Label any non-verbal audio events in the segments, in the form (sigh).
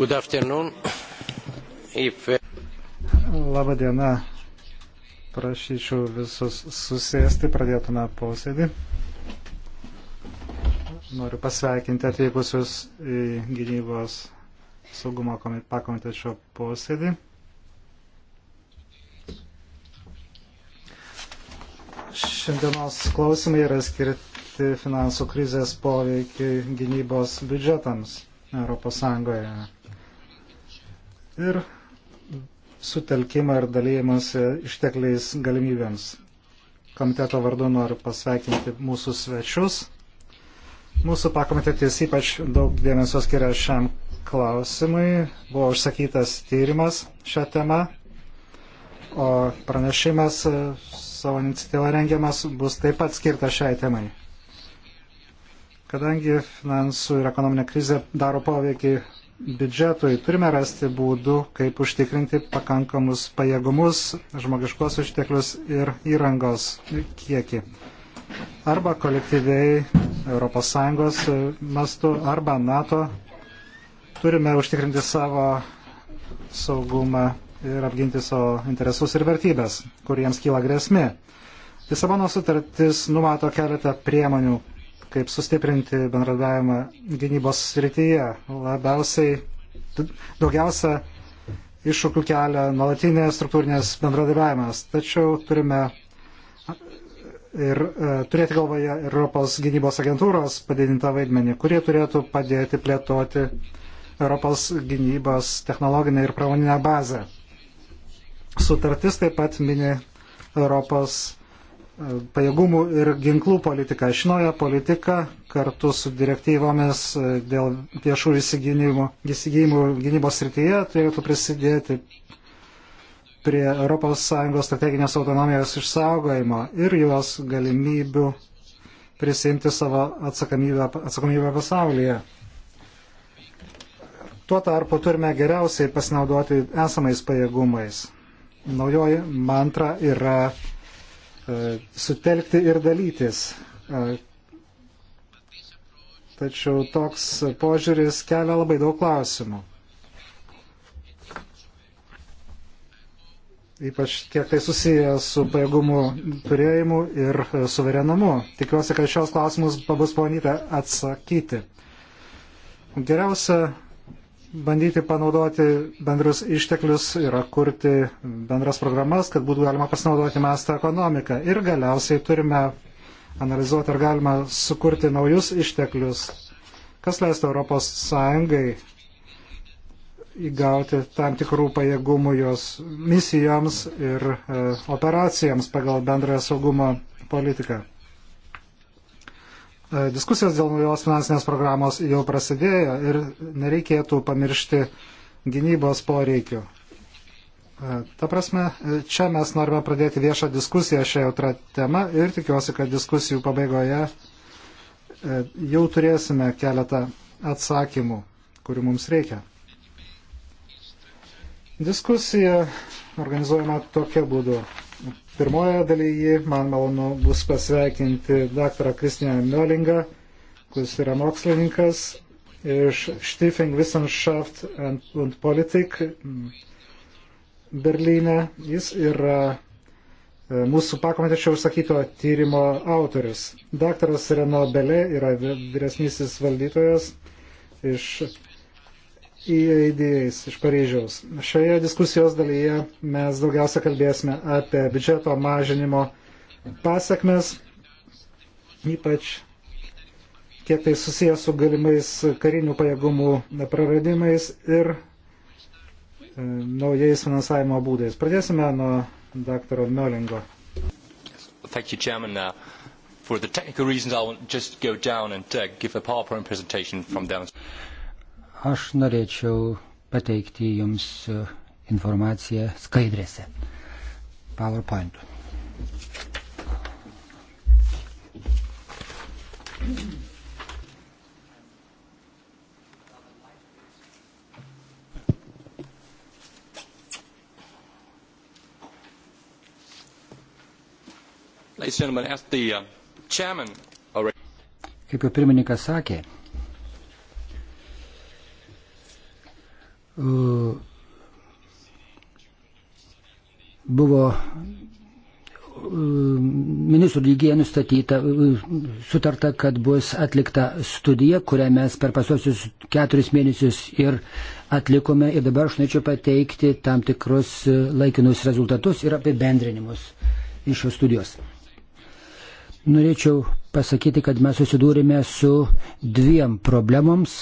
Good afternoon. If... Uh, Labą dieną. Prašyčiau visus susėsti, pradėtume posėdį. Noriu pasveikinti atvykusius į gynybos saugumo pakomitečio posėdį. Šiandienos klausimai yra skirti finansų krizės poveikiai gynybos biudžetams ES ir sutelkimą ir dalyjimas ištekliais galimybėms. Komiteto vardu noriu pasveikinti mūsų svečius. Mūsų pakomitetis ypač daug dėmesio skiria šiam klausimui. Buvo užsakytas tyrimas šią temą, o pranešimas e, savo iniciatyvą rengiamas bus taip pat skirtas šiai temai. Kadangi finansų ir ekonominė krizė daro poveikį biudžetui. Turime rasti būdų, kaip užtikrinti pakankamus pajėgumus, žmogiškos išteklius ir įrangos kiekį. Arba kolektyviai ES mastu, arba NATO turime užtikrinti savo saugumą ir apginti savo interesus ir vertybės, kuriems kyla grėsmė. Lisabono sutartis numato keletą priemonių, kaip sustiprinti bendradavimą gynybos srityje. Labiausiai, daugiausia iššūkių kelia nuolatinės struktūrinės bendradavimas. Tačiau turime ir e, turėti galvoje Europos gynybos agentūros padidintą vaidmenį, kurie turėtų padėti plėtoti Europos gynybos technologinę ir pramoninę bazę. Sutartis taip pat mini Europos pajėgumų ir ginklų politika. Ši nauja politika kartu su direktyvomis e, dėl viešų įsigijimų gynybos srityje turėtų prisidėti prie ES strateginės autonomijos išsaugojimo ir jos galimybių prisimti savo atsakomybę, atsakomybę pasaulyje. Tuo tarpu turime geriausiai pasinaudoti esamais pajėgumais. Naujoji mantra yra E, sutelkti ir dalytis. E, tačiau toks požiūris kelia labai daug klausimų. Ypač kiek tai susiję su pajėgumų turėjimu ir e, suverenumu. Tikiuosi, kad šios klausimus bus pavanyta atsakyti. Geriausia bandyti panaudoti bendrus išteklius, yra kurti bendras programas, kad būtų galima pasinaudoti mastą ekonomiką. Ir galiausiai turime analizuoti, ar galima sukurti naujus išteklius, kas leistų Europos Sąjungai įgauti tam tikrų pajėgumų jos misijoms ir e, operacijoms pagal bendrąją saugumo politiką. E, diskusijos dėl naujos finansinės programos jau prasidėjo ir nereikėtų pamiršti gynybos poreikių. E, ta prasme, e, čia mes norime pradėti viešą diskusiją šią jautrą temą ir tikiuosi, kad diskusijų pabaigoje jau turėsime keletą atsakymų, kurių mums reikia. Diskusija organizuojama tokia būdu. Pirmoje dalyje man malonu bus pasveikinti daktarą Kristinę Miolingą, kuris yra mokslininkas iš Stifing Wissenschaft und Politik mm, Berlyne. Jis yra e, mūsų pakomitečio užsakyto tyrimo autorius. Daktaras Reno Belė yra vyresnysis valdytojas iš EIDs iš Paryžiaus. Šioje diskusijos dalyje mes daugiausia kalbėsime apie biudžeto mažinimo pasiekmes, ypač kiek tai susijęs su galimais karinių pajėgumų praradimais ir e, naujais finansavimo būdais. Pradėsime nuo daktaro Miolingo. Thank you, Chairman. Uh, for the technical reasons, I'll just go down and uh, give a PowerPoint presentation from downstairs. Aš norėčiau pateikti Jums informaciją skaidrėse. PowerPoint. Uh, Kaip jau pirmininkas sakė, buvo ministrų lygyje nustatyta, sutarta, kad bus atlikta studija, kurią mes per pasosius keturis mėnesius ir atlikome. Ir dabar aš norėčiau pateikti tam tikrus laikinus rezultatus ir apibendrinimus iš šios studijos. Norėčiau pasakyti, kad mes susidūrėme su dviem problemoms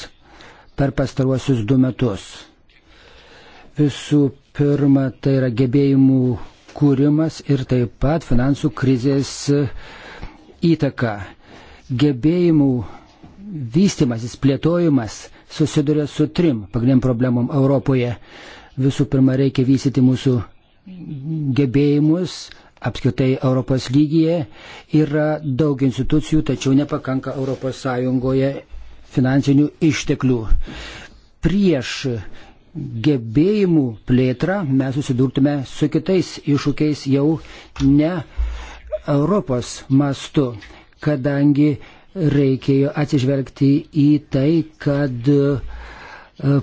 per pastaruosius du metus. Visų pirma, tai yra gebėjimų kūrimas ir taip pat finansų krizės e, įtaka. Gebėjimų vystimasis, plėtojimas susiduria su trim pagrindiniam problemom Europoje. Visų pirma, reikia vystyti mūsų gebėjimus, apskritai Europos lygyje yra daug institucijų, tačiau nepakanka ES finansinių išteklių. Prieš gebėjimų plėtrą, mes susidurtume su kitais iššūkiais jau ne Europos mastu, kadangi reikėjo atsižvelgti į tai, kad e,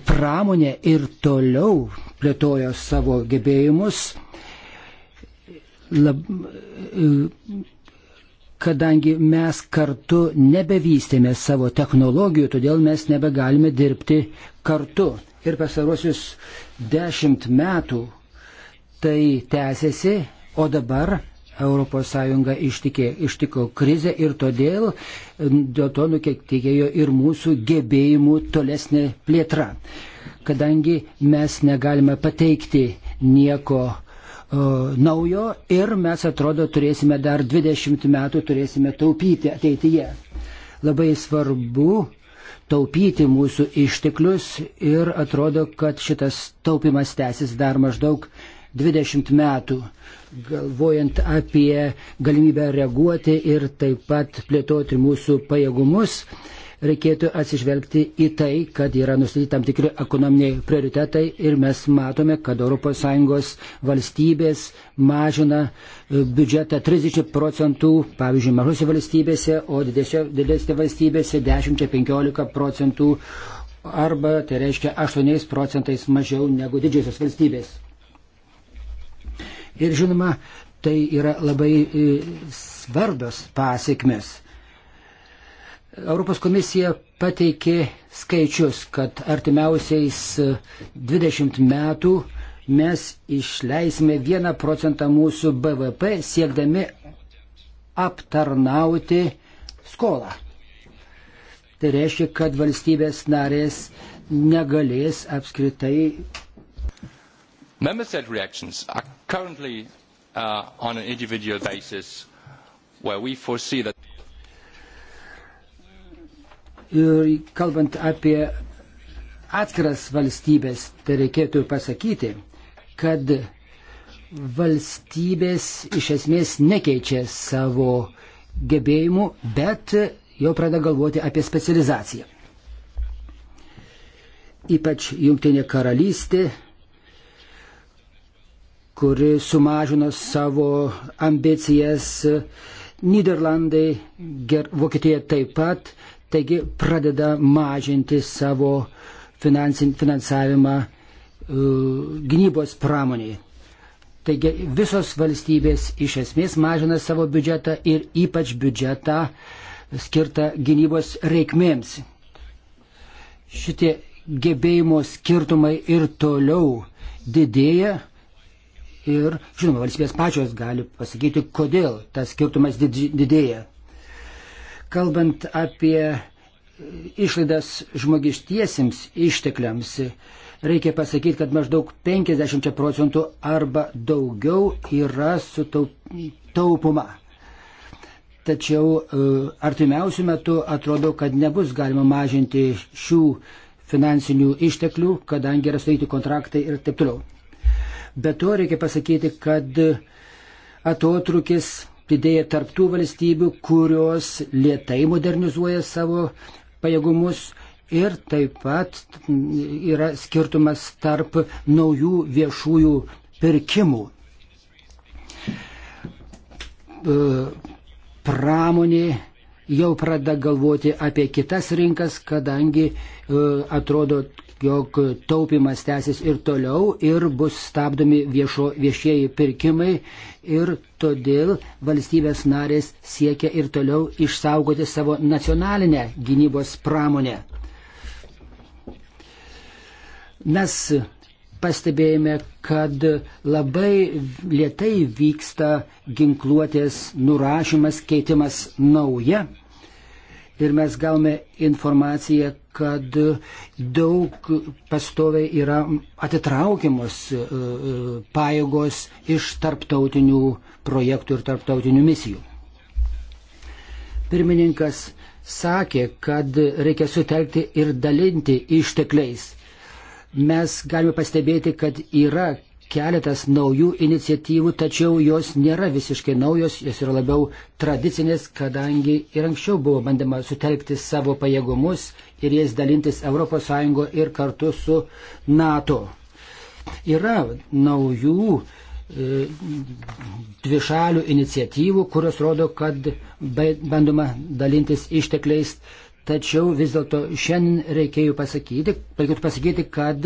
pramonė ir toliau plėtojo savo gebėjimus, lab, e, kadangi mes kartu nebevystėme savo technologijų, todėl mes nebegalime dirbti kartu per pasarosius dešimt metų tai tęsiasi, o dabar ES ištikė, ištiko krizę ir todėl dėl to nukentėjo ir mūsų gebėjimų tolesnė plėtra. Kadangi mes negalime pateikti nieko naujo ir mes atrodo turėsime dar 20 metų turėsime taupyti ateityje. Labai svarbu taupyti mūsų išteklius ir atrodo, kad šitas taupimas tęsis dar maždaug 20 metų, galvojant apie galimybę reaguoti ir taip pat plėtoti mūsų pajėgumus. Reikėtų atsižvelgti į tai, kad yra nustatyti tam tikri ekonominiai prioritetai ir mes matome, kad ES valstybės mažina uh, biudžetą 30 procentų, pavyzdžiui, mažose valstybėse, o didesnėse valstybėse 10-15 procentų arba, tai reiškia, 8 procentais mažiau negu didžiosios valstybės. Ir žinoma, tai yra labai e, svarbios pasiekmes. Europos komisija pateikė skaičius, kad artimiausiais 20 e, metų mes išleisime 1 procentą mūsų BVP siekdami aptarnauti skolą. Tai reiškia, kad valstybės narės negalės apskritai. Member state reactions are currently uh, on an individual basis where we foresee that. Ir kalbant apie atskiras valstybės, tai reikėtų pasakyti, kad valstybės iš esmės nekeičia savo gebėjimų, bet jau pradeda galvoti apie specializaciją. Ypač Junktinė karalystė, kuri sumažino savo ambicijas, Niderlandai, Vokietija taip pat, taigi pradeda mažinti savo finansavimą E, gynybos pramoniai. Taigi visos valstybės iš esmės mažina savo biudžetą ir ypač biudžetą skirtą gynybos reikmėms. Šitie gebėjimo skirtumai ir toliau didėja ir, žinoma, valstybės pačios gali pasakyti, kodėl tas skirtumas didėja. Kalbant apie išlaidas žmogištiesiems ištekliams, Reikia pasakyti, kad maždaug 50 procentų arba daugiau yra sutaupoma. Tačiau e, artimiausių metų atrodo, kad nebus galima mažinti šių finansinių išteklių, kadangi yra sudaryti kontraktai ir taip toliau. Be to reikia pasakyti, kad atotrukis didėja tarptų valstybių, kurios lietai modernizuoja savo pajėgumus, Ir taip pat yra skirtumas tarp naujų viešųjų pirkimų. E, pramonė jau pradeda galvoti apie kitas rinkas, kadangi e, atrodo, jog taupimas tęsis ir toliau ir bus stabdomi viešo, viešieji pirkimai ir todėl valstybės narės siekia ir toliau išsaugoti savo nacionalinę gynybos pramonę. Mes pastebėjome, kad labai lietai vyksta ginkluotės nurašymas, keitimas nauja. Ir mes gavome informaciją, kad daug pastoviai yra atitraukiamos e, e, pajėgos iš tarptautinių projektų ir tarptautinių misijų. Pirmininkas sakė, kad reikia sutelkti ir dalinti ištekliais mes galime pastebėti, kad yra keletas naujų iniciatyvų, tačiau jos nėra visiškai naujos, jos yra labiau tradicinės, kadangi ir anksčiau buvo bandama sutelkti savo pajėgumus ir jais dalintis ES ir kartu su NATO. Yra naujų e, dvišalių iniciatyvų, kurios rodo, kad bandoma dalintis ištekliais Tačiau vis dėlto šiandien reikėjo pasakyti, reikėtų pasakyti, kad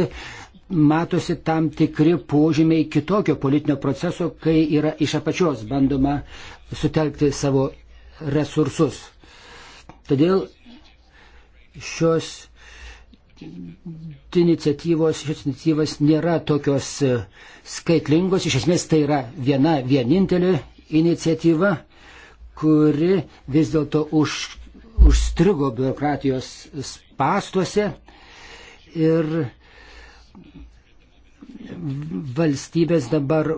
matosi tam tikri požymiai kitokio politinio proceso, kai yra iš apačios bandoma sutelkti savo resursus. Todėl šios iniciatyvos, šios iniciatyvos nėra tokios skaitlingos, iš esmės tai yra viena vienintelė iniciatyva, kuri vis dėlto už užstrigo biurokratijos pastuose ir valstybės dabar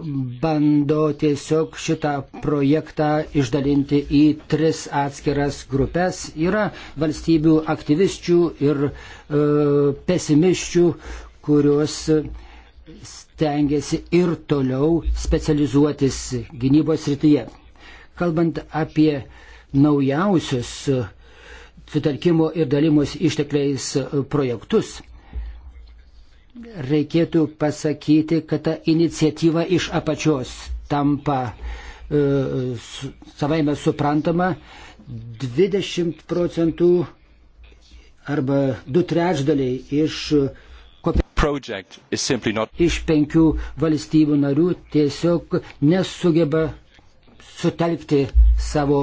bando tiesiog šitą projektą išdalinti į tris atskiras grupės. Yra valstybių aktyvisčių ir e, pesimiščių, kurios stengiasi ir toliau specializuotis gynybos rytyje. Kalbant apie naujausius e, sutelkimo ir dalimus ištekliais e, projektus. Reikėtų pasakyti, kad ta iniciatyva iš apačios tampa e, savaime suprantama. 20 procentų arba 2 trečdaliai iš e, iš penkių valstybių narių tiesiog nesugeba sutelkti savo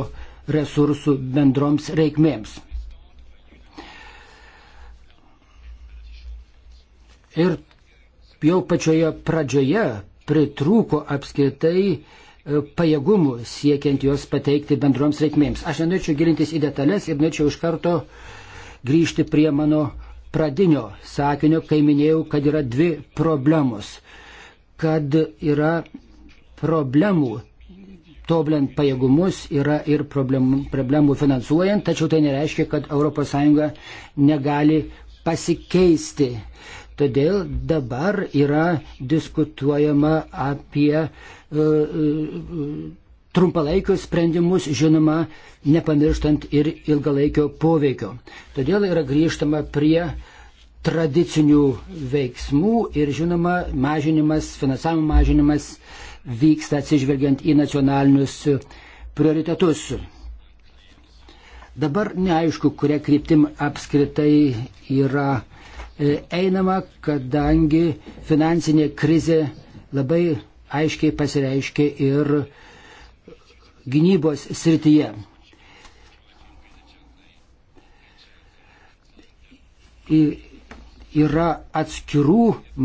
resursų bendroms reikmėms. Ir jau pačioje pradžioje pritrūko apskritai e, pajėgumų siekiant juos pateikti bendroms reikmėms. Aš nenorėčiau gilintis į detalės ir norėčiau iš karto grįžti prie mano pradinio sakinio, kai minėjau, kad yra dvi problemos. Kad yra problemų tobulant pajėgumus, yra ir problemų, problemų finansuojant, tačiau tai nereiškia, kad ES negali pasikeisti. Todėl dabar yra diskutuojama apie uh, trumpalaikius sprendimus, žinoma, nepamirštant ir ilgalaikio poveikio. Todėl yra grįžtama prie tradicinių veiksmų ir, žinoma, mažinimas, finansavimo mažinimas vyksta atsižvelgiant į nacionalinius prioritetus. Dabar neaišku, kuria kryptim apskritai yra E, einama, kadangi finansinė krizė labai aiškiai pasireiškia ir gynybos srityje. Į yra atskirų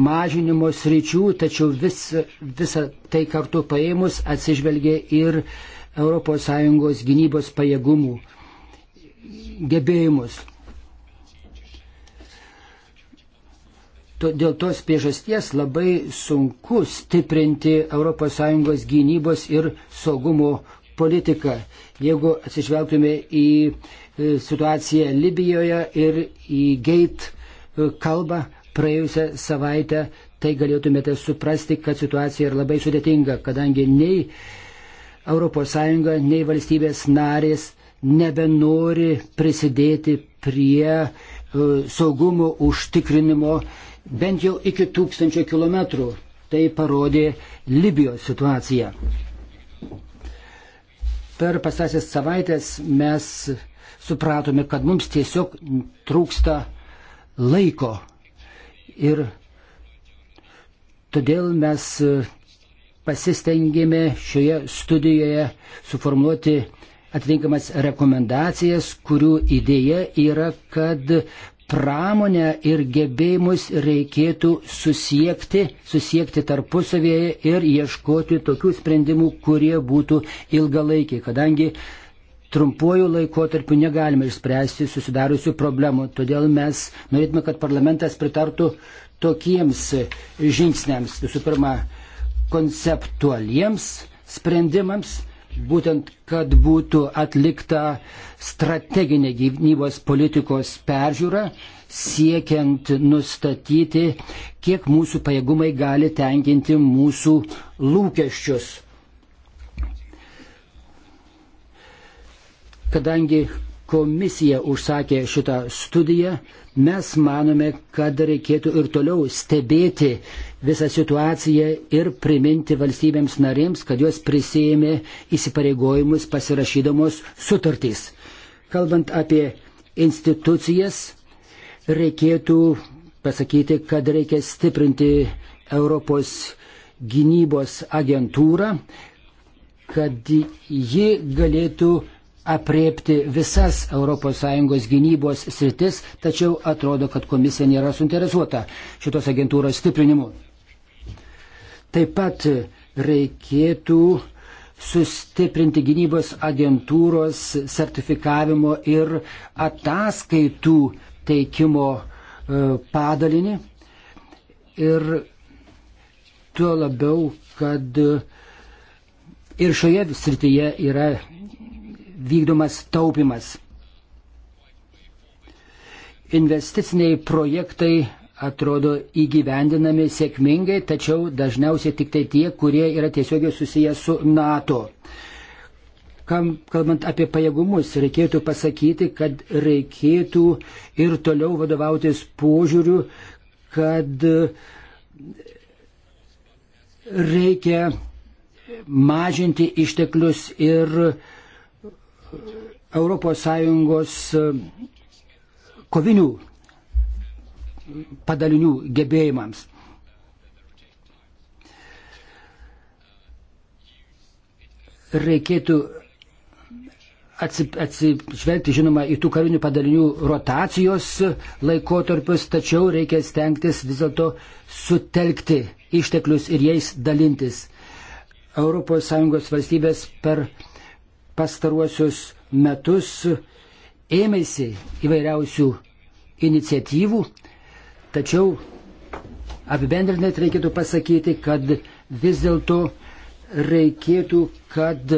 mažinimo sričių, tačiau vis, visą tai kartu paėmus atsižvelgia ir ES gynybos pajėgumų gebėjimus. Dėl tos priežasties labai sunku stiprinti ES gynybos ir saugumo politiką. Jeigu atsižvelgtume į e, situaciją Libijoje ir į Geit e, kalbą praėjusią savaitę, tai galėtumėte suprasti, kad situacija yra labai sudėtinga, kadangi nei ES, nei valstybės narės nebenori prisidėti prie e, saugumo užtikrinimo bent jau iki tūkstančio kilometrų. Tai parodė Libijos situacija. Per pasasias savaitės mes supratome, kad mums tiesiog trūksta laiko. Ir todėl mes pasistengėme šioje studijoje suformuoti atitinkamas rekomendacijas, kurių idėja yra, kad pramonę ir gebėjimus reikėtų susiekti, susiekti tarpusavėje ir ieškoti tokių sprendimų, kurie būtų ilgalaikiai, kadangi trumpuoju laikotarpiu negalime išspręsti susidariusių problemų. Todėl mes norėtume, kad parlamentas pritartų tokiems žingsniams. Visų pirma, konceptualiems sprendimams būtent, kad būtų atlikta strateginė gynybos politikos peržiūra, siekiant nustatyti, kiek mūsų pajėgumai gali tenkinti mūsų lūkesčius. Kadangi komisija užsakė šitą studiją, mes manome, kad reikėtų ir toliau stebėti visą situaciją ir priminti valstybėms narėms, kad jos prisėmė įsipareigojimus pasirašydamos sutartys. Kalbant apie institucijas, reikėtų pasakyti, kad reikia stiprinti Europos gynybos agentūrą, kad ji galėtų apriepti visas ES gynybos sritis, tačiau atrodo, kad komisija nėra suinteresuota šitos agentūros stiprinimu. Taip pat reikėtų sustiprinti gynybos agentūros sertifikavimo ir ataskaitų teikimo e, padalinį. Ir tuo labiau, kad ir šioje srityje yra vykdomas taupimas. Investiciniai projektai atrodo įgyvendinami sėkmingai, tačiau dažniausiai tik tai tie, kurie yra tiesiogiai susiję su NATO. Kam, kalbant apie pajėgumus, reikėtų pasakyti, kad reikėtų ir toliau vadovautis požiūriu, kad reikia mažinti išteklius ir ES e, kovinių padalinių gebėjimams. Reikėtų atsižvelgti, žinoma, į tų karinių padalinių rotacijos laikotarpius, tačiau reikia stengtis vis dėlto sutelkti išteklius ir jais dalintis. ES valstybės per pastaruosius metus ėmėsi įvairiausių iniciatyvų, tačiau apibendrinant reikėtų pasakyti, kad vis dėlto reikėtų, kad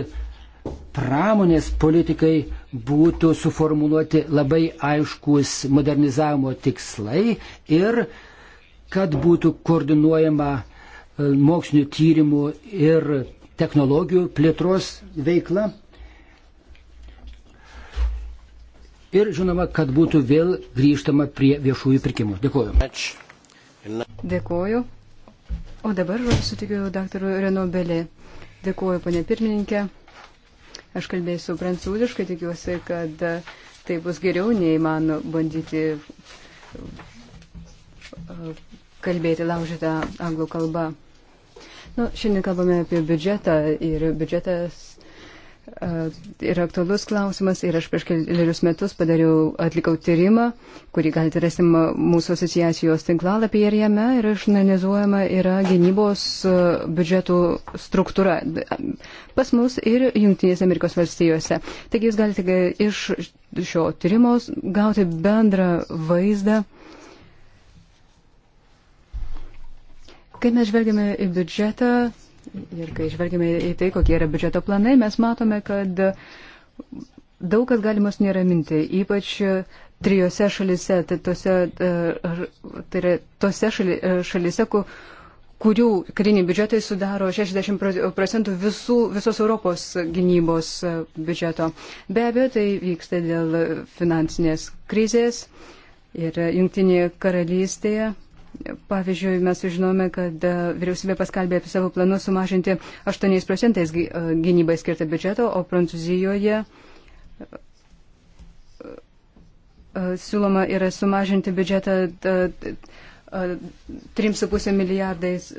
pramonės politikai būtų suformuluoti labai aiškus modernizavimo tikslai ir kad būtų koordinuojama e, mokslinių tyrimų ir technologijų plėtros veikla. ir žinoma, kad būtų vėl grįžtama prie viešųjų pirkimų. Dėkuoju. Dėkuoju. O dabar sutikiu daktarui Renobelį. Dėkuoju, ponė pirmininkė. Aš kalbėsiu prancūziškai, tikiuosi, kad tai bus geriau nei man bandyti kalbėti laužytą anglų kalbą. Nu, šiandien kalbame apie biudžetą ir biudžetas yra aktualus klausimas ir aš prieš kelius metus padariau, atlikau tyrimą, kurį galite rasti mūsų asociacijos tinklalapyje ir jame ir išanalizuojama yra gynybos biudžetų struktūra pas mus ir Junktinės Amerikos valstijose. Taigi jūs galite iš šio tyrimo gauti bendrą vaizdą. Kai mes žvelgiame į biudžetą, Ir kai žvelgime į tai, kokie yra biudžeto planai, mes matome, kad daug kas galimas neraminti, ypač trijose šalise, tai tose, e, tai yra, tose šali, e, šalise, kur, kurių kariniai biudžetai sudaro 60 procentų visų, visos Europos gynybos e, biudžeto. Be abejo, tai vyksta dėl finansinės krizės ir jungtinėje karalystėje Pavyzdžiui, mes žinome, kad e, vyriausybė paskalbė apie savo planus sumažinti 8 procentais e, gynybai skirtą biudžetą, o Prancūzijoje e, siūloma yra sumažinti biudžetą 3,5 milijardais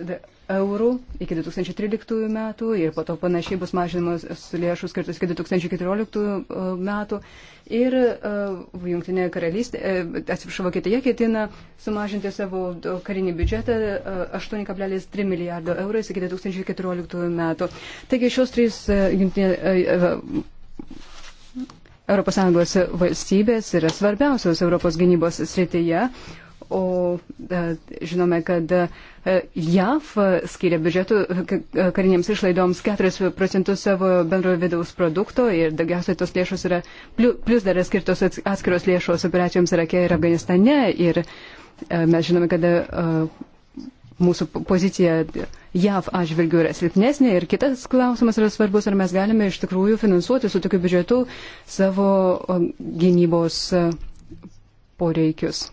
eurų iki 2013 metų ir po to panašiai bus mažinamos lėšų skirtos iki 2014 metų. Ir uh, e, Junktinė karalystė, uh, atsiprašau, Vokietija ketina sumažinti savo e, karinį biudžetą uh, 8,3 milijardo eurų iki 2014 metų. Taigi šios trys uh, Junktinė. Uh, uh, ES valstybės yra svarbiausios Europos gynybos srityje, O e, žinome, kad e, JAV skiria biudžetų e, karinėms išlaidoms 4 procentus savo bendrojo vidaus produkto ir daugiausiai tos lėšos yra, plus dar yra skirtos atskiros lėšos operacijoms Irake ir Afganistane. Ir mes žinome, kad mūsų pozicija JAV atžvilgių yra silpnesnė. Ir kitas klausimas yra svarbus, ar mes galime iš tikrųjų finansuoti su tokiu biudžetu savo gynybos poreikius.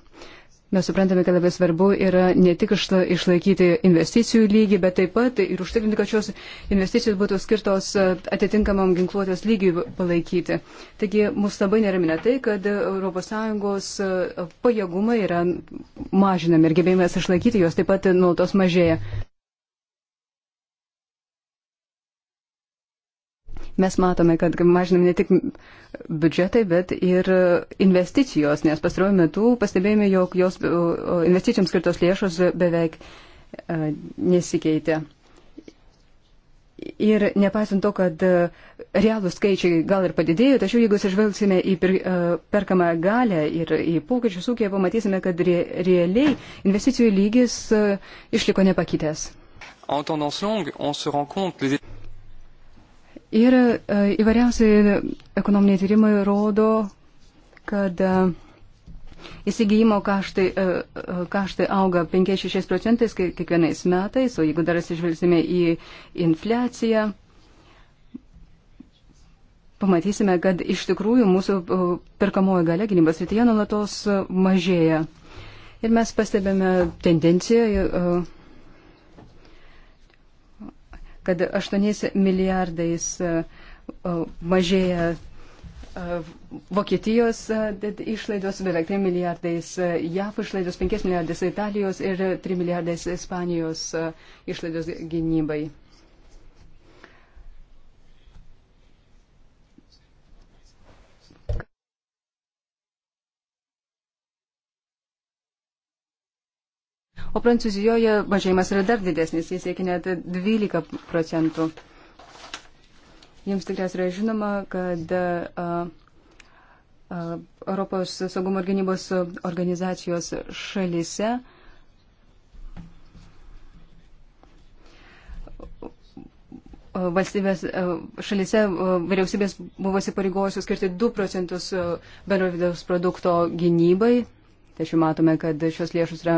Mes suprantame, kad labai svarbu yra ne tik išlaikyti investicijų lygį, bet taip pat ir užtikrinti, kad šios investicijos būtų skirtos e, atitinkamam ginkluotės lygiui palaikyti. Taigi mus labai neramina tai, kad ES e, pajėgumai yra mažinami ir gebėjimas išlaikyti juos taip pat nuolatos mažėja. mes matome, kad mažinami ne tik biudžetai, bet ir investicijos, nes pastaruoju metu pastebėjome, jog jos investicijoms skirtos lėšos beveik e, nesikeitė. Ir nepaisant to, kad e, realų skaičiai gal ir padidėjo, tačiau jeigu sižvelgsime į e, perkamą galę ir į pokyčius ūkėje, pamatysime, kad re, realiai investicijų lygis išliko nepakitęs. En tendance longue, on se rend compte, les... Ir e, įvairiausiai ekonominiai tyrimai rodo, kad e, įsigijimo kaštai, e, kaštai auga 5-6 procentais kiekvienais metais, o jeigu dar atsižvelgsime į infliaciją, pamatysime, kad iš tikrųjų mūsų perkamoji galia gynybos rytyje nuolatos mažėja. Ir mes pastebėme tendenciją kad 8 milijardais e, mažėja e, Vokietijos e, išlaidos, beveik 3 milijardais JAF išlaidos, 5 milijardais Italijos ir 3 milijardais Ispanijos išlaidos gynybai. o Prancūzijoje mažėjimas yra dar didesnis, jis siekia net 12 procentų. Jums tikriausiai yra žinoma, kad a, a, Europos saugumo ir gynybos organizacijos šalise valstybės šalise vyriausybės buvo įsipareigojusios skirti 2 procentus bendro vidaus produkto gynybai. Tačiau matome, kad šios lėšus yra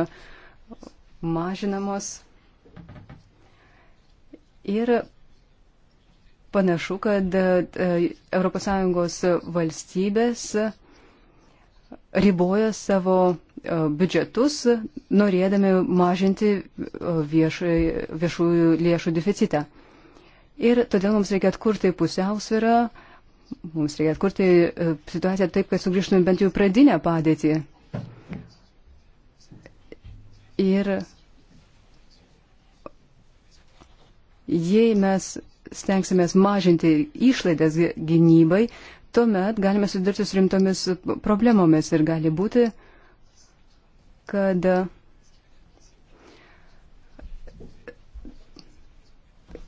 mažinamos. Ir panašu, kad ES valstybės riboja savo e, biudžetus, norėdami mažinti e, viešai, viešųjų lėšų deficitą. Ir todėl mums reikia atkurti pusiausvyrą, mums reikia atkurti e, situaciją taip, kad sugrįžtume bent jau pradinę padėtį. Ir jei mes stengsimės mažinti išlaidas gynybai, tuomet galime susidurti su rimtomis problemomis ir gali būti, kad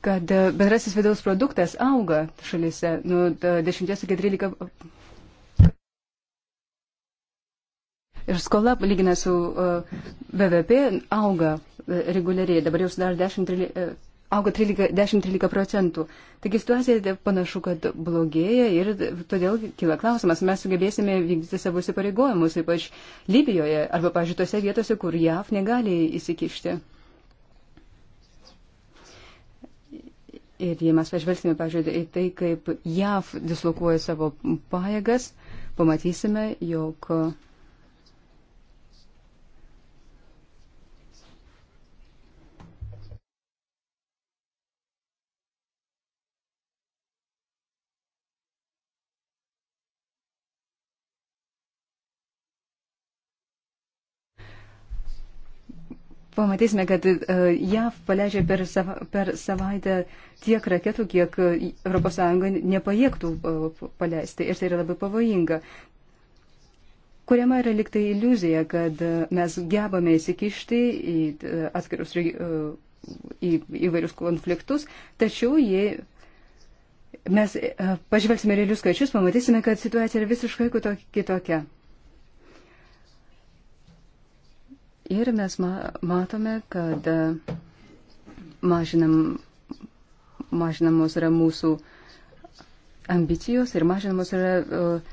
kad bendrasis vidaus produktas auga šalyse nuo 10 iki 13 Ir skola, lyginant su e, BVP, auga e, reguliariai. Dabar jau sudaro 10, e, auga 10-13 procentų. Taigi situacija tai panašu, kad blogėja ir todėl kyla klausimas, mes sugebėsime vykdyti savo įsipareigojimus, ypač Libijoje arba, pažiūrėjau, tose vietose, kur JAV negali įsikišti. Ir jei mes pažvelgsime, pažiūrėjau, į tai, kaip JAV dislokuoja savo pajėgas, pamatysime, jog pamatysime, kad e, JAV paleidžia per, sava, per savaitę tiek raketų, kiek ES nepajėgtų e, paleisti. Ir tai yra labai pavojinga. Kuriama yra liktai iliuzija, kad e, mes gebame įsikišti į atskirus į įvairius konfliktus, tačiau jei mes pažvelgsime realius skaičius, pamatysime, kad situacija yra visiškai kitokia. Ir mes ma matome, kad e, mažinam, mažinamos yra mūsų ambicijos ir mažinamos yra uh,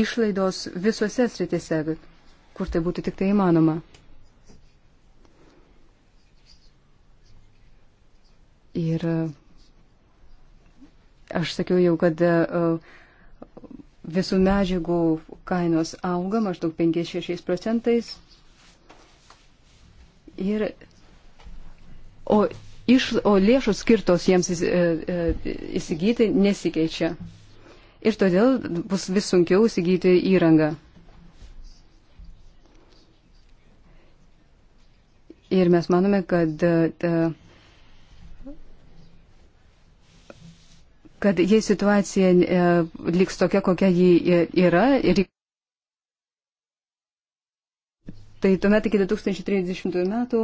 išlaidos visose sritise, kur tai būtų tik tai įmanoma. Ir e, aš sakiau jau, kad uh, visų medžiagų kainos auga maždaug 5-6 procentais Ir, o, iš, o lėšos skirtos jiems e, e, įsigyti nesikeičia. Ir todėl bus vis sunkiau įsigyti įrangą. Ir mes manome, kad, e, kad jei situacija liks tokia, kokia ji yra, ir Tai tuomet iki 2030 metų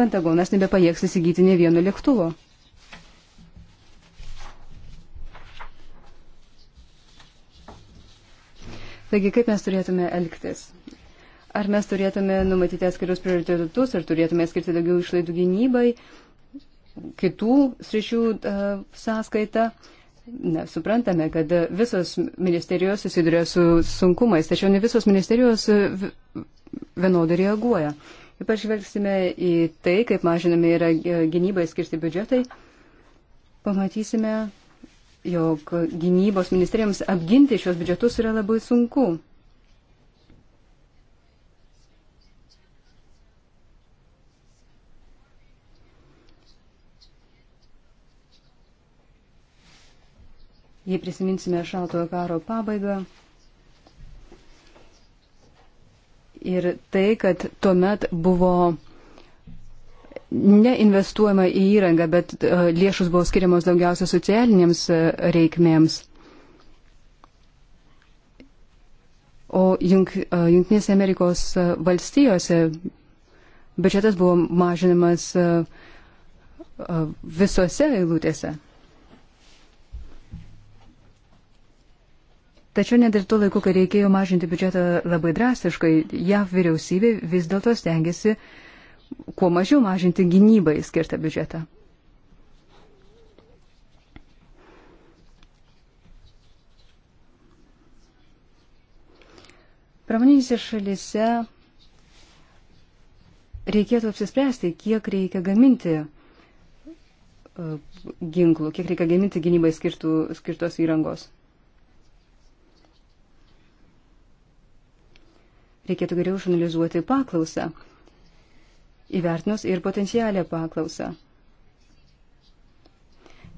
Pentagonas nebepajėgs įsigyti ne vieno lėktuvo. Taigi, kaip mes turėtume elgtis? Ar mes turėtume numatyti atskirius prioritetus, ar turėtume skirti daugiau išlaidų gynybai, kitų sričių uh, sąskaitą? Uh, Na, suprantame, kad visos ministerijos susiduria su sunkumais, tačiau ne visos ministerijos vienodai reaguoja. Ypač žvelgsime į tai, kaip mažinami yra gynybai skirti biudžetai, pamatysime, jog gynybos ministerijoms apginti šios biudžetus yra labai sunku. jei prisiminsime šaltojo karo pabaigą ir tai, kad tuomet buvo neinvestuojama į įrangą, bet e, lėšus buvo skiriamos daugiausia socialinėms e, reikmėms. O Junk, e, Junktinėse Amerikos valstijose biudžetas buvo mažinamas visose eilutėse. Tačiau net ir tuo laiku, kai reikėjo mažinti biudžetą labai drastiškai, JAV vyriausybė vis dėlto stengiasi kuo mažiau mažinti gynybai skirtą biudžetą. Pramoninėse šalise reikėtų apsispręsti, kiek reikia gaminti e, ginklų, kiek reikia gaminti gynybai skirtų, skirtos įrangos. Reikėtų geriau išanalizuoti paklausą, įvertinus ir potencialią paklausą.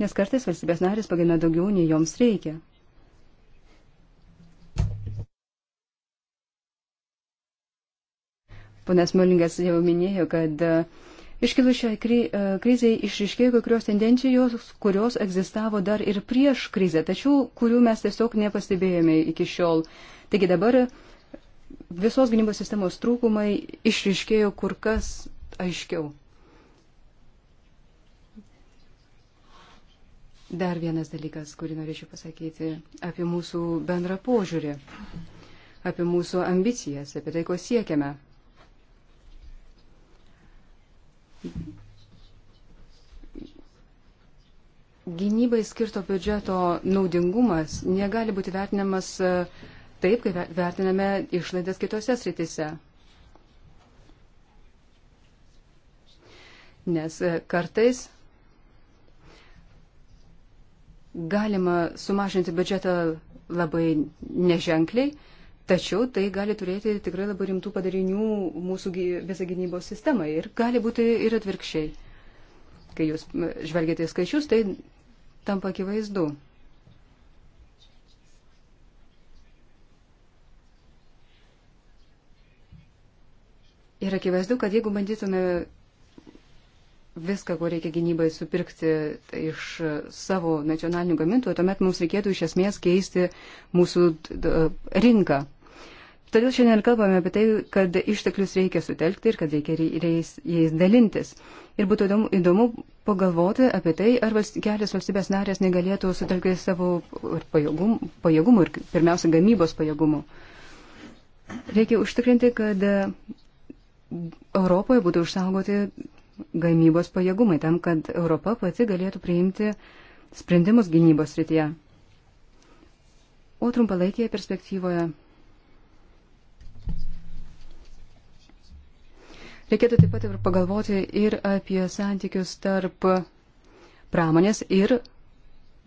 Nes kartais valstybės narės pagina daugiau, nei joms reikia. Ponas Molingas jau minėjo, kad e, iškilus šiai kri, e, kriziai išriškėjo kai kurios tendencijos, kurios egzistavo dar ir prieš krizę, tačiau kurių mes tiesiog nepastebėjome iki šiol. Taigi dabar visos gynybos sistemos trūkumai išriškėjo kur kas aiškiau. Dar vienas dalykas, kurį norėčiau pasakyti apie mūsų bendrą požiūrį, apie mūsų ambicijas, apie tai, ko siekiame. Gynybai skirto biudžeto naudingumas negali būti vertinamas uh, taip, kai vertiname išlaidas kitose sritise. Nes e, kartais galima sumažinti biudžetą labai neženkliai, tačiau tai gali turėti tikrai labai rimtų padarinių mūsų visą gynybos sistemai ir gali būti ir atvirkščiai. Kai jūs žvelgiate į skaičius, tai tampa akivaizdu. Ir akivaizdu, kad jeigu bandytume viską, ko reikia gynybai supirkti tai iš savo nacionalinių gamintojų, tuomet mums reikėtų iš esmės keisti mūsų rinką. Todėl šiandien kalbame apie tai, kad išteklius reikia sutelkti ir kad reikia jais, jais dalintis. Ir būtų įdomu, įdomu pagalvoti apie tai, ar valst, kelias valstybės narės negalėtų sutelkti savo pajėgum, pajėgumų ir pirmiausia gamybos pajėgumų. Reikia užtikrinti, kad Europoje būtų išsaugoti gamybos pajėgumai, tam, kad Europa pati galėtų priimti sprendimus gynybos rytyje. O trumpalaikėje perspektyvoje reikėtų taip pat ir pagalvoti ir apie santykius tarp pramonės ir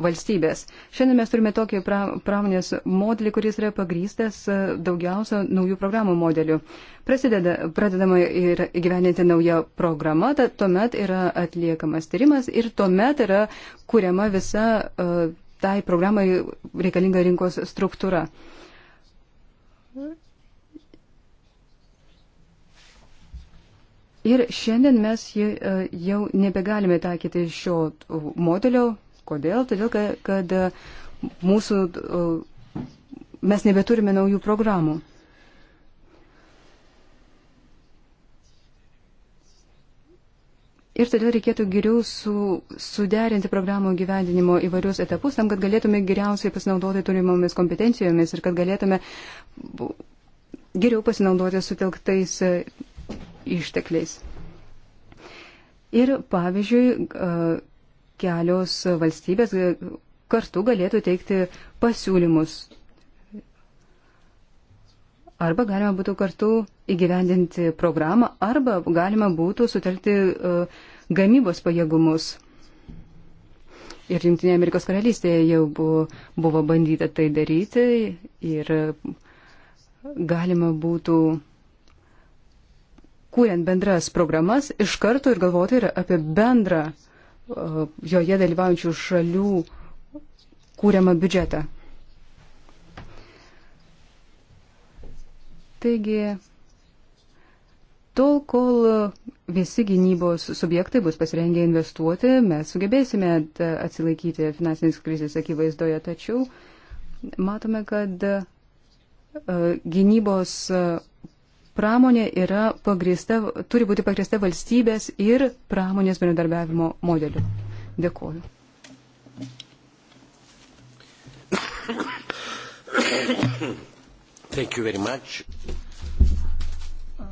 valstybės. Šiandien mes turime tokį pramonės modelį, kuris yra pagrystas e, daugiausia naujų programų modelių. Prasideda, pradedama ir gyveninti naują programą, tad tuomet yra atliekamas tyrimas ir tuomet yra kuriama visa uh, tai programai reikalinga rinkos struktūra. Ir šiandien mes e, jau nebegalime taikyti šio modelio, Kodėl? Todėl, kad e, mūsų, e, mes nebeturime naujų programų. Ir todėl reikėtų geriau su, suderinti programų gyvendinimo įvairius etapus, tam, kad galėtume geriausiai pasinaudoti turimomis kompetencijomis ir kad galėtume geriau pasinaudoti sutelktais e, ištekliais. Ir pavyzdžiui, kelios valstybės kartu galėtų teikti pasiūlymus. Arba galima būtų kartu įgyvendinti programą, arba galima būtų sutelkti uh, gamybos pajėgumus. Ir Junktinėje Amerikos karalystėje jau buvo, buvo bandyta tai daryti ir galima būtų, kuriant bendras programas, iš karto ir galvoti ir apie bendrą uh, E, joje dalyvaujančių šalių kūriamą biudžetą. Taigi, tol, kol visi gynybos subjektai bus pasirengę investuoti, mes sugebėsime atsilaikyti finansinės krizės akivaizdoje, tačiau matome, kad e, gynybos pramonė yra pagrįsta, turi būti pagrįsta valstybės ir pramonės bendradarbiavimo modeliu. Dėkuoju.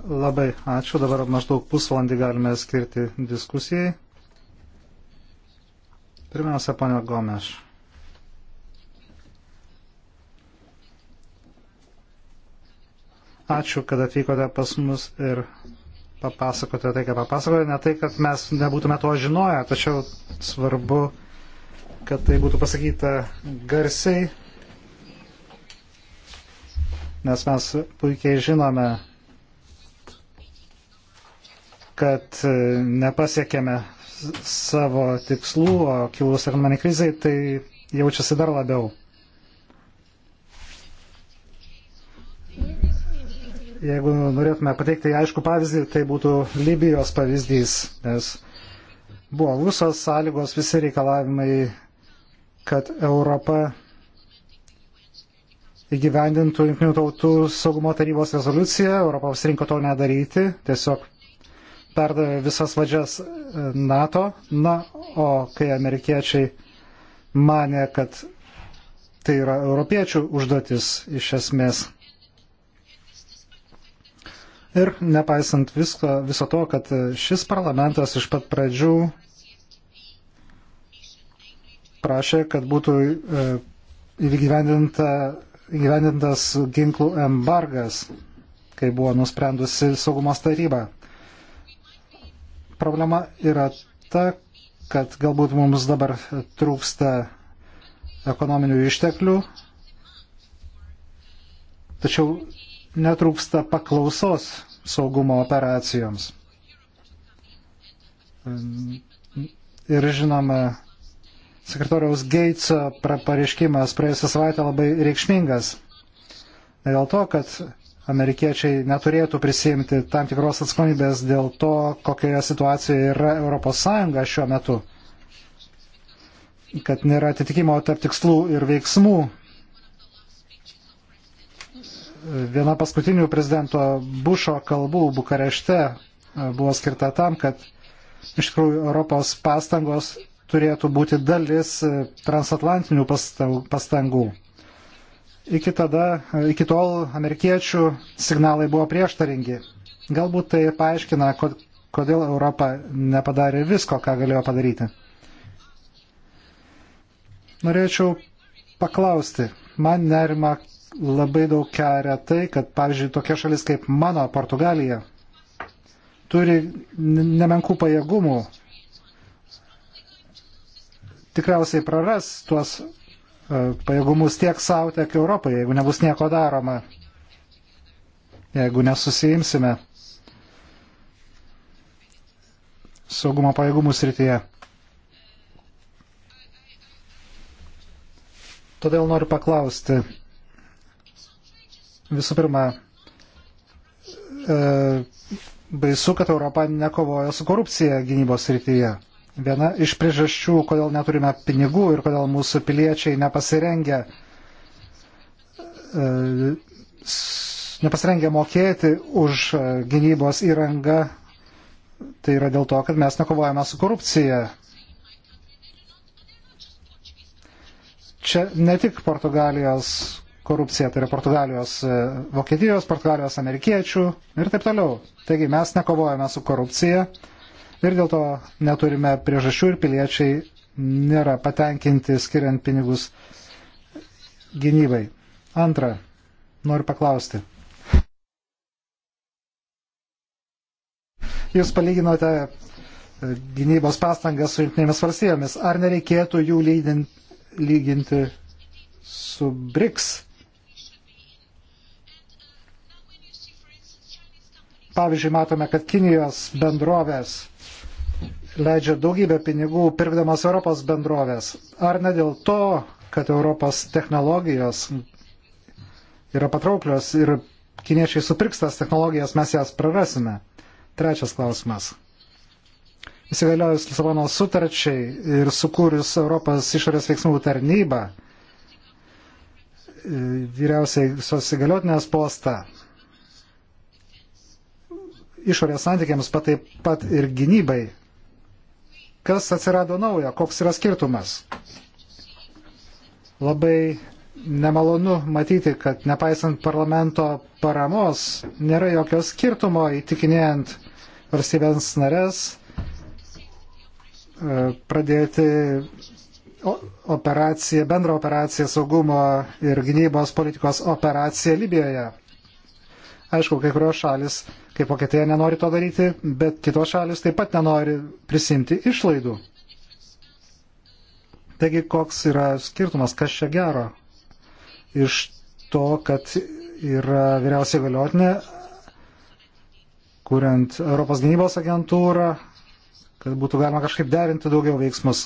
Labai ačiū. Dabar maždaug pusvalandį galime skirti diskusijai. Pirmiausia, ponia Gomeš. Ačiū, kad atvykote pas mus ir papasakote tai, ką papasakote. Ne tai, kad mes nebūtume to žinoję, tačiau svarbu, kad tai būtų pasakyta garsiai, nes mes puikiai žinome, kad nepasiekėme savo tikslų, o kilus ekonominiai krizai, tai jaučiasi dar labiau. jeigu norėtume pateikti aišku pavyzdį, tai būtų Libijos pavyzdys, nes buvo visos sąlygos, visi reikalavimai, kad Europa įgyvendintų Junktinių tautų saugumo tarybos rezoliuciją, Europa pasirinko to nedaryti, tiesiog perdavė visas vadžias e, NATO, na, o kai amerikiečiai mane, kad tai yra europiečių užduotis iš esmės Ir nepaisant visko, viso to, kad šis parlamentas iš pat pradžių prašė, kad būtų e, įgyvendinta, įgyvendintas ginklų embargas, kai buvo nusprendusi saugumos taryba. Problema yra ta, kad galbūt mums dabar trūksta ekonominių išteklių, tačiau netrūksta paklausos saugumo operacijoms. Ir žinoma, sekretoriaus Geitso pareiškimas praėjusią savaitę labai reikšmingas. Ne dėl to, kad amerikiečiai neturėtų prisimti tam tikros atsakomybės dėl to, kokioje situacijoje yra ES šiuo metu. Kad nėra atitikimo tarp tikslų ir veiksmų viena paskutinių prezidento Bušo kalbų Bukarešte e, buvo skirta tam, kad iš tikrųjų Europos pastangos turėtų būti dalis e, transatlantinių pastangų. Iki, tada, e, iki tol amerikiečių signalai buvo prieštaringi. Galbūt tai paaiškina, kodėl Europa nepadarė visko, ką galėjo padaryti. Norėčiau paklausti, man nerima labai daug keria tai, kad, pavyzdžiui, tokia šalis kaip mano, Portugalija, turi nemenkų pajėgumų. Tikriausiai praras tuos e, pajėgumus tiek savo, tiek Europai, jeigu nebus nieko daroma, jeigu nesusijimsime saugumo pajėgumų srityje. Todėl noriu paklausti, Visų pirma, e, baisu, kad Europa nekovoja su korupcija gynybos rytyje. Viena iš priežasčių, kodėl neturime pinigų ir kodėl mūsų piliečiai nepasirengia, e, nepasirengia mokėti už e, gynybos įrangą, tai yra dėl to, kad mes nekovojame su korupcija. Čia ne tik Portugalijos korupcija, tai yra Portugalijos, e, Vokietijos, Portugalijos amerikiečių ir taip toliau. Taigi mes nekovojame su korupcija ir dėl to neturime priežasčių ir piliečiai nėra patenkinti skiriant pinigus gynybai. Antra, noriu paklausti. Jūs palyginote e, gynybos pastangas su jungtinėmis valstybėmis. Ar nereikėtų jų lydinti, lyginti su BRICS Pavyzdžiui, matome, kad Kinijos bendrovės leidžia daugybę pinigų pirkdamas Europos bendrovės. Ar ne dėl to, kad Europos technologijos yra patrauklios ir kiniečiai supirkstas technologijas mes jas prarasime? Trečias klausimas. Įsigaliojus Lisabono sutarčiai ir sukūrus Europos išorės veiksmų tarnybą, vyriausiai susigaliotinės postą, išorės santykiams, pat taip pat ir gynybai. Kas atsirado naujo, koks yra skirtumas? Labai nemalonu matyti, kad nepaisant parlamento paramos, nėra jokio skirtumo įtikinėjant valstybėms narės e, pradėti operaciją, bendrą operaciją saugumo ir gynybos politikos operaciją Libijoje. Aišku, kai kurios šalis, kaip Vokietija, nenori to daryti, bet kitos šalis taip pat nenori prisimti išlaidų. Taigi, koks yra skirtumas, kas čia gero iš to, kad yra vyriausiai galiotinė, kuriant Europos gynybos agentūrą, kad būtų galima kažkaip derinti daugiau veiksmus.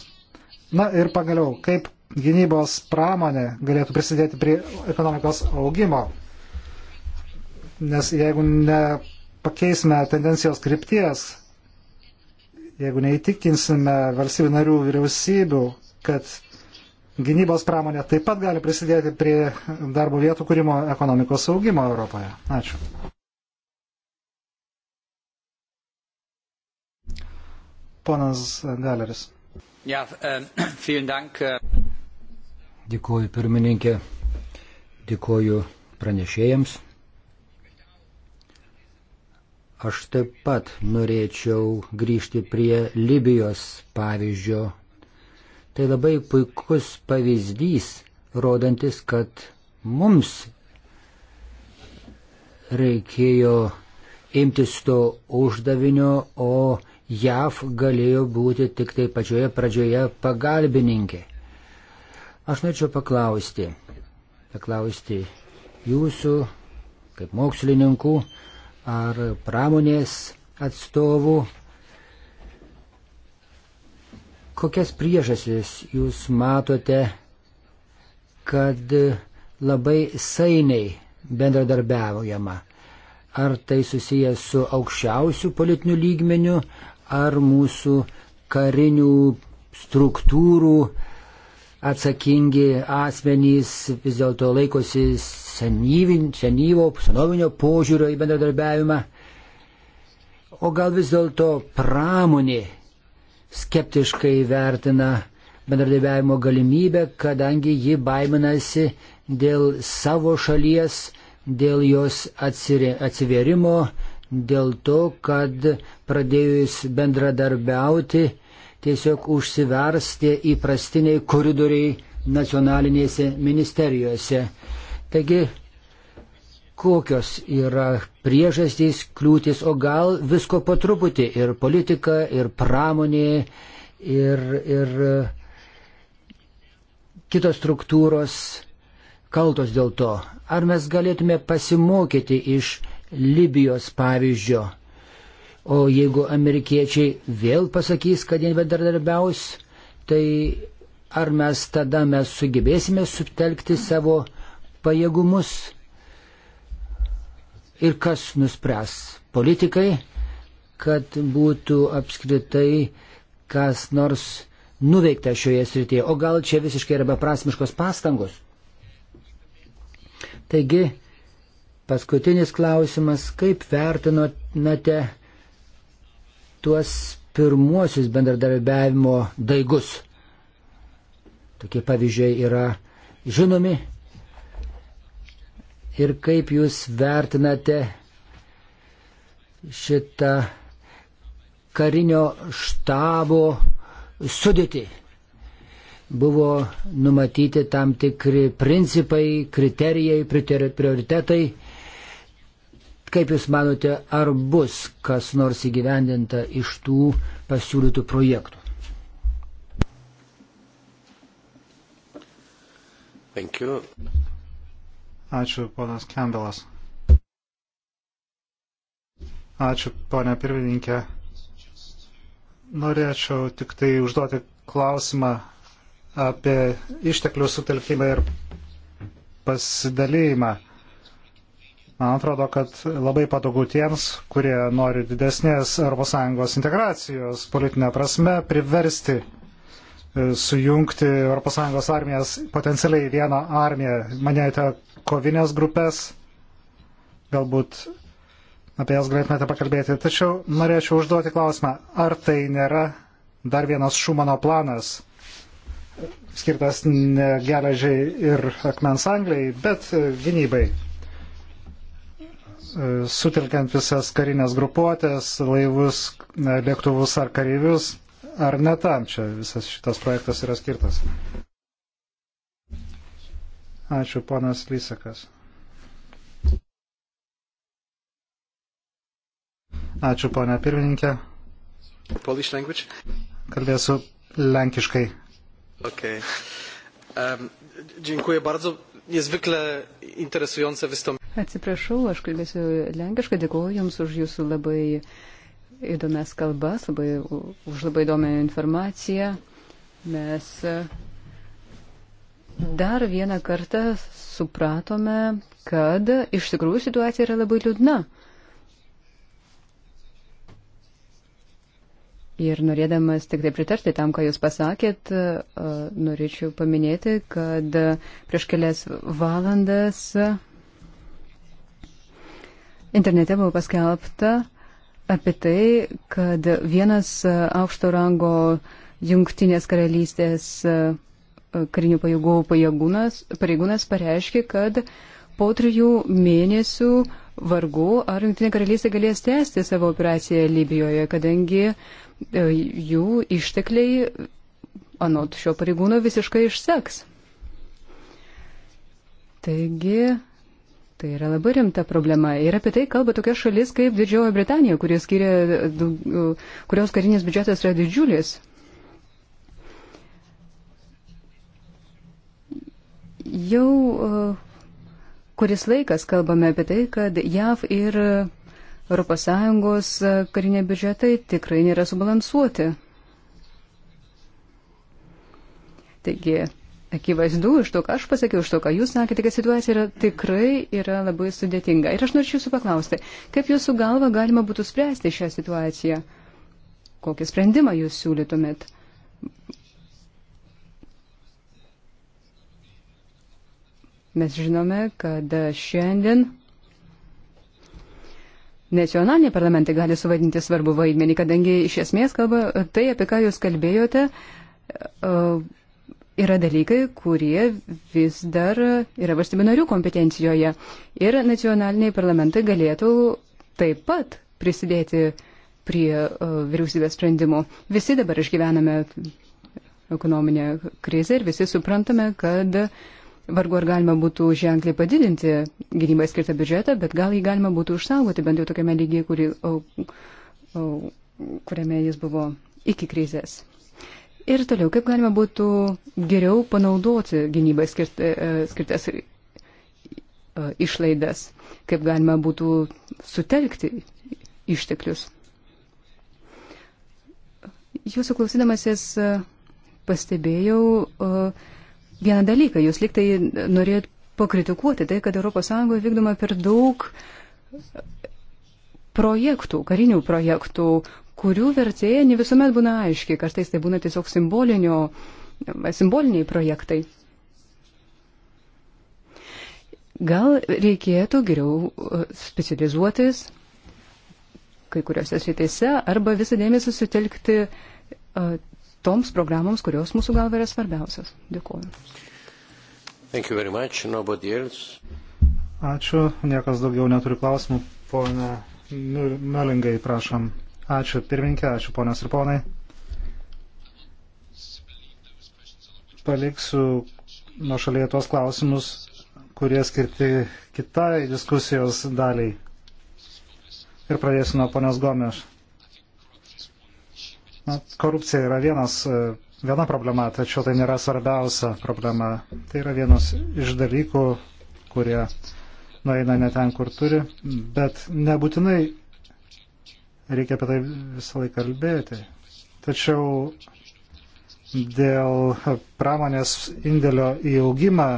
Na ir pagaliau, kaip gynybos pramonė galėtų prisidėti prie ekonomikos augimo. Nes jeigu nepakeisime tendencijos krypties, jeigu neįtikinsime valstybių narių vyriausybių, kad gynybos pramonė taip pat gali prisidėti prie darbo vietų kūrimo ekonomikos saugimo Europoje. Ačiū. Ponas Galeris. Ja, uh, (clears throat) dank, uh... Dėkuoju pirmininkė, dėkuoju pranešėjams. Aš taip pat norėčiau grįžti prie Libijos pavyzdžio. Tai labai puikus pavyzdys, rodantis, kad mums reikėjo imtis to uždavinio, o JAV galėjo būti tik tai pačioje pradžioje pagalbininkė. Aš norėčiau paklausti, paklausti jūsų kaip mokslininkų, ar pramonės atstovų. Kokias priežasis jūs matote, kad labai sainiai bendradarbiaujama? Ar tai susijęs su aukščiausiu politiniu lygmeniu, ar mūsų karinių struktūrų atsakingi asmenys vis dėlto laikosi senyvin, senyvo, senovinio požiūrio į bendradarbiavimą. O gal vis dėlto pramonė skeptiškai vertina bendradarbiavimo galimybę, kadangi ji baiminasi dėl savo šalies, dėl jos atsivėrimo, dėl to, kad pradėjus bendradarbiauti, tiesiog užsivers tie įprastiniai koridoriai nacionalinėse ministerijose. Taigi, kokios yra priežastys, kliūtis, o gal visko po truputį ir politika, ir pramonė, ir, ir e, kitos struktūros kaltos dėl to. Ar mes galėtume pasimokyti iš Libijos pavyzdžio? O jeigu amerikiečiai vėl pasakys, kad jie bendradarbiaus, tai ar mes tada mes sugebėsime sutelkti savo pajėgumus? Ir kas nuspręs? Politikai, kad būtų apskritai kas nors nuveikta šioje srityje. O gal čia visiškai yra beprasmiškos pastangos? Taigi, paskutinis klausimas, kaip vertinate tuos pirmuosius bendradarbiavimo daigus. Tokie pavyzdžiai yra žinomi. Ir kaip jūs vertinate šitą karinio štabo sudėtį? Buvo numatyti tam tikri principai, kriterijai, prioritetai Kaip Jūs manote, ar bus kas nors įgyvendinta iš tų pasiūlytų projektų? Ačiū, ponas Kembelas. Ačiū, ponia pirmininkė. Norėčiau tik tai užduoti klausimą apie išteklių sutelkimą ir pasidalymą. Man atrodo, kad labai patogu tiems, kurie nori didesnės ES integracijos politinė prasme, priversti e, sujungti ES armijas potencialiai vieną armiją. Manėjote kovinės grupės, galbūt apie jas galėtumėte pakalbėti. Tačiau norėčiau užduoti klausimą, ar tai nėra dar vienas Šumano planas, skirtas ne geležiai ir akmens angliai, bet gynybai. E, sutelkiant visas karinės grupuotės, laivus, e, lėktuvus ar kareivius, ar ne tam čia visas šitas projektas yra skirtas. Ačiū, ponas Lysekas. Ačiū, ponė pirmininkė. Polish language. Kalbėsiu lenkiškai. Okay. Um, dziękuję bardzo niezwykle interesujące wystąpienie. Atsiprašau, aš kalbėsiu lenkiškai, dėkuoju Jums už Jūsų labai įdomias kalbas, labai, už labai įdomią informaciją. Mes e, dar vieną kartą supratome, kad iš tikrųjų situacija yra labai liūdna. Ir norėdamas tik tai pritarti tam, ką Jūs pasakėt, e, norėčiau paminėti, kad prieš kelias valandas internete buvo paskelbta apie tai, kad vienas aukšto rango jungtinės karalystės e, karinių pajėgų pareigūnas pareiškė, kad po trijų mėnesių vargu ar jungtinė karalystė galės tęsti savo operaciją Libijoje, kadangi uh, E, jų ištekliai, anot šio pareigūno, visiškai išseks. Taigi, tai yra labai rimta problema. Ir apie tai kalba tokia šalis kaip Didžioji Britanija, skiria, e, kurios karinės biudžetas yra didžiulis. Jau e, kuris laikas kalbame apie tai, kad JAV ir ES e, kariniai biudžetai tikrai nėra subalansuoti. Taigi, akivaizdu iš to, ką aš pasakiau, iš to, ką jūs sakėte, kad situacija yra, tikrai yra labai sudėtinga. Ir aš norėčiau jūsų paklausti, kaip jūsų galva galima būtų spręsti šią situaciją? Kokį sprendimą jūs siūlytumėt? Mes žinome, kad šiandien Nacionaliniai parlamentai gali suvaidinti svarbu vaidmenį, kadangi iš esmės kalba tai, apie ką jūs kalbėjote, e, yra dalykai, kurie vis dar yra valstybių narių kompetencijoje. Ir nacionaliniai parlamentai galėtų taip pat prisidėti prie e, vyriausybės sprendimų. Visi dabar išgyvename ekonominę krizę ir visi suprantame, kad uh, Vargu ar galima būtų ženkliai padidinti gynybai skirtą biudžetą, bet gal jį galima būtų išsaugoti bent jau tokiame lygiai, kuri, o, o, kuriame jis buvo iki krizės. Ir toliau, kaip galima būtų geriau panaudoti gynybai skirt, e, e, skirtas e, išlaidas, kaip galima būtų sutelkti išteklius. Jūsų klausydamasis pastebėjau, uh, vieną dalyką. Jūs liktai norėjot pakritikuoti tai, kad ES vykdoma per daug projektų, karinių projektų, kurių vertėja ne visuomet būna aiški. Kartais tai būna tiesiog simboliniai projektai. Gal reikėtų geriau uh, specializuotis kai kuriuose srityse arba visą dėmesį sutelkti uh, toms programoms, kurios mūsų galva yra svarbiausios. Dėkuoju. Ačiū, niekas daugiau neturi klausimų. Pone Melingai, nu- prašom. Ačiū pirminkė, ačiū ponios ir ponai. Paliksiu nuo šalyje tuos klausimus, kurie skirti kitai diskusijos daliai. Ir pradėsiu nuo ponios Gomeš. Na, korupcija yra vienas, e, viena problema, tačiau tai nėra svarbiausia problema. Tai yra vienas iš dalykų, kurie nueina ne ten, kur turi, bet nebūtinai reikia apie tai visą laiką kalbėti. Tačiau dėl pramonės indėlio į augimą,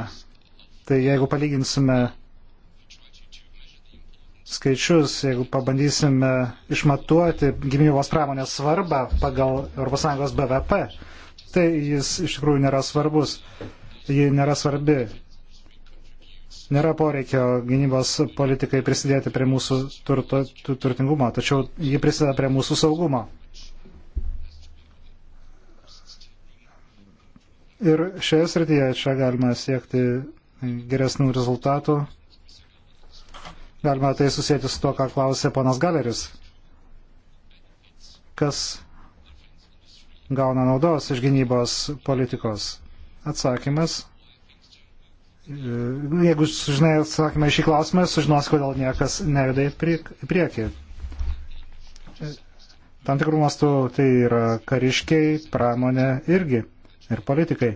tai jeigu palyginsime skaičius, jeigu pabandysime išmatuoti gynybos pramonės svarbą pagal ES BVP, tai jis iš tikrųjų nėra svarbus, ji nėra svarbi. Nėra poreikio gynybos politikai prisidėti prie mūsų turto, turtingumo, tačiau ji prisideda prie mūsų saugumo. Ir šioje srityje čia galima siekti geresnių rezultatų Galima tai susijęti su to, ką klausė ponas Galeris. Kas gauna naudos iš gynybos politikos? Atsakymas. Jeigu sužinai atsakymą iš šį klausimą, sužinos, kodėl niekas nejuda į priekį. Tam tikrų mastų tai yra kariškiai, pramonė irgi ir politikai.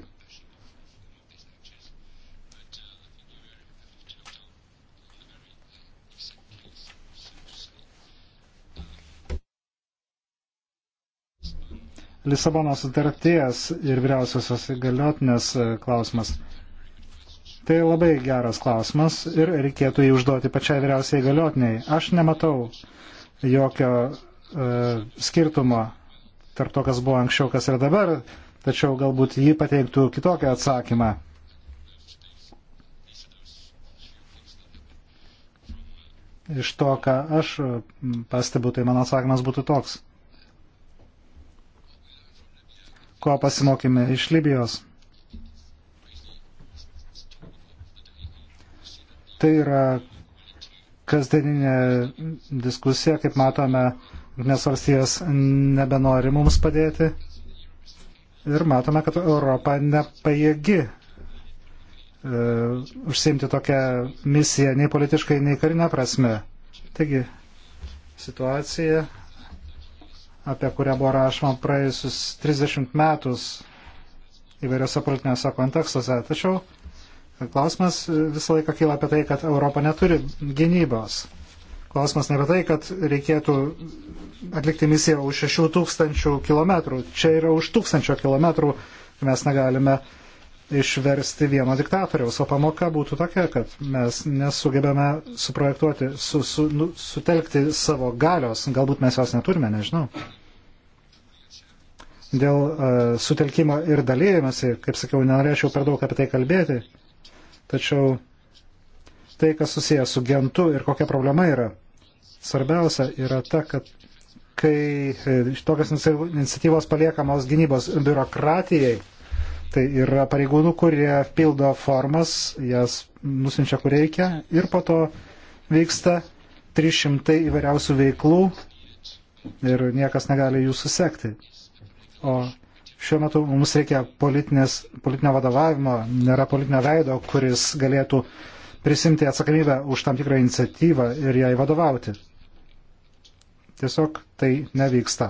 Lisabono sutarties ir vyriausiosios įgaliotinės e, klausimas. Tai labai geras klausimas ir reikėtų jį užduoti pačiai vyriausiai įgaliotiniai. Aš nematau jokio e, skirtumo tarp to, kas buvo anksčiau, kas yra dabar, tačiau galbūt jį pateiktų kitokią atsakymą. Iš to, ką aš pastebiu, tai mano atsakymas būtų toks. ko pasimokime iš Libijos. Tai yra kasdieninė diskusija, kaip matome, nes valstijas nebenori mums padėti. Ir matome, kad Europa nepajėgi e, užsiimti tokią misiją nei politiškai, nei karinę prasme. Taigi, situacija apie kurią buvo rašoma praėjusius 30 metus įvairiose politinėse kontekstuose. Tačiau klausimas visą laiką kyla apie tai, kad Europa neturi gynybos. Klausimas ne apie tai, kad reikėtų atlikti misiją už 6000 km. Čia yra už 1000 km. Mes negalime išversti vieno diktatoriaus. O pamoka būtų tokia, kad mes nesugebame suprojektuoti, su, su, nu, sutelkti savo galios. Galbūt mes jos neturime, nežinau dėl uh, sutelkimo ir dalyjimasi, kaip sakiau, nenorėčiau per daug apie tai kalbėti, tačiau tai, kas susijęs su gentu ir kokia problema yra, svarbiausia yra ta, kad kai e, tokios iniciatyvos paliekamos gynybos biurokratijai, tai yra pareigūnų, kurie pildo formas, jas nusinčia kur reikia ir po to vyksta 300 įvairiausių veiklų ir niekas negali jų susekti. O šiuo metu mums reikia politinio vadovavimo, nėra politinio veido, kuris galėtų prisimti atsakomybę už tam tikrą iniciatyvą ir jai vadovauti. Tiesiog tai nevyksta.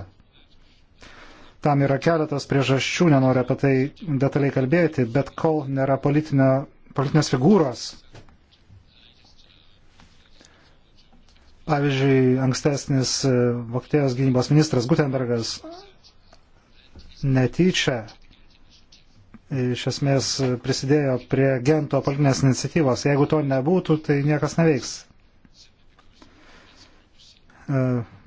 Tam yra keletas priežasčių, nenoriu apie tai detaliai kalbėti, bet kol nėra politinės figūros, pavyzdžiui, ankstesnis e, Vokietijos gynybos ministras Gutenbergas netyčia iš esmės prisidėjo prie gento politinės iniciatyvos. Jeigu to nebūtų, tai niekas neveiks. E,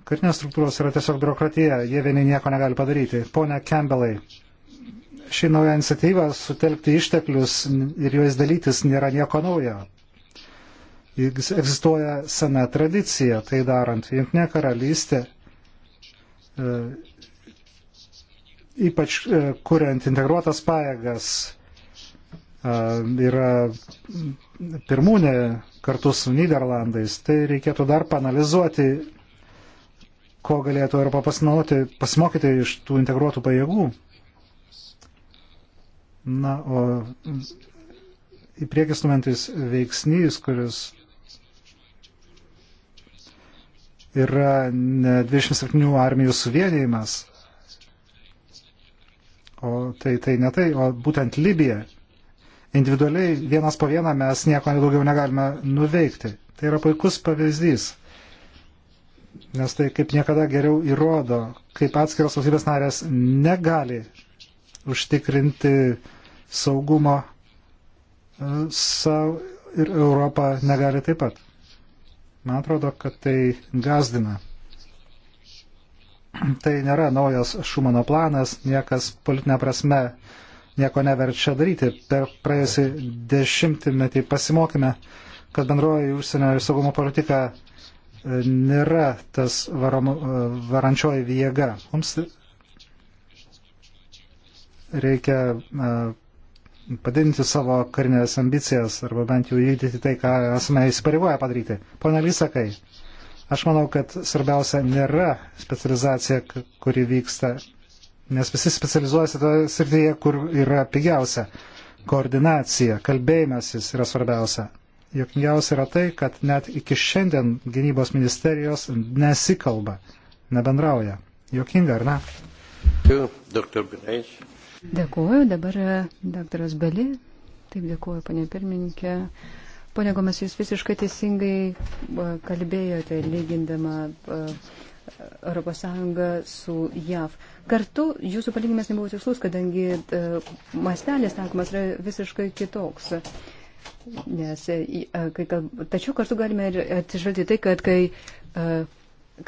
karinės struktūros yra tiesiog biurokratija, jie vieni nieko negali padaryti. Pone Campbellai, ši nauja iniciatyva sutelkti išteklius ir juos dalytis nėra nieko naujo. Egzistuoja sena tradicija tai darant. Junknė karalystė e, ypač e, kuriant integruotas pajėgas, e, yra pirmūnė kartu su Niderlandais. Tai reikėtų dar panalizuoti, ko galėtų Europa pasimokyti iš tų integruotų pajėgų. Na, o į priekį stumantis veiksnys, kuris yra 27 armijų suvienijimas, O tai, tai ne tai, o būtent Libija. Individualiai vienas po vieną mes nieko daugiau negalime nuveikti. Tai yra puikus pavyzdys, nes tai kaip niekada geriau įrodo, kaip atskiros valstybės narės negali užtikrinti saugumo e, savo ir Europą negali taip pat. Man atrodo, kad tai gazdina. (clears throat) Tai nėra naujas Šumano planas, niekas politinė prasme nieko neverčia daryti. Per praėjusį dešimtmetį pasimokime, kad bendroji užsienio ir saugumo politika e, nėra tas varom, e, varančioji jėga. Mums reikia e, padidinti savo karinės ambicijas arba bent jau įvykdyti tai, ką esame įsipareigoję padaryti. Pone Lysakai, Aš manau, kad svarbiausia nėra specializacija, kuri vyksta, nes visi specializuojasi toje srityje, kur yra pigiausia. Koordinacija, kalbėjimasis yra svarbiausia. Jokingiausia yra tai, kad net iki šiandien gynybos ministerijos nesikalba, nebendrauja. Jokinga, ar ne? Dėkuoju, dabar e, daktaras Beli. Taip, dėkuoju, panė pirmininkė. Pone Gomes, jūs visiškai teisingai kalbėjote, lygindama ES su JAV. Kartu jūsų palyginimas nebuvo tikslus, kadangi mastelis taikomas yra visiškai kitoks. Nes, kai, tačiau kartu galime ir atsižvelgti tai, kad kai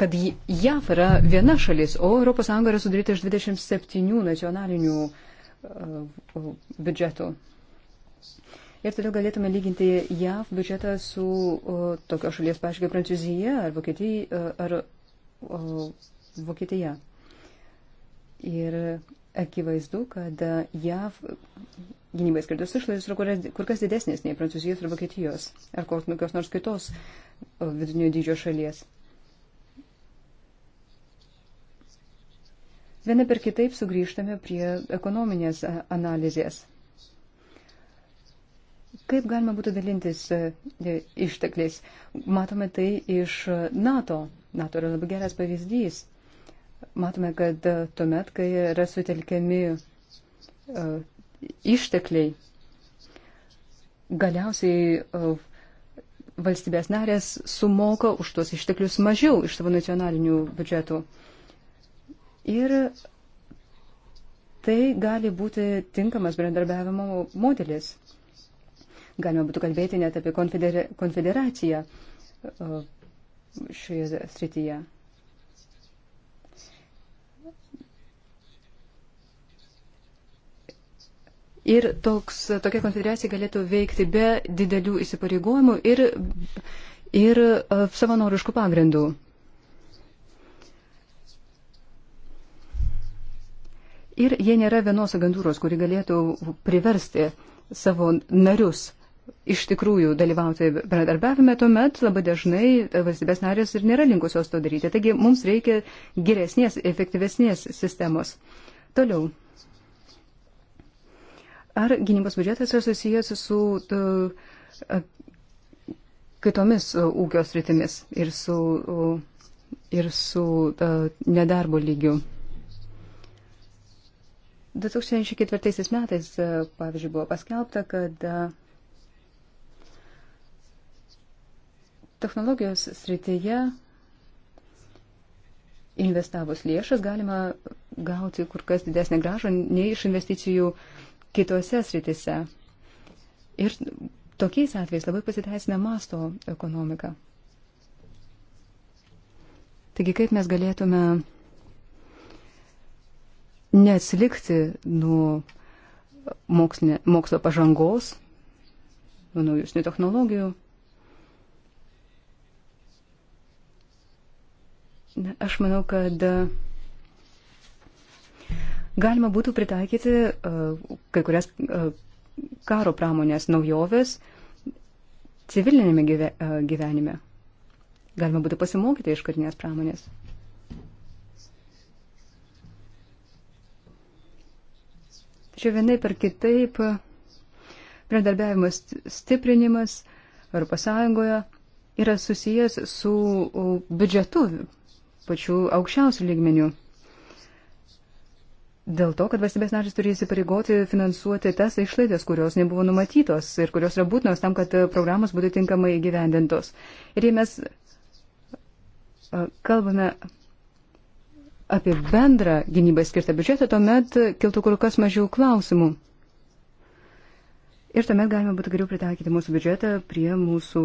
kad JAV yra viena šalis, o ES yra sudaryta iš 27 nacionalinių biudžetų. Uh, ir todėl galėtume lyginti JAV biudžetą su tokios šalies, pažiūrėjau, Prancūzija ar Vokietija. Ar, o, Vokietija. Ir akivaizdu, kad JAV gynybai skirtos išlaidos yra kur kas didesnės nei Prancūzijos ir Vokietijos ar kokios nors kitos vidutinio dydžio šalies. Viena per kitaip sugrįžtame prie ekonominės analizės kaip galima būtų dalintis e, e, ištekliais. Matome tai iš NATO. NATO yra labai geras pavyzdys. Matome, kad e, tuomet, kai yra sutelkiami ištekliai, galiausiai valstybės narės sumoka už tuos išteklius mažiau iš savo nacionalinių biudžetų. Ir tai gali būti tinkamas bendradarbiavimo modelis. Galima būtų kalbėti net apie konfeder konfederaciją šioje srityje. Ir toks, tokia konfederacija galėtų veikti be didelių įsipareigojimų ir, ir e, savanoriškų pagrindų. Ir jie nėra vienos agentūros, kuri galėtų priversti savo narius iš tikrųjų dalyvauti bendradarbiavime, tuomet labai dažnai valstybės narės ir nėra linkusios to daryti. Taigi mums reikia geresnės, efektyvesnės sistemos. Toliau. Ar gynybos biudžetas yra susijęs su uh, kitomis ūkio sritimis ir su, uh, ir su uh, nedarbo lygiu? 2004 metais, pavyzdžiui, buvo paskelbta, kad uh, Technologijos srityje investavus lėšas galima gauti kur kas didesnį gražą nei iš investicijų kitose srityse. Ir tokiais atvejais labai pasiteisina masto ekonomika. Taigi kaip mes galėtume neatsilikti nuo mokslinė, mokslo pažangos, nuo naujusnių technologijų. Aš manau, kad e, galima būtų pritaikyti e, kai kurias e, karo pramonės naujoves civilinėme gyvenime. Galima būtų pasimokyti iš karinės pramonės. Tačiau vienai per kitaip bendradarbiavimas stiprinimas ES yra susijęs su biudžetu pačių aukščiausių lygmenių. Dėl to, kad valstybės narės turi įsipareigoti finansuoti tas išlaidas, kurios nebuvo numatytos ir kurios yra būtinos tam, kad programos būtų tinkamai įgyvendintos. Ir jei mes kalbame apie bendrą gynybai skirtą biudžetą, tuomet kiltų kur kas mažiau klausimų. Ir tuomet galima būtų geriau pritaikyti mūsų biudžetą prie mūsų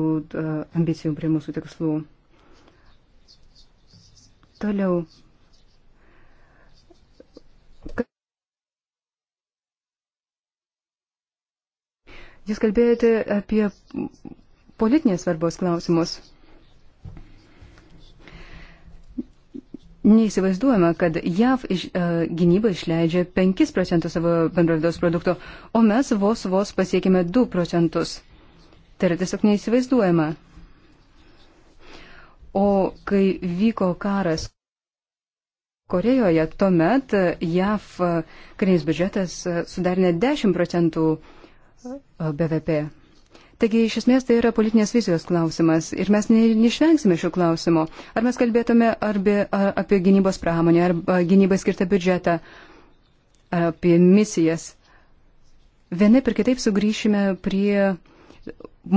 ambicijų, prie mūsų tikslų. Toliau. Jūs kalbėjote apie politinės svarbos klausimus. Neįsivaizduojama, kad JAV iš, uh, gynyba išleidžia 5 procentus savo bendrovidaus produkto, o mes vos vos pasiekime 2 procentus. Tai yra tiesiog neįsivaizduojama. O kai vyko karas Korejoje, tuomet JAV karinis biudžetas sudarinė 10 procentų e, BVP. Taigi, iš esmės, tai yra politinės vizijos klausimas ir mes neišvengsime šių klausimų. Ar mes kalbėtume arbe, apie gynybos pramonę, ar gynybai skirtą biudžetą, apie misijas. Vienaip ir kitaip sugrįšime prie uh,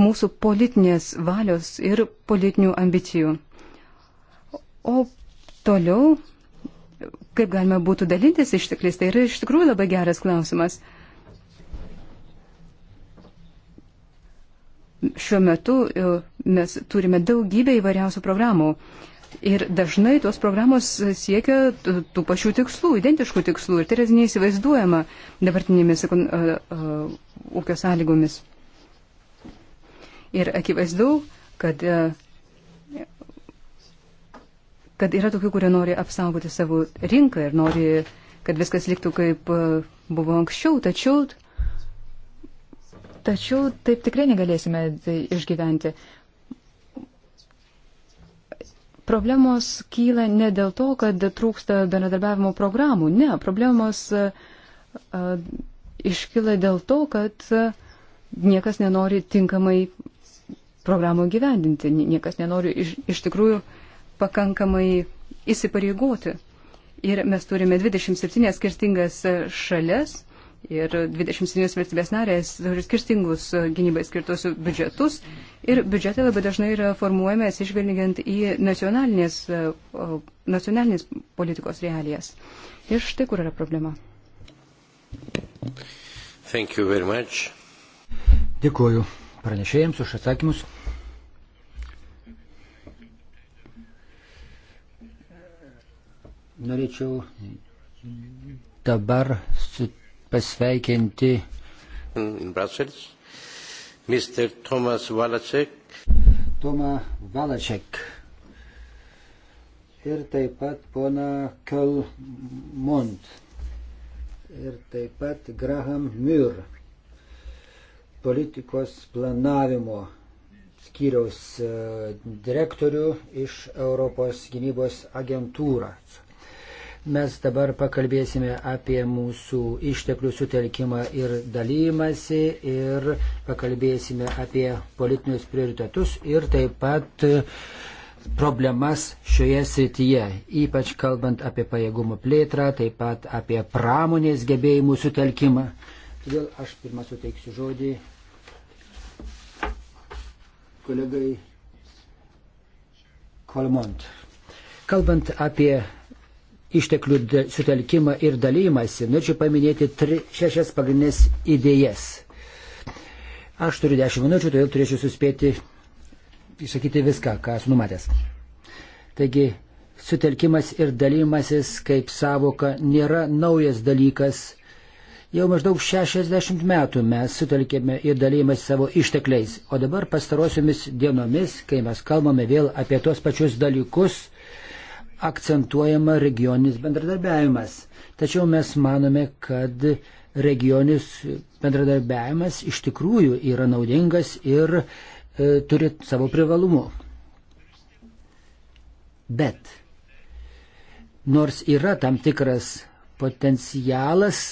mūsų politinės valios ir politinių ambicijų. O toliau, kaip galima būtų dalintis ištekliais, tai yra iš tikrųjų labai geras klausimas. Šiuo metu e, mes turime daugybę įvairiausių programų. Ir dažnai tos programos siekia tų pačių tikslų, identiškų tikslų. Ir tai yra neįsivaizduojama dabartinėmis e, e, ūkio sąlygomis. Ir akivaizdu, kad, e, kad yra tokių, kurie nori apsaugoti savo rinką ir nori, kad viskas liktų kaip e, buvo anksčiau, tačiau, tačiau taip tikrai negalėsime tai išgyventi problemos kyla ne dėl to, kad trūksta bendradarbiavimo programų. Ne, problemos e, iškyla dėl to, kad niekas nenori tinkamai programų gyvendinti. Niekas nenori iš, iš tikrųjų pakankamai įsipareigoti. Ir mes turime 27 skirtingas e, šalias ir 27 valstybės narės turi skirtingus e, gynybai skirtus biudžetus. Ir biudžetai labai dažnai yra formuojami atsižvelgiant į nacionalinės, e, nacionalinės politikos realijas. Ir štai kur yra problema. Dėkuoju pranešėjams už atsakymus. Norėčiau dabar pasveikinti Tomas Valaček. Tomą Valaček. Ir taip pat pona Kölmund. Ir taip pat Graham Müir politikos planavimo skyriaus e, direktorių iš Europos gynybos agentūros. Mes dabar pakalbėsime apie mūsų išteklių sutelkimą ir dalymasi ir pakalbėsime apie politinius prioritetus ir taip pat problemas šioje srityje, ypač kalbant apie pajėgumų plėtrą, taip pat apie pramonės gebėjimų sutelkimą. Todėl aš pirmą suteiksiu žodį kolegai Kolmont. Kalbant apie išteklių sutelkimą ir dalymasi, norėčiau paminėti tri, šešias pagrindinės idėjas. Aš turiu dešimt minučių, todėl turėčiau suspėti išsakyti viską, ką esu numatęs. Taigi, sutelkimas ir dalymasis kaip savoka nėra naujas dalykas Jau maždaug 60 metų mes sutelkėme ir dalymės savo ištekliais, o dabar pastarosiomis dienomis, kai mes kalbame vėl apie tos pačius dalykus, akcentuojama regioninis bendradarbiavimas. Tačiau mes manome, kad regioninis bendradarbiavimas iš tikrųjų yra naudingas ir e, turi savo privalumų. Bet nors yra tam tikras potencialas,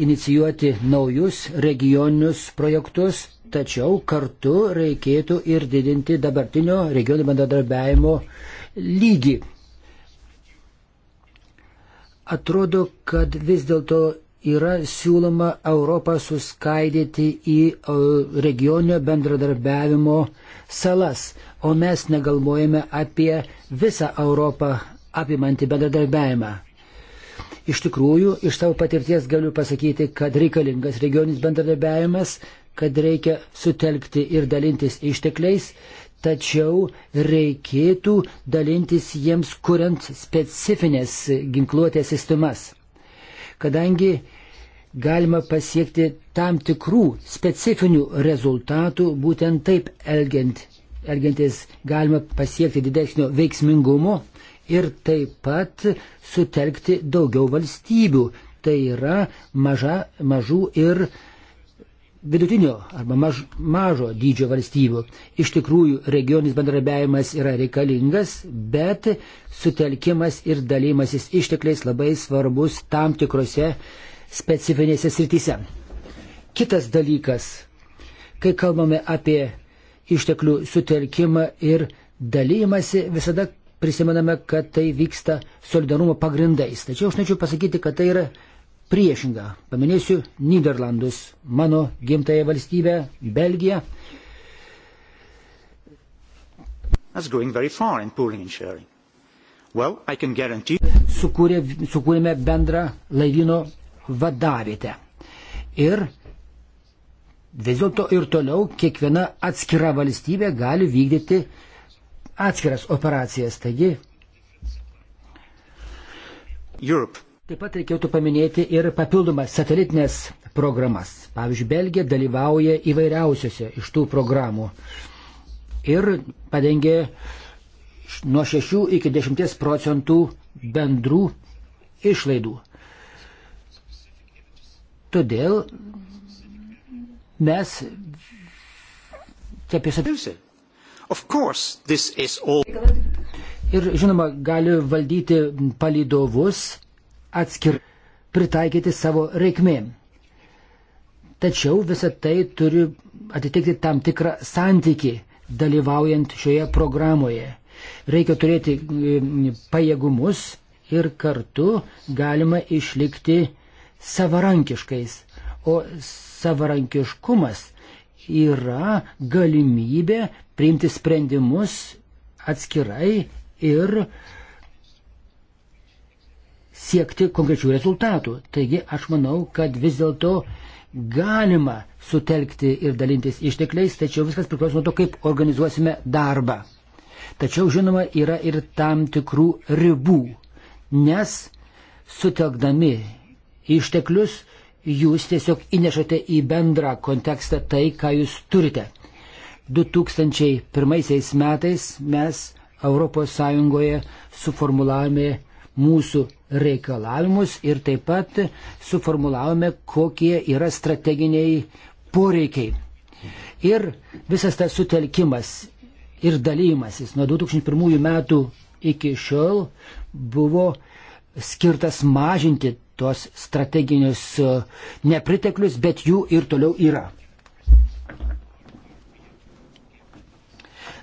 inicijuoti naujus regioninius projektus, tačiau kartu reikėtų ir didinti dabartinio regionų bendradarbiajimo lygį. Atrodo, kad vis dėlto yra siūloma Europą suskaidyti į e, regioninio bendradarbiavimo salas, o mes negalvojame apie visą Europą apimantį bendradarbiavimą. Iš tikrųjų, iš savo patirties galiu pasakyti, kad reikalingas regioninis bendradarbiavimas, kad reikia sutelkti ir dalintis ištekliais, tačiau reikėtų dalintis jiems kuriant specifines ginkluotės sistemas. Kadangi galima pasiekti tam tikrų specifinių rezultatų, būtent taip elgiant, elgiantis galima pasiekti didesnio veiksmingumo ir taip pat sutelkti daugiau valstybių. Tai yra maža, mažų ir vidutinio arba maž, mažo dydžio valstybių. Iš tikrųjų, regioninis bendrabiavimas yra reikalingas, bet sutelkimas ir dalymasis ištekliais labai svarbus tam tikrose specifinėse srityse. Kitas dalykas, kai kalbame apie išteklių sutelkimą ir dalymasi, visada prisimename, kad tai vyksta solidarumo pagrindais. Tačiau aš norėčiau pasakyti, kad tai yra priešinga. Paminėsiu Niderlandus, mano gimtąją valstybę, Belgiją. In well, guarantee... Sukūrė, sukūrėme bendrą laivyno vadavietę. Ir vis dėlto ir toliau kiekviena atskira valstybė gali vykdyti uh, atskiras operacijas. Taigi, Europe. Taip pat reikėtų paminėti ir papildomas satelitinės programas. Pavyzdžiui, Belgija dalyvauja įvairiausiose iš tų programų ir padengia nuo 6 iki 10 procentų bendrų išlaidų. Todėl mes čia apie satelitinę. All... Ir žinoma, gali valdyti palidovus atskir pritaikyti savo reikmėm. Tačiau visa tai turi atitikti tam tikrą santyki dalyvaujant šioje programoje. Reikia turėti e, pajėgumus ir kartu galima išlikti savarankiškais. O savarankiškumas yra galimybė priimti sprendimus atskirai ir siekti konkrečių rezultatų. Taigi aš manau, kad vis dėlto galima sutelkti ir dalintis ištekliais, tačiau viskas priklauso nuo to, kaip organizuosime darbą. Tačiau, žinoma, yra ir tam tikrų ribų, nes sutelkdami išteklius jūs tiesiog įnešate į bendrą kontekstą tai, ką jūs turite. 2001 metais mes ES suformulavome mūsų reikalavimus ir taip pat suformulavome, kokie yra strateginiai poreikiai. Ir visas tas sutelkimas ir dalymasis nuo 2001 metų iki šiol buvo skirtas mažinti tuos strateginius e, nepriteklius, bet jų ir toliau yra.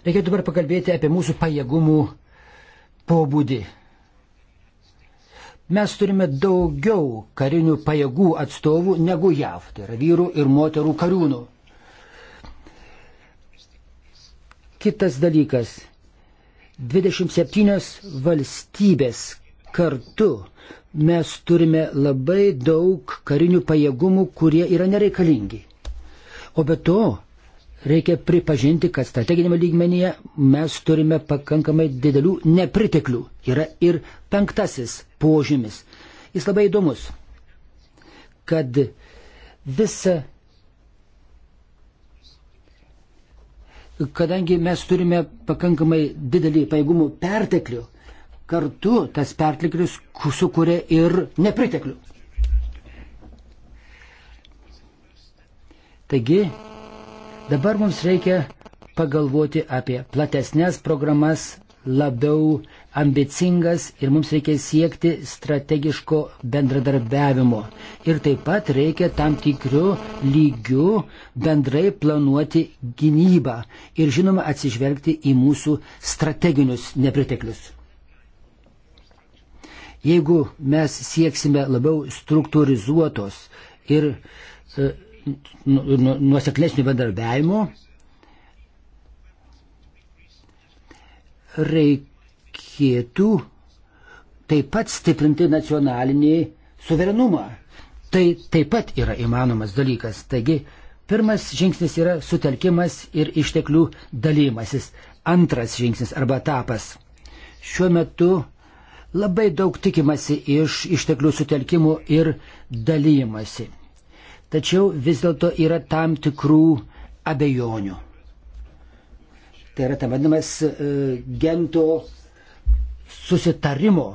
Reikia dabar pakalbėti apie mūsų pajėgumų pobūdį. Mes turime daugiau karinių pajėgų atstovų negu JAV, tai yra vyrų ir moterų kariūnų. Kitas dalykas. 27 valstybės kartu mes turime labai daug karinių pajėgumų, kurie yra nereikalingi. O be to, reikia pripažinti, kad strateginėme lygmenyje mes turime pakankamai didelių nepriteklių. Yra ir penktasis požymis. Jis labai įdomus, kad visa. Kadangi mes turime pakankamai didelį pajėgumų perteklių, kartu tas perteklius sukuria ir nepriteklių. Taigi, Dabar mums reikia pagalvoti apie platesnės programas, labiau ambicingas ir mums reikia siekti strategiško bendradarbiavimo. Ir taip pat reikia tam tikriu lygiu bendrai planuoti gynybą ir žinoma atsižvelgti į mūsų strateginius nepriteklius. Jeigu mes sieksime labiau struktūrizuotos ir e, Nu, nu, nuoseklesnio bendarbiavimo reikėtų taip pat stiprinti nacionalinį suverenumą. Tai taip pat yra įmanomas dalykas. Taigi, pirmas žingsnis yra sutelkimas ir išteklių dalymasis. Antras žingsnis arba etapas. Šiuo metu labai daug tikimasi iš išteklių sutelkimų ir dalymasi tačiau vis dėlto yra tam tikrų abejonių. Tai yra tam vadinamas e, gento susitarimo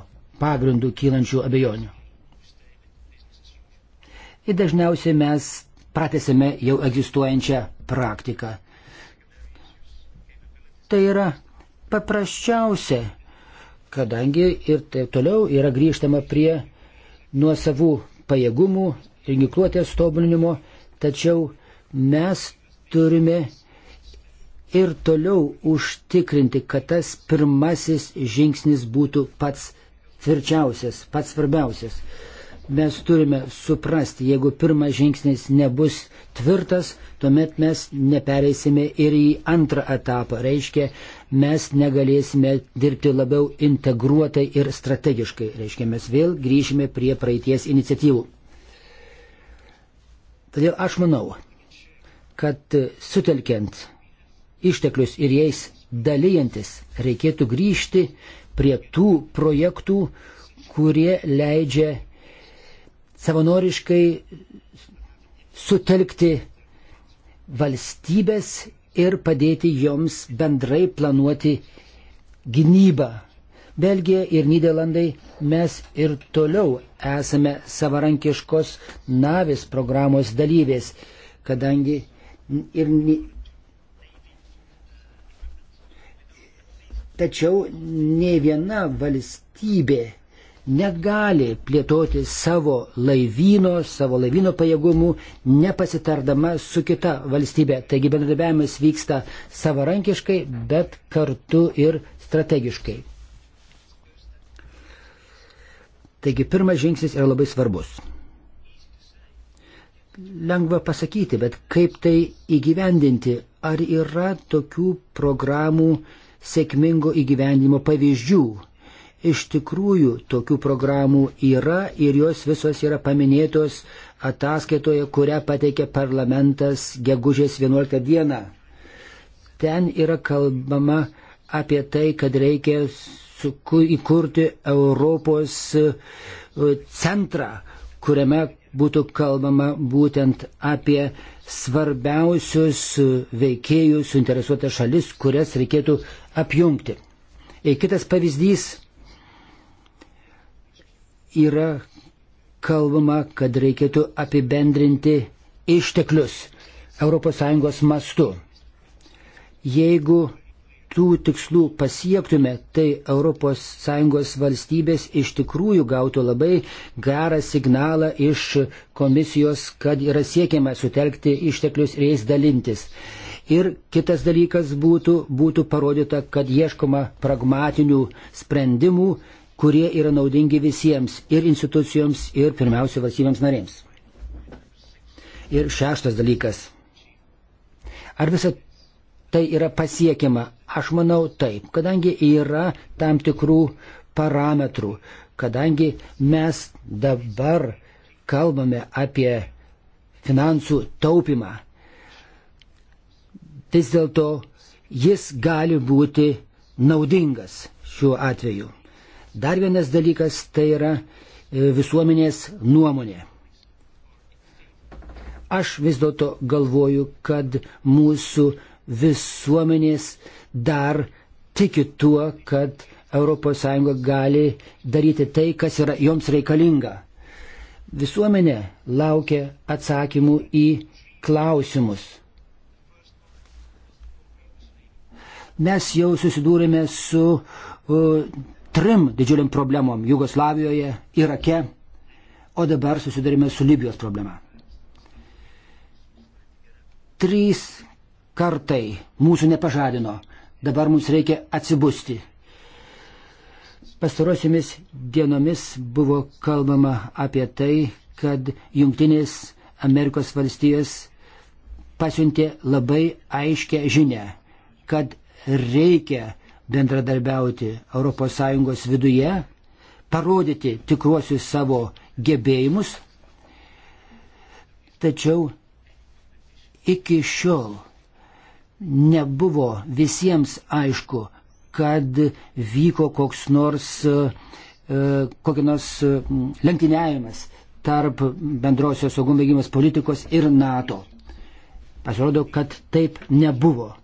pagrindų kylančių abejonių. Ir dažniausiai mes pratesime jau egzistuojančią praktiką. Tai yra paprasčiausia, kadangi ir taip toliau yra grįžtama prie nuosavų pajėgumų ir ginkluotės tobulinimo, tačiau mes turime ir toliau užtikrinti, kad tas pirmasis žingsnis būtų pats tvirčiausias, pats svarbiausias. Mes turime suprasti, jeigu pirmas žingsnis nebus tvirtas, tuomet mes nepereisime ir į antrą etapą. Reiškia, mes negalėsime dirbti labiau integruotai ir strategiškai. Reiškia, mes vėl grįžime prie praeities iniciatyvų. Todėl aš manau, kad sutelkiant išteklius ir jais dalyjantis reikėtų grįžti prie tų projektų, kurie leidžia savanoriškai sutelkti valstybės ir padėti joms bendrai planuoti gynybą Belgija ir Niderlandai mes ir toliau esame savarankiškos navis programos dalyvės, kadangi ir. Tačiau ne viena valstybė negali plėtoti savo laivyno, savo laivyno pajėgumų, nepasitardama su kita valstybė. Taigi bendradarbiavimas vyksta savarankiškai, bet kartu ir strategiškai. Taigi pirmas žingsnis yra labai svarbus. Lengva pasakyti, bet kaip tai įgyvendinti? Ar yra tokių programų sėkmingo įgyvendinimo pavyzdžių? Iš tikrųjų, tokių programų yra ir jos visos yra paminėtos ataskaitoje, kurią pateikė parlamentas gegužės 11 dieną. Ten yra kalbama apie tai, kad reikia įkurti Europos e, centrą, kuriame būtų kalbama būtent apie svarbiausius veikėjus, suinteresuotas šalis, kurias reikėtų apjungti. Ir kitas pavyzdys yra kalbama, kad reikėtų apibendrinti išteklius ES mastu. Jeigu tų tikslų pasiektume, tai ES valstybės iš tikrųjų gautų labai gerą signalą iš komisijos, kad yra siekiama sutelkti išteklius ir jais dalintis. Ir kitas dalykas būtų, būtų parodyta, kad ieškoma pragmatinių sprendimų, kurie yra naudingi visiems ir institucijoms, ir pirmiausia valstybėms narėms. Ir šeštas dalykas. Ar visą tai yra pasiekiama? Aš manau taip, kadangi yra tam tikrų parametrų, kadangi mes dabar kalbame apie finansų taupimą, vis dėlto jis gali būti naudingas šiuo atveju. Dar vienas dalykas tai yra e, visuomenės nuomonė. Aš vis dėlto galvoju, kad mūsų visuomenės dar tiki tuo, kad ES gali daryti tai, kas yra joms reikalinga. Visuomenė laukia atsakymų į klausimus. Mes jau susidūrėme su uh, trim didžiuliam problemom - Jugoslavijoje, Irake, o dabar susidūrėme su Libijos problema. Trys kartai mūsų nepažadino. Dabar mums reikia atsibusti. Pastarosiomis dienomis buvo kalbama apie tai, kad Junktinės Amerikos valstijos pasiuntė labai aiškę žinę, kad reikia bendradarbiauti ES viduje, parodyti tikruosius savo gebėjimus, tačiau iki šiol nebuvo visiems aišku, kad vyko koks nors, e, kokia nors e, lenktyniavimas tarp bendrosios saugumo gynybos politikos ir NATO. Pasirodo, kad taip nebuvo.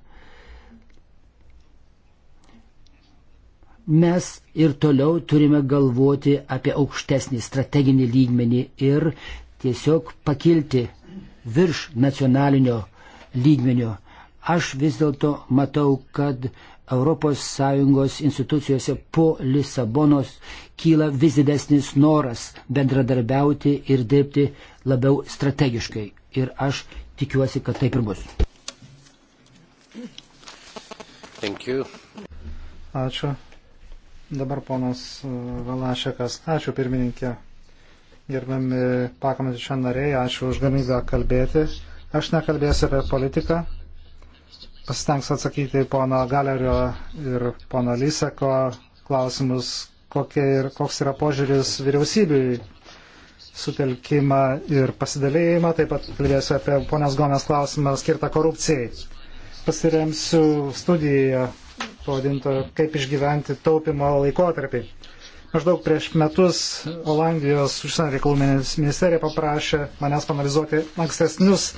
Mes ir toliau turime galvoti apie aukštesnį strateginį lygmenį ir tiesiog pakilti virš nacionalinio lygmenio. Aš vis dėlto matau, kad ES institucijose po Lisabonos kyla vis didesnis noras bendradarbiauti ir dirbti labiau strategiškai. Ir aš tikiuosi, kad taip ir bus. Ačiū. Dabar ponas uh, Valašekas. Ačiū pirmininkė. Gerbiami pakomitečio nariai, ačiū už galimybę kalbėti. Aš nekalbėsiu apie politiką, pasitengsiu atsakyti pono Galerio ir pono Lyseko klausimus, ir, koks yra požiūris vyriausybiui sutelkimą ir pasidalėjimą. Taip pat kalbėsiu apie ponios Gomės klausimą skirtą korupcijai. Pasiremsiu studiją pavadintą Kaip išgyventi taupimo laikotarpį. Maždaug prieš metus Olandijos užsienio reikalų ministerija paprašė manęs panalizuoti ankstesnius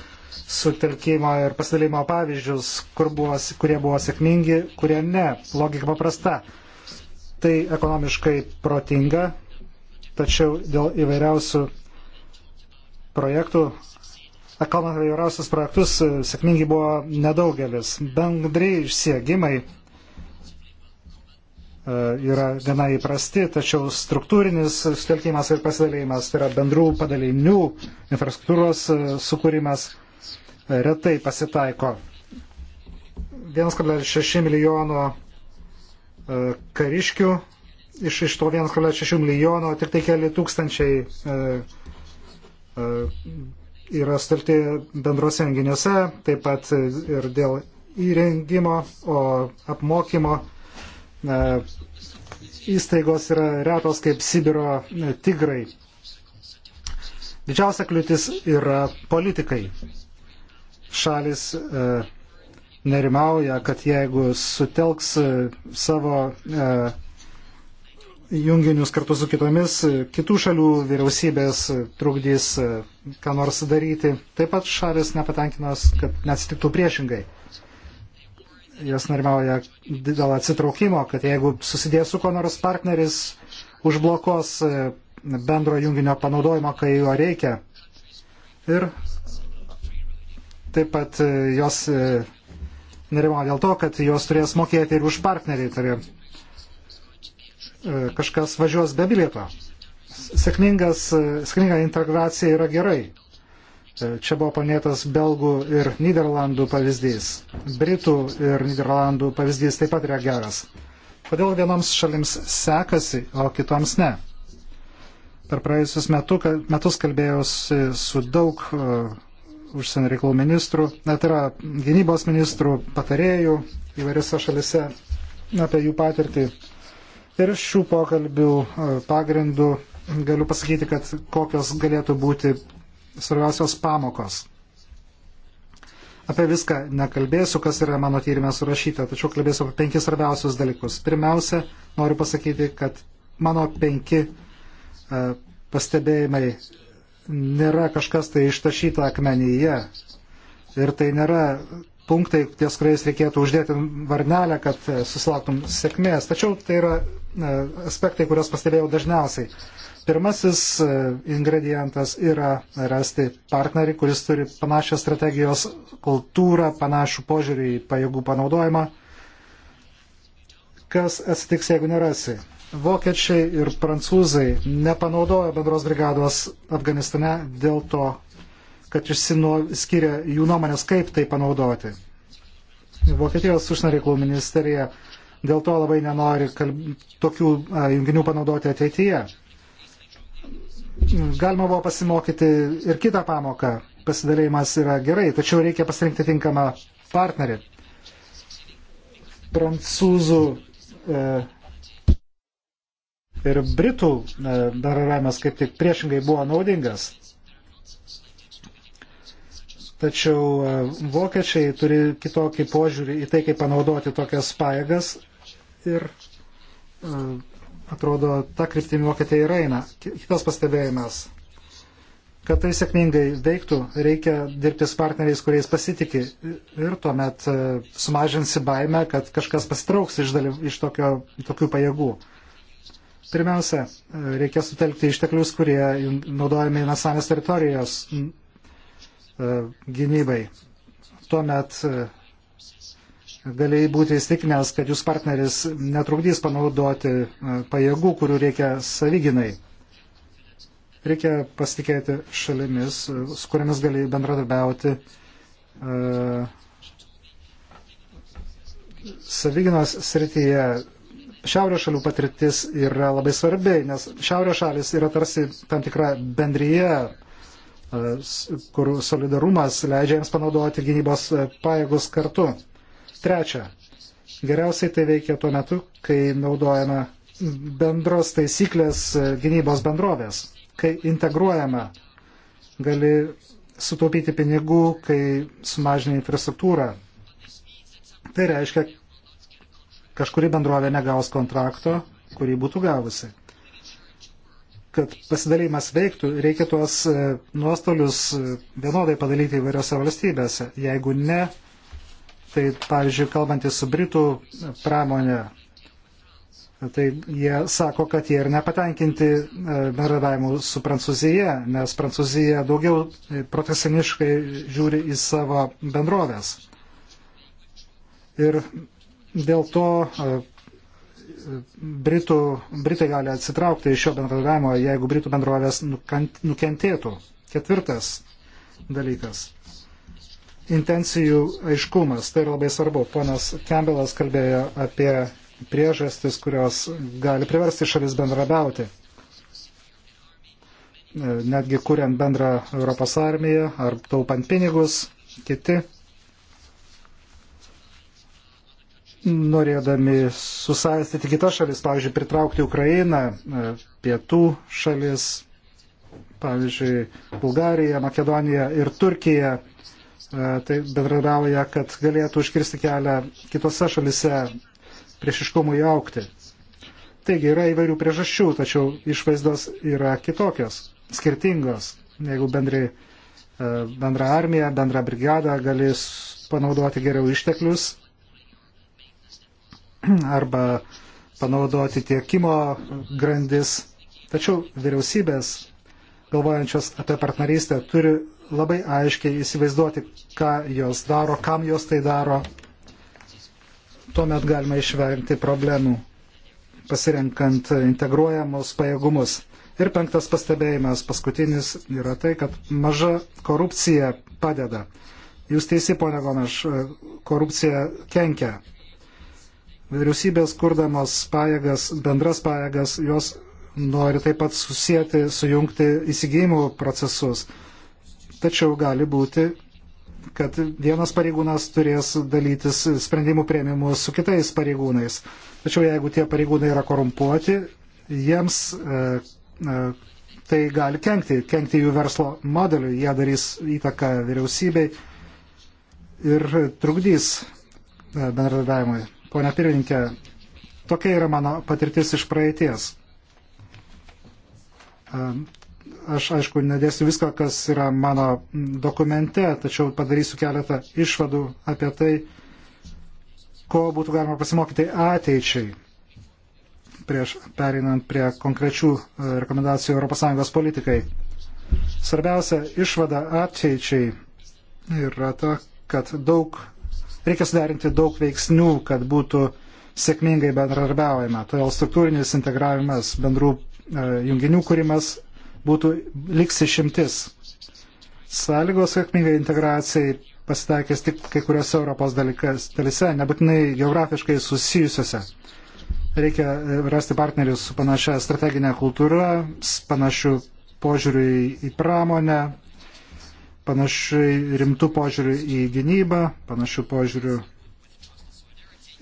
sutelkimo ir pasidalimo pavyzdžius, kur buvo, kurie buvo sėkmingi, kurie ne. Logika paprasta. Tai ekonomiškai protinga, tačiau dėl įvairiausių projektų, kalbant apie įvairiausius projektus, sėkmingi buvo nedaugelis. Bendri išsiegimai e, yra gana įprasti, tačiau struktūrinis sutelkimas ir pasidalėjimas, tai yra bendrų padalinių infrastruktūros e, sukūrimas, retai pasitaiko. 1,6 milijono e, kariškių, iš, iš to 1,6 milijono tik tai keli tūkstančiai e, e, yra sutelkti bendrose renginiuose, taip pat ir dėl įrengimo, o apmokymo e, įstaigos yra retos kaip Sibiro e, tigrai. Didžiausia kliūtis yra politikai šalis e, nerimauja, kad jeigu sutelks e, savo e, junginius kartu su kitomis, kitų šalių vyriausybės trukdys ką nors daryti. Taip pat šalis nepatenkinas, kad neatsitiktų priešingai. Jas nerimauja dėl atsitraukimo, kad jeigu susidės su kuo nors partneris, užblokos bendro junginio panaudojimo, kai jo reikia. Ir Taip pat e, jos e, nerimo dėl to, kad jos turės mokėti ir už partnerį, tai e, kažkas važiuos be bilieto. Sėkmingas, sėkminga integracija yra gerai. Čia buvo paminėtas belgų ir Niderlandų pavyzdys. Britų ir Niderlandų pavyzdys taip pat yra geras. Kodėl vienoms šalims sekasi, o kitoms ne? Per praėjusius metu, metus kalbėjausi su daug užsienio reikalų ministrų, net tai yra gynybos ministrų patarėjų įvairiose šalise apie jų patirtį. Ir šių pokalbių e, pagrindų galiu pasakyti, kad kokios galėtų būti svarbiausios pamokos. Apie viską nekalbėsiu, kas yra mano tyrimė surašyta, tačiau kalbėsiu apie penkis svarbiausius dalykus. Pirmiausia, noriu pasakyti, kad mano penki e, pastebėjimai nėra kažkas tai ištašyta akmenyje. Ir tai nėra punktai, ties kuriais reikėtų uždėti varnelę, kad e, susilauktum sėkmės. Tačiau tai yra e, aspektai, kuriuos pastebėjau dažniausiai. Pirmasis e, ingredientas yra rasti partnerį, kuris turi panašią strategijos kultūrą, panašų požiūrį į pajėgų panaudojimą. Kas atsitiks, jeigu nerasi? Vokiečiai ir prancūzai nepanaudojo bendros brigados Afganistane dėl to, kad išsiskiria jų nuomonės, kaip tai panaudoti. Vokietijos užsienio reikalų ministerija dėl to labai nenori kalb... tokių a, junginių panaudoti ateityje. Galima buvo pasimokyti ir kitą pamoką. Pasidalėjimas yra gerai, tačiau reikia pasirinkti tinkamą partnerį. Prancūzų e, ir Britų e, bendravimas kaip tik priešingai buvo naudingas. Tačiau e, vokiečiai turi kitokį požiūrį į tai, kaip panaudoti tokias pajėgas ir e, atrodo, ta kryptimi Vokietija ir eina. Kitas pastebėjimas. Kad tai sėkmingai veiktų, reikia dirbti su partneriais, kuriais pasitikė ir tuomet sumažinsi baimę, kad kažkas pasitrauks iš, dalyv, iš tokio, tokių pajėgų. Pirmiausia, reikia sutelkti išteklius, kurie naudojami nacionalinės teritorijos e, gynybai. Tuomet e, galėjai būti įstikinęs, kad jūs partneris netrukdys panaudoti e, pajėgų, kurių reikia savyginai. Reikia pasitikėti šalimis, su kuriamis gali bendradarbiauti savyginos srityje šiaurės šalių patirtis yra labai svarbi, nes šiaurės šalis yra tarsi tam tikra bendryje, kur solidarumas leidžia jiems panaudoti gynybos e, pajėgus kartu. Trečia, geriausiai tai veikia tuo metu, kai naudojama bendros taisyklės e, gynybos bendrovės, kai integruojama, gali sutaupyti pinigų, kai sumažini infrastruktūrą. Tai reiškia, kažkuri bendrovė negaus kontrakto, kurį būtų gavusi. Kad pasidalymas veiktų, reikia tuos e, nuostolius e, vienodai padalyti įvairiose valstybėse. Jeigu ne, tai pavyzdžiui, kalbantys su Britų pramonė, tai jie sako, kad jie ir nepatenkinti e, bendradavimu su Prancūzija, nes Prancūzija daugiau protesiniškai žiūri į savo bendrovės. Ir Dėl to e, Britų, Britai gali atsitraukti iš šio bendradarbiavimo, jeigu Britų bendrovės nukentėtų. Ketvirtas dalykas. Intencijų aiškumas. Tai yra labai svarbu. Ponas Campbellas kalbėjo apie priežastis, kurios gali priversti šalis bendrabiauti. E, netgi kuriant bendrą Europos armiją ar taupant pinigus, kiti norėdami susaistyti kitas šalis, pavyzdžiui, pritraukti Ukrainą, e, pietų šalis, pavyzdžiui, Bulgarija, Makedonija ir Turkija, e, tai bendradavoja, kad galėtų užkirsti kelią kitose šalise priešiškumui aukti. Taigi yra įvairių priežasčių, tačiau išvaizdos yra kitokios, skirtingos. Jeigu bendri, e, bendra armija, bendra brigada gali panaudoti geriau išteklius, (clears throat) arba panaudoti tiekimo grandis. Tačiau vyriausybės, galvojančios apie partnerystę, turi labai aiškiai įsivaizduoti, ką jos daro, kam jos tai daro. Tuomet galima išvengti problemų, pasirenkant integruojamus pajėgumus. Ir penktas pastebėjimas, paskutinis, yra tai, kad maža korupcija padeda. Jūs teisi, ponia Gonaš, korupcija kenkia. Vyriausybės kurdamos pajėgas, bendras pajėgas, jos nori taip pat susijęti, sujungti įsigijimų procesus. Tačiau gali būti, kad vienas pareigūnas turės dalytis sprendimų prieimimu su kitais pareigūnais. Tačiau jeigu tie pareigūnai yra korumpuoti, jiems e, e, tai gali kenkti, kenkti jų verslo modeliui, jie darys įtaką vyriausybei ir trukdys e, bendradarbiavimui. Pone pirmininkė, tokia yra mano patirtis iš praeities. Aš, aišku, nedėsiu viską, kas yra mano dokumente, tačiau padarysiu keletą išvadų apie tai, ko būtų galima pasimokyti ateičiai prieš perinant prie konkrečių e, rekomendacijų ES politikai. Svarbiausia išvada ateičiai yra ta, kad daug Reikia suderinti daug veiksnių, kad būtų sėkmingai bendradarbiaujama. Todėl struktūrinis integravimas, bendrų e, junginių kūrimas būtų liks išimtis. Sąlygos sėkmingai integracijai pasitaikęs tik kai kuriuose Europos dalykas, dalise, nebūtinai geografiškai susijusiuose. Reikia e, rasti partnerius su panašia strateginė kultūra, panašių požiūrių į pramonę, panašiai rimtų požiūrių į gynybą, panašių požiūrių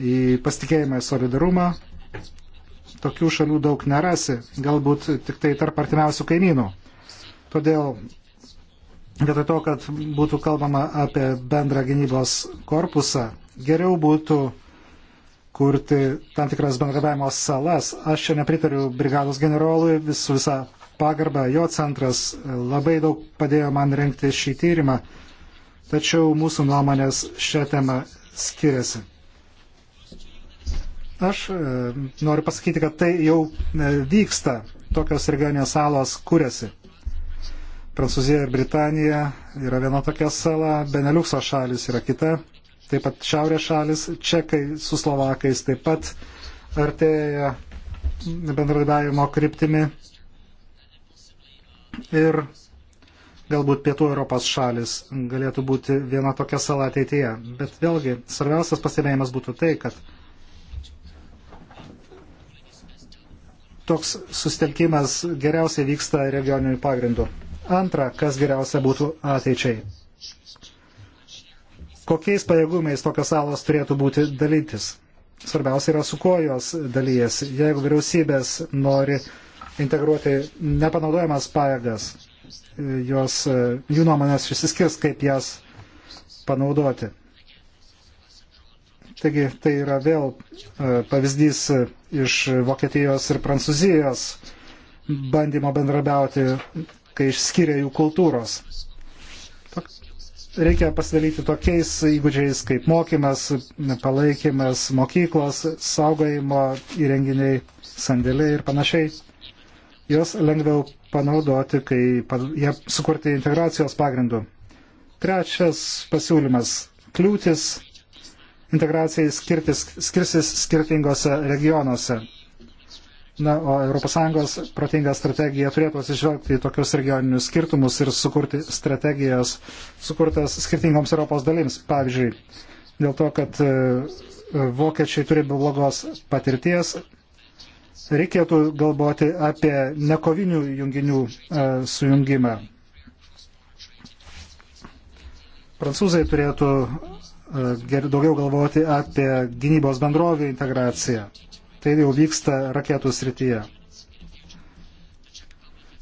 į pasitikėjimą ir solidarumą. Tokių šalių daug nerasi, galbūt tik tai tarp artimiausių kaimynų. Todėl vietoj to, kad būtų kalbama apie bendrą gynybos korpusą, geriau būtų kurti tam tikras bendradavimo salas. Aš čia nepritariu brigados generolui, vis, visą pagarbą, jo centras labai daug padėjo man renkti šį tyrimą, tačiau mūsų nuomonės šią temą skiriasi. Aš e, noriu pasakyti, kad tai jau e, vyksta, tokios regioninės salos kūrėsi. Prancūzija ir Britanija yra viena tokia sala, Beneliukso šalis yra kita, taip pat šiaurės šalis, čekai su slovakais taip pat artėja bendradarbiavimo kryptimi ir galbūt pietų Europos šalis galėtų būti viena tokia sala ateityje. Bet vėlgi, svarbiausias pastebėjimas būtų tai, kad toks sustelkimas geriausiai vyksta regioniniu pagrindu. Antra, kas geriausia būtų ateičiai. Kokiais pajėgumais tokios salos turėtų būti dalytis? Svarbiausia yra su kuo jos dalyjasi. Jeigu vyriausybės nori uh, integruoti nepanaudojamas pajėgas. Jos, e, jų nuomonės išsiskirs, kaip jas panaudoti. Taigi tai yra vėl e, pavyzdys e, iš Vokietijos ir Prancūzijos bandymo bendrabiauti, kai išskiria jų kultūros. Reikia pasidalyti tokiais įgūdžiais kaip mokymas, palaikymas, mokyklos, saugojimo įrenginiai, sandėliai ir panašiai jos lengviau panaudoti, kai jie sukurti integracijos pagrindų. Trečias pasiūlymas - kliūtis integracijai skirtis, skirsis skirtingose regionuose. Na, o ES protinga strategija turėtų atsižvelgti į tokius regioninius skirtumus ir sukurti strategijas sukurtas skirtingoms Europos dalims. Pavyzdžiui, dėl to, kad e, vokiečiai turi blogos patirties, reikėtų galvoti apie nekovinių junginių e, sujungimą. Prancūzai turėtų e, daugiau galvoti apie gynybos bendrovių integraciją. Tai jau vyksta raketų srityje.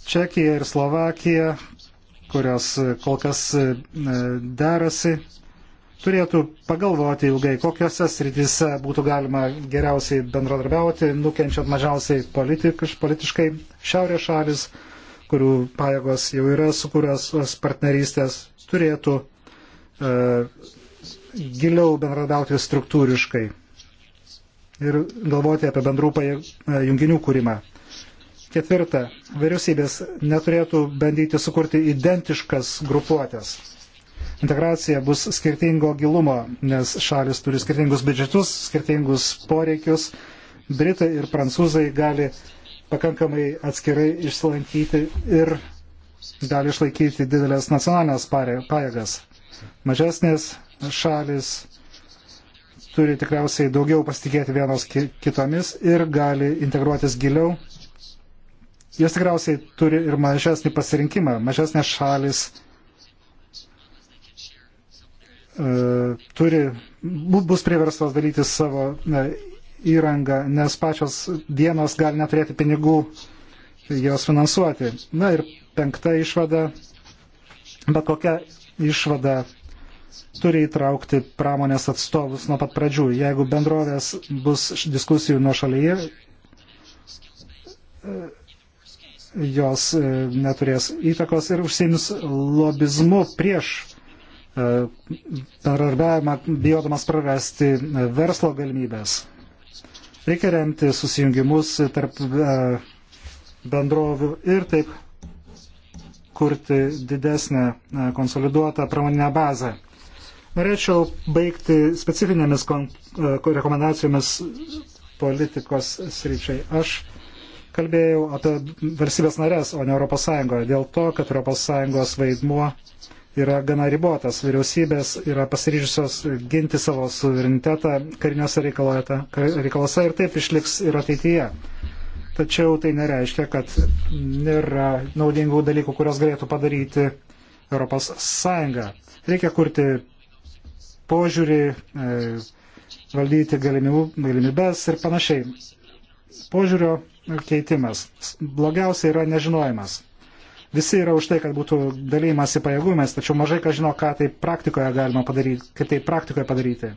Čekija ir Slovakija, kurios kol kas e, derasi, turėtų pagalvoti ilgai, kokiuose srityse būtų galima geriausiai bendradarbiauti, nukenčiant mažiausiai politiš, politiškai šiaurės šalis, kurių pajėgos jau yra sukūręs partnerystės, turėtų e, giliau bendradarbiauti struktūriškai ir galvoti apie bendrų pajėg, e, junginių kūrimą. Ketvirta, vyriausybės neturėtų bandyti sukurti identiškas grupuotės integracija bus skirtingo gilumo, nes šalis turi skirtingus biudžetus, skirtingus poreikius. Britai ir prancūzai gali pakankamai atskirai išsilankyti ir gali išlaikyti didelės nacionalinės pajėgas. Mažesnės šalis turi tikriausiai daugiau pasitikėti vienos kitomis ir gali integruotis giliau. Jos tikriausiai turi ir mažesnį pasirinkimą. Mažesnės šalis E, turi, bus priverstos daryti savo e, įrangą, nes pačios dienos gali neturėti pinigų jos finansuoti. Na ir penkta išvada, bet kokia išvada turi įtraukti pramonės atstovus nuo pat pradžių. Jeigu bendrovės bus diskusijų nuo šalyje, e, jos neturės įtakos ir užsiims lobizmu prieš E, bendradarbiavimą, bijodamas prarasti e, verslo galimybės. Reikia remti susijungimus tarp e, bendrovių ir taip kurti didesnę konsoliduotą pramoninę bazę. Norėčiau baigti specifinėmis rekomendacijomis politikos sryčiai. Aš kalbėjau apie valstybės narės, o ne ES, dėl to, kad ES vaidmuo yra gana ribotas. Vyriausybės yra pasiryžusios ginti savo suverenitetą kariniuose reikaluose ir taip išliks ir ateityje. Tačiau tai nereiškia, kad nėra naudingų dalykų, kurios galėtų padaryti Europos Sąjunga. Reikia kurti požiūrį, e, valdyti galimybės ir panašiai. Požiūrio keitimas. Blogiausia yra nežinojimas. Visi yra už tai, kad būtų dalymas į pajėgumės, tačiau mažai kas žino, ką tai praktikoje galima padaryti, kaip tai praktikoje padaryti.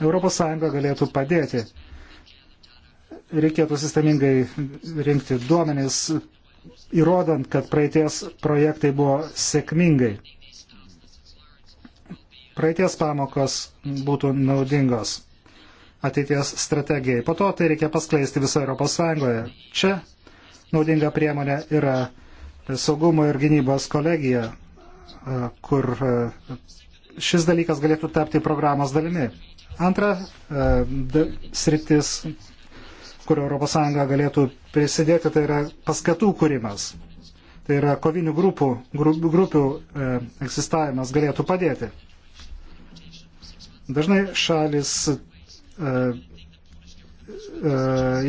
ES galėtų padėti. Reikėtų sistemingai rinkti duomenis, įrodant, kad praeities projektai buvo sėkmingai. Praeities pamokos būtų naudingos ateities strategijai. Po to tai reikia paskleisti visoje Europos Sąjungoje. Čia naudinga priemonė yra saugumo ir gynybos kolegiją, e, kur e, šis dalykas galėtų tapti programos dalimi. Antra e, sritis, kur ES galėtų prisidėti, tai yra paskatų kūrimas. Tai yra kovinių grupų, grupių egzistavimas galėtų padėti. Dažnai šalis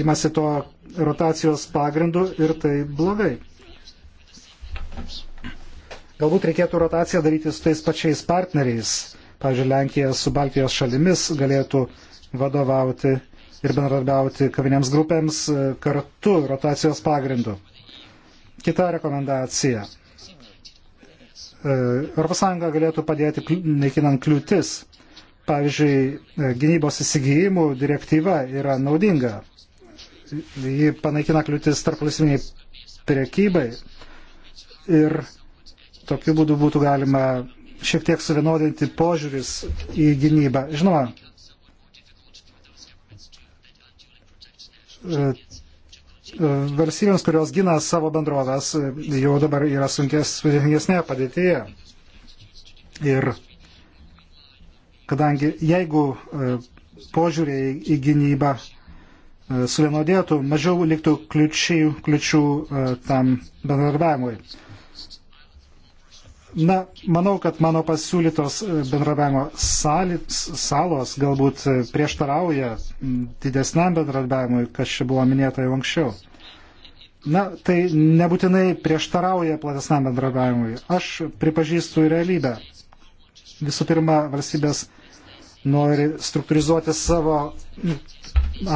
imasi to rotacijos pagrindu ir tai blogai. Galbūt reikėtų rotaciją daryti su tais pačiais partneriais. Pavyzdžiui, Lenkija su Baltijos šalimis galėtų vadovauti ir bendradarbiauti kavinėms grupėms e, kartu rotacijos pagrindu. Kita rekomendacija. ES galėtų padėti naikinant kliūtis. Pavyzdžiui, e, gynybos įsigijimų direktyva yra naudinga. Ji panaikina kliūtis tarp valstybiniai priekybai ir tokiu būdu būtų galima šiek tiek suvienodinti požiūris į gynybą. Žinoma, e, valstybėms, kurios gina savo bendrovės, jau dabar yra sunkesnė padėtyje. Ir kadangi jeigu e, požiūriai į gynybą e, suvienodėtų, mažiau liktų kliučių, kliučių tam bendradarbiavimui. Na, manau, kad mano pasiūlytos e, bendradarbiavimo salos galbūt e, prieštarauja didesniam bendradarbiavimui, kas čia buvo minėta jau anksčiau. Na, tai nebūtinai prieštarauja platesniam bendradarbiavimui. Aš pripažįstu realybę. Visų pirma, valstybės nori struktūrizuoti savo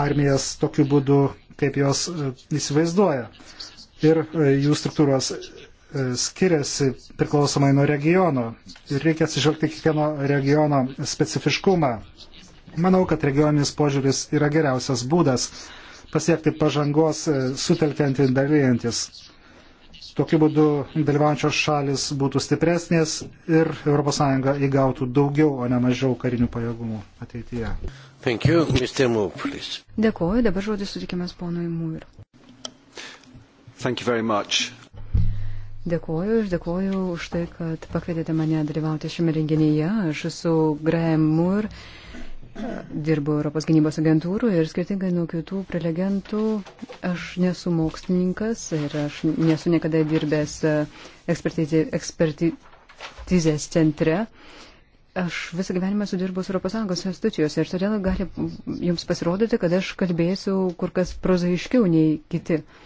armijas tokiu būdu, kaip jos e, įsivaizduoja. Ir jų struktūros E, skiriasi priklausomai nuo regiono ir reikia atsižvelgti kiekvieno regiono specifiškumą. Manau, kad regioninis požiūris yra geriausias būdas pasiekti pažangos e, sutelkiant ir dalyjantis. Tokiu būdu dalyvaujančios šalis būtų stipresnės ir ES įgautų daugiau, o ne mažiau karinių pajėgumų ateityje. Thank you, Moore, Dėkuoju, dabar žodis sutikimas ponui Mūr. Dėkuoju, aš dėkuoju už tai, kad pakvietėte mane dalyvauti šiame renginyje. Aš esu Graham Moore, dirbu Europos gynybos agentūrų ir skirtingai nuo kitų prelegentų, aš nesu mokslininkas ir aš nesu niekada dirbęs e, ekspertizės centre. Aš visą gyvenimą sudirbus Europos Sąjungos institucijose ir todėl gali jums pasirodyti, kad aš kalbėsiu kur kas prozaiškiau nei kiti. Uh,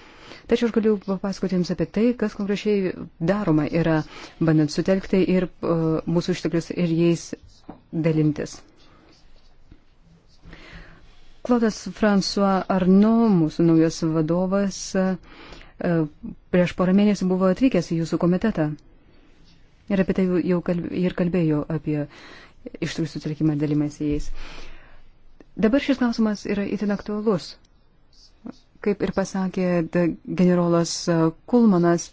Tačiau aš galiu papasakoti Jums apie tai, kas konkrečiai daroma yra, bandant sutelkti ir uh, mūsų išteklius ir jais dalintis. Klodas François Arno, mūsų naujas vadovas, uh, prieš porą mėnesių buvo atvykęs į Jūsų komitetą. Ir apie tai jau kalb, ir kalbėjo apie išteklių sutelkimą dalimąsi jais. Dabar šis klausimas yra itin aktualus kaip ir pasakė generolas e, Kulmanas,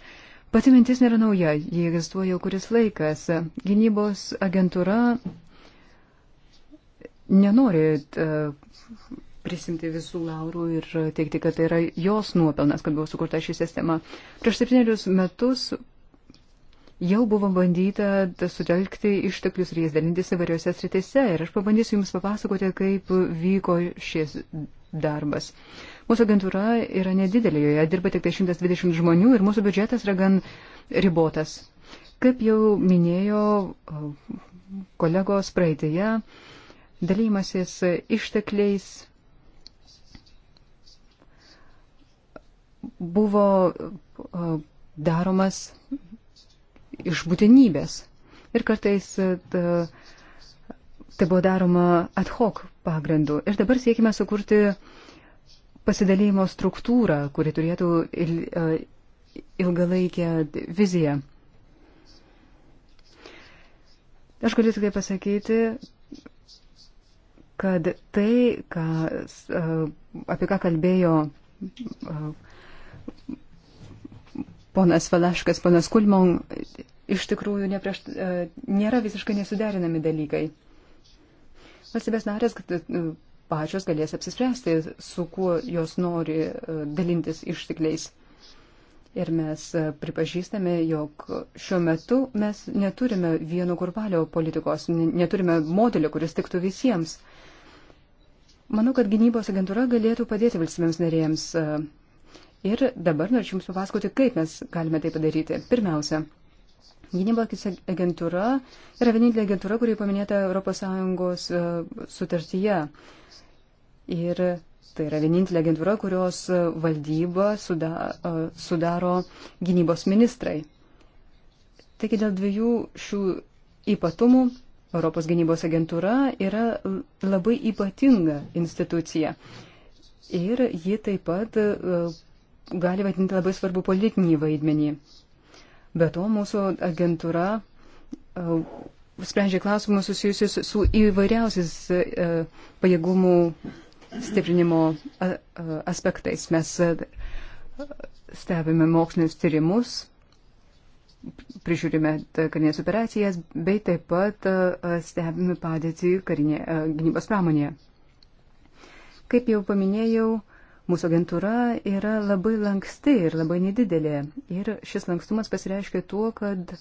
pati mintis nėra nauja, jie egzistuoja jau kuris laikas. Gynybos agentūra nenori e, prisimti visų laurų ir teikti, kad tai yra jos nuopelnas, kad buvo sukurta ši sistema. Prieš septynerius metus jau buvo bandyta sutelkti išteklius ir jais dalintis įvairiose sritise. Ir aš pabandysiu Jums papasakoti, kaip vyko šis darbas. Mūsų agentūra yra nedidelė, joje dirba tik 120 tai žmonių ir mūsų biudžetas yra gan ribotas. Kaip jau minėjo uh, kolegos praeitėje, dalymasis ištekliais buvo uh, daromas iš būtinybės. Ir kartais ta, uh, tai buvo daroma ad hoc pagrindu. Ir dabar siekime sukurti uh, pasidalymo struktūrą, kuri turėtų e, ilgalaikę viziją. Aš galiu tik tai pasakyti, kad tai, ką, e, apie ką kalbėjo e, ponas Valaškas, ponas Kulmon, iš tikrųjų neprieš, nėra visiškai nesuderinami dalykai. Valstybės narės pačios galės apsispręsti, su kuo jos nori e, dalintis ištikliais. Ir mes e, pripažįstame, jog šiuo metu mes neturime vieno kurvalio politikos, neturime modelio, kuris tiktų visiems. Manau, kad gynybos agentūra galėtų padėti valstybėms narėjams. E, ir dabar norėčiau Jums papasakoti, kaip mes galime tai padaryti. Pirmiausia, gynybos agentūra yra vienintelė agentūra, kuri paminėta ES sutartyje. Ir tai yra vienintelė agentūra, kurios valdybą sudaro gynybos ministrai. Taigi dėl dviejų šių ypatumų Europos gynybos agentūra yra labai ypatinga institucija. Ir ji taip pat gali vadinti labai svarbu politinį vaidmenį. Be to, mūsų agentūra sprendžia klausimus susijusius su įvairiausiais pajėgumų stiprinimo aspektais. Mes stebime mokslinius tyrimus, prižiūrime karinės operacijas, bei taip pat stebime padėtį karinė, gynybos pramonėje. Kaip jau paminėjau, mūsų agentūra yra labai lanksti ir labai nedidelė. Ir šis lankstumas pasireiškia tuo, kad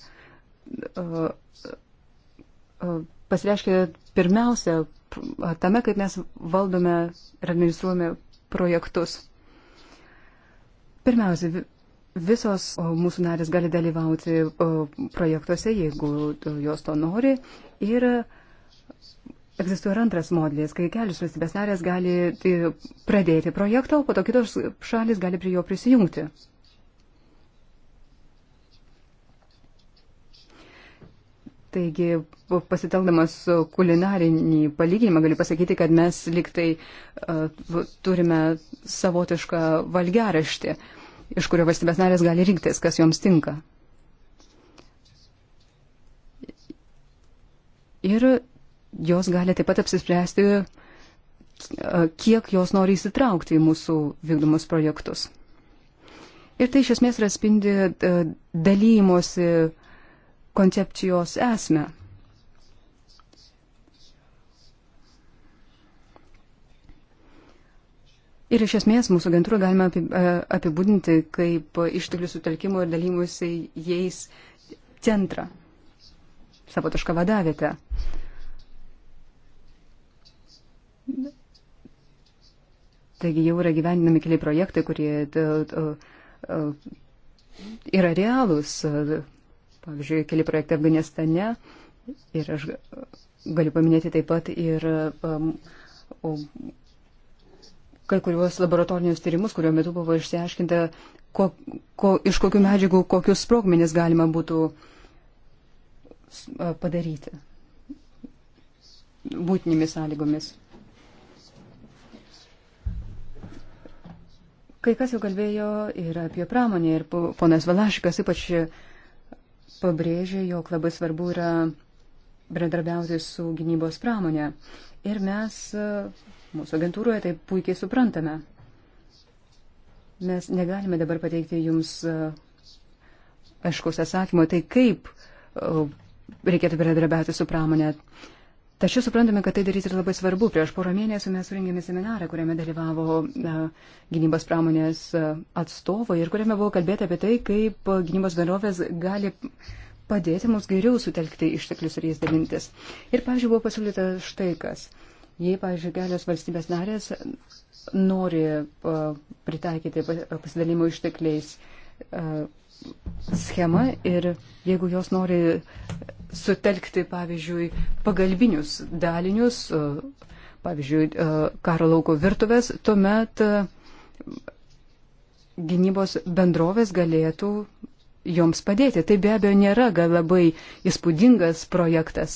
pasireiškia pirmiausia tame, kaip mes valdome ir administruojame projektus. Pirmiausia, visos mūsų narės gali dalyvauti projektuose, jeigu jos to nori. Ir egzistuoja ir antras modelis, kai kelios valstybės narės gali pradėti projektą, o po to kitos šalis gali prie jo prisijungti. Taigi, pasiteldamas kulinarinį palyginimą, galiu pasakyti, kad mes liktai uh, turime savotišką valgeraštį, iš kurio valstybės narės gali rinktis, kas joms tinka. Ir jos gali taip pat apsispręsti, kiek jos nori įsitraukti į mūsų vykdomus projektus. Ir tai iš esmės yra spindi dalymosi uh, koncepcijos esmę. Ir iš esmės mūsų agentūrą galima apibūdinti kaip išteklių sutelkimo ir dalymusi jais centrą, savotišką vadavietę. Taigi jau yra gyvendinami keli projektai, kurie yra realūs, Pavyzdžiui, keli projektai Afganistane ir aš galiu paminėti taip pat ir um, kai kuriuos laboratorinius tyrimus, kurio metu buvo išsiaiškinta, ko, ko, iš kokių medžiagų kokius sprogmenis galima būtų padaryti būtinėmis sąlygomis. Kai kas jau kalbėjo ir apie pramonę, ir ponas Valašikas ypač pabrėžė, jog labai svarbu yra bendradarbiauti su gynybos pramonė. Ir mes mūsų agentūroje tai puikiai suprantame. Mes negalime dabar pateikti jums e, aiškus atsakymo, tai kaip e, reikėtų bendradarbiauti su pramonė. Tačiau suprantame, kad tai darys ir labai svarbu. Prieš porą mėnesių mes surengėme seminarą, kuriame dalyvavo e, gynybos pramonės e, atstovai ir kuriame buvo kalbėta apie tai, kaip gynybos bendrovės gali padėti mums geriau sutelkti išteklius ir jais dalintis. Ir, pavyzdžiui, buvo pasiūlyta štai kas. Jei, pavyzdžiui, kelios valstybės narės nori e, pritaikyti pasidalimo ištekliais schemą ir jeigu jos nori sutelkti, pavyzdžiui, pagalbinius dalinius, e, pavyzdžiui, e, karo lauko virtuvės, tuomet e, gynybos bendrovės galėtų joms padėti. Tai be abejo nėra gal labai įspūdingas projektas,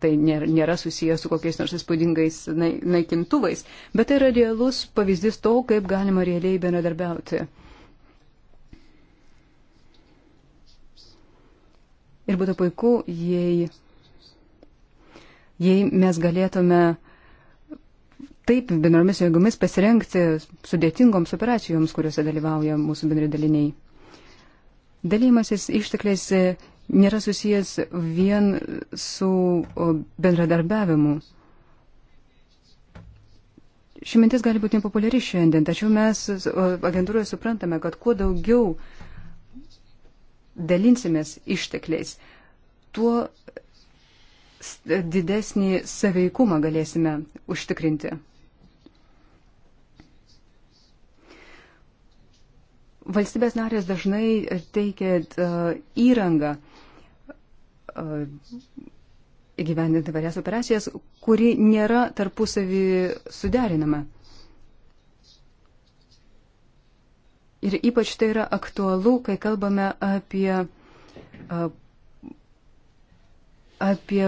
tai nėra susijęs su kokiais nors įspūdingais naikintuvais, bet tai yra realus pavyzdys to, kaip galima realiai bendradarbiauti. Ir būtų puiku, jei, jei mes galėtume taip bendromis jėgomis pasirengti sudėtingoms operacijoms, kuriuose dalyvauja mūsų bendri daliniai. Dalymasis ištekliais nėra susijęs vien su bendradarbiavimu. Ši mintis gali būti nepopuliari šiandien, tačiau mes agentūroje suprantame, kad kuo daugiau uh, dalinsimės ištekliais, tuo didesnį saveikumą galėsime užtikrinti. Valstybės narės dažnai teikia uh, įrangą uh, įgyvendinti varias operacijas, kuri nėra tarpusavį suderinama. Uh, Ir ypač tai yra aktualu, kai kalbame apie, apie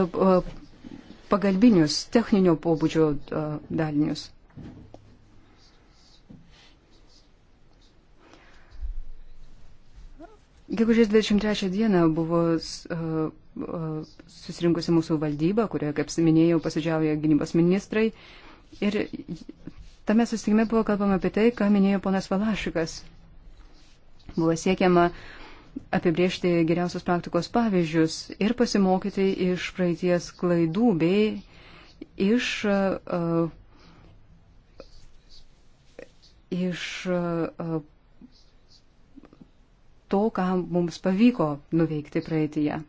pagalbinius techninio pobūdžio dalinius. Gegužės 23 dieną buvo susirinkusi mūsų valdyba, kurioje, kaip minėjau, pasidžiauja gynybos ministrai. Ir tame susitikime buvo kalbama apie tai, ką minėjo ponas Valašikas. Buvo siekiama apibriežti geriausios praktikos pavyzdžius ir pasimokyti iš praeities klaidų bei iš, uh, iš uh, to, ką mums pavyko nuveikti praeitie.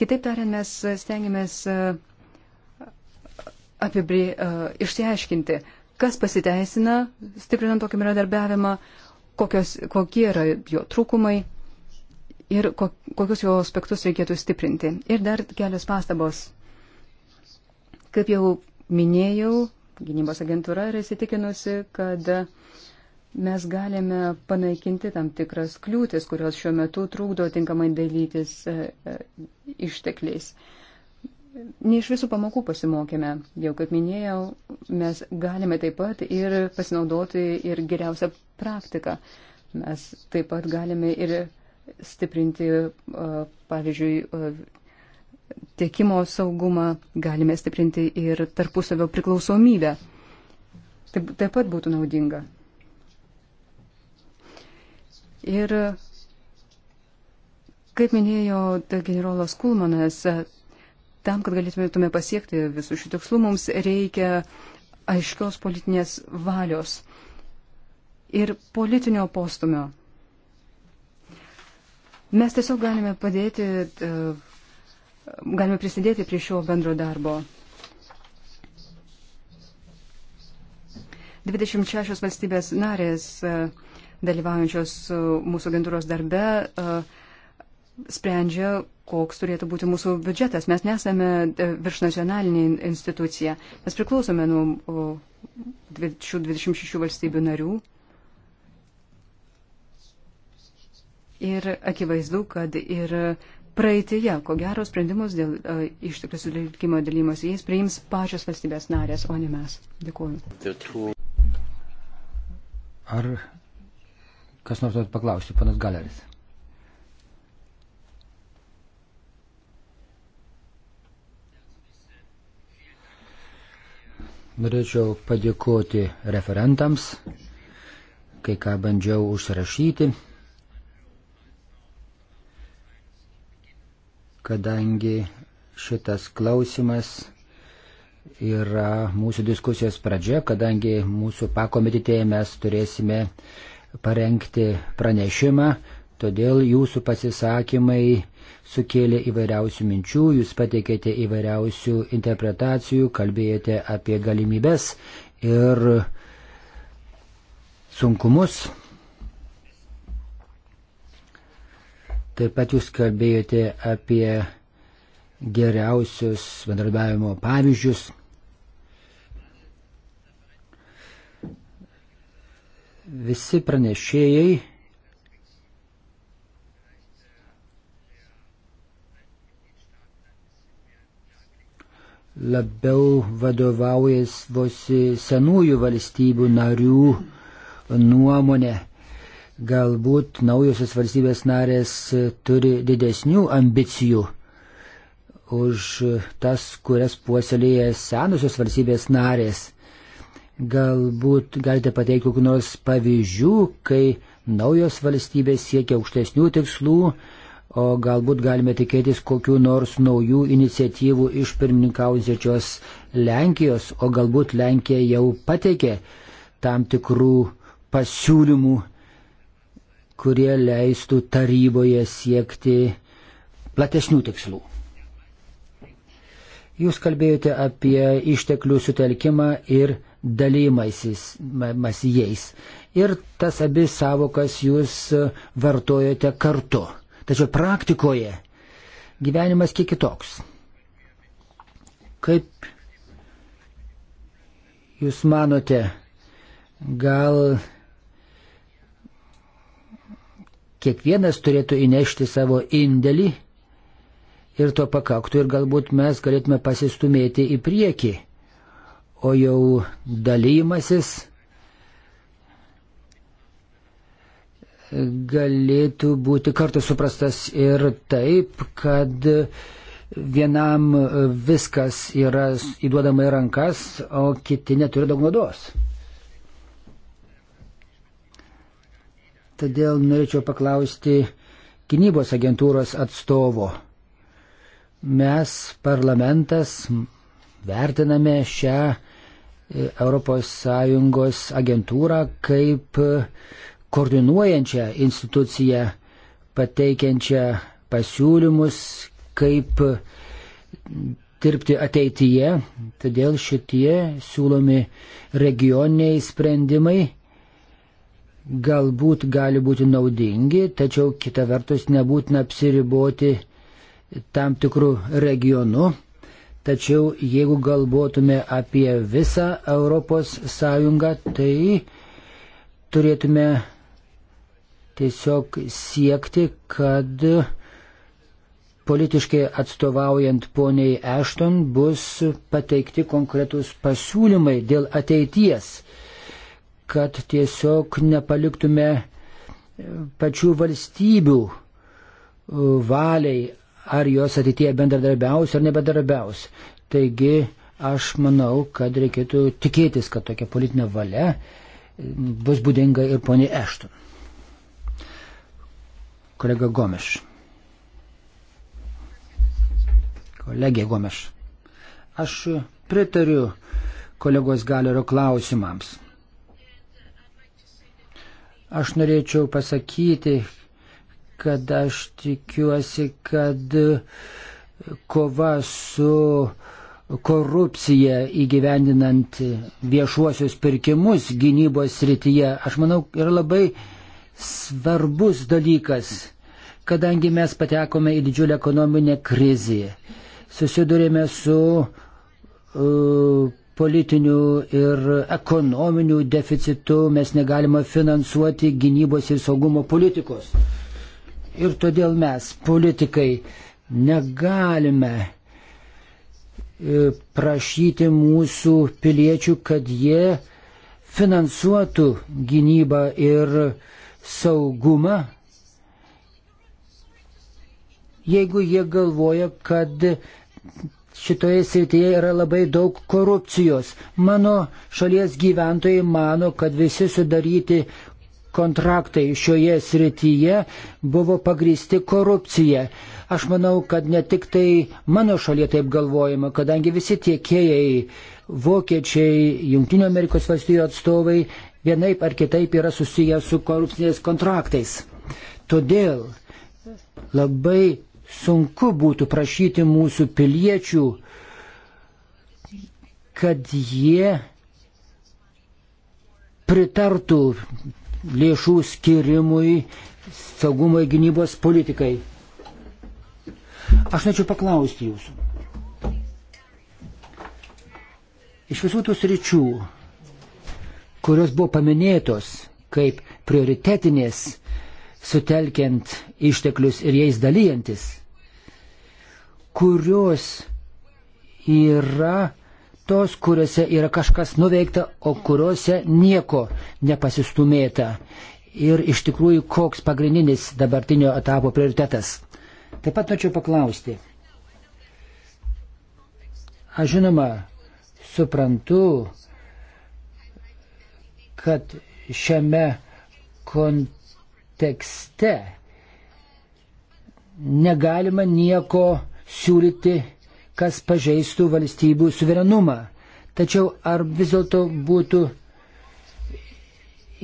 Kitaip tariant, mes stengiamės uh, apibri, uh, išsiaiškinti, kas pasiteisina, stiprinant tokį bendradarbiavimą, uh, kokios, kokie yra jo trūkumai ir kokius jo aspektus reikėtų stiprinti. Ir dar kelios pastabos. Kaip jau minėjau, gynybos agentūra yra įsitikinusi, kad mes galime panaikinti tam tikras kliūtis, kurios šiuo metu trukdo tinkamai dalytis ištekliais. E, e, ne iš visų pamokų pasimokėme. Jau kaip minėjau, mes galime taip pat ir pasinaudoti ir geriausią praktiką. Mes taip pat galime ir stiprinti, pavyzdžiui, tiekimo saugumą, galime stiprinti ir tarpusavio priklausomybę. Taip, taip pat būtų naudinga. Ir, kaip minėjo generolas Kulmanas, Tam, kad galėtume pasiekti visų šių tikslų, mums reikia aiškios politinės valios ir politinio postumio. Mes tiesiog galime padėti, e, galime prisidėti prie šio bendro darbo. 26 valstybės narės e, dalyvaujančios e, mūsų agentūros darbe sprendžia, koks turėtų būti mūsų biudžetas. Mes nesame e, viršnacionalinė institucija. Mes priklausome nuo šių 26 valstybių narių. Ir akivaizdu, kad ir praeitėje, ko gero, sprendimus dėl uh, išteklių sudarykimo dalymos jais priims pačios valstybės narės, o ne mes. Dėkuoju. Ar kas nors nori paklausti, panas Galeris? Norėčiau padėkoti referentams, kai ką bandžiau užsirašyti, kadangi šitas klausimas yra mūsų diskusijos pradžia, kadangi mūsų pakomitėje mes turėsime parengti pranešimą, Todėl jūsų pasisakymai sukėlė įvairiausių minčių, jūs pateikėte įvairiausių interpretacijų, kalbėjote apie galimybės ir sunkumus. Taip pat jūs kalbėjote apie geriausius bendradarbiavimo pavyzdžius. Visi pranešėjai labiau vadovaujasi senųjų valstybių narių nuomonė. Galbūt naujosios valstybės narės turi didesnių ambicijų už tas, kurias puoselėja senosios valstybės narės. Galbūt galite pateikti kokių nors pavyzdžių, kai naujos valstybės siekia aukštesnių tikslų, o galbūt galime tikėtis kokiu nors naujų iniciatyvų iš pirmininkaujančios Lenkijos, o galbūt Lenkija jau pateikė tam tikrų pasiūlymų, kurie leistų taryboje siekti platesnių tikslų. Jūs kalbėjote apie išteklių sutelkimą ir dalymaisis jais. Ir tas abi savokas jūs vartojate kartu. Tačiau praktikoje gyvenimas kiek kitoks. Kaip jūs manote, gal kiekvienas turėtų įnešti savo indėlį ir to pakaktų ir galbūt mes galėtume pasistumėti į priekį, o jau dalymasis galėtų būti kartu suprastas ir taip, kad vienam viskas yra įduodama į rankas, o kiti neturi daug naudos. Todėl norėčiau paklausti gynybos agentūros atstovo. Mes, parlamentas, vertiname šią ES agentūrą kaip koordinuojančią instituciją, pateikiančią pasiūlymus, kaip dirbti ateityje. Todėl šitie siūlomi regioniniai sprendimai galbūt gali būti naudingi, tačiau kita vertus nebūtina apsiriboti tam tikrų regionų. Tačiau jeigu galvotume apie visą ES, tai turėtume tiesiog siekti, kad politiškai atstovaujant poniai Ešton bus pateikti konkretus pasiūlymai dėl ateities, kad tiesiog nepaliktume pačių valstybių valiai, ar jos ateitie bendradarbiaus ar nebendradarbiaus. Taigi aš manau, kad reikėtų tikėtis, kad tokia politinė valia bus būdinga ir poniai Ešton. Kolega Gomeš. Kolegė Gomeš. Aš pritariu kolegos Galerio klausimams. Aš norėčiau pasakyti, kad aš tikiuosi, kad kova su korupcija įgyvendinant viešuosius pirkimus gynybos srityje, aš manau, yra labai svarbus dalykas kadangi mes patekome į didžiulę ekonominę krizį. Susidurėme su uh, e, politinių ir ekonominių deficitų, mes negalime finansuoti gynybos ir saugumo politikos. Ir todėl mes, politikai, negalime e, prašyti mūsų piliečių, kad jie finansuotų gynybą ir saugumą, jeigu jie galvoja, kad šitoje srityje yra labai daug korupcijos. Mano šalies gyventojai mano, kad visi sudaryti kontraktai šioje srityje buvo pagristi korupcija. Aš manau, kad ne tik tai mano šalyje taip galvojama, kadangi visi tiekėjai, vokiečiai, Junktinio Amerikos valstybių atstovai vienaip ar kitaip yra susiję su korupciniais kontraktais. Todėl labai sunku būtų prašyti mūsų piliečių, kad jie pritartų lėšų skirimui saugumo ir gynybos politikai. Aš norėčiau paklausti jūsų. Iš visų tų sričių, kurios buvo paminėtos kaip prioritetinės, sutelkiant išteklius ir jais dalyjantis, kurios yra tos, kuriuose yra kažkas nuveikta, o kuriuose nieko nepasistumėta. Ir iš tikrųjų, koks pagrindinis dabartinio etapo prioritetas. Taip pat norėčiau paklausti. Aš žinoma, suprantu, kad šiame kontekste negalima nieko siūlyti, kas pažeistų valstybių suverenumą. Tačiau ar vis dėlto būtų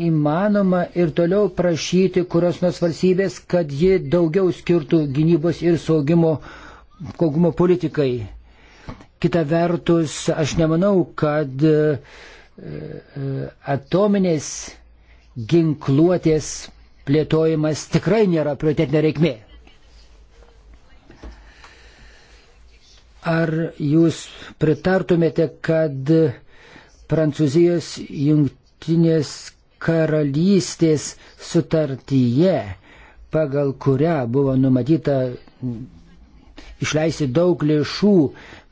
įmanoma ir toliau prašyti kurios nors valstybės, kad ji daugiau skirtų gynybos ir saugimo, saugumo politikai. Kita vertus, aš nemanau, kad e, e, atominės ginkluotės plėtojimas tikrai nėra prioritetinė reikmė. Ar jūs pritartumėte, kad Prancūzijos jungtinės karalystės sutartyje, pagal kurią buvo numatyta išleisti daug lėšų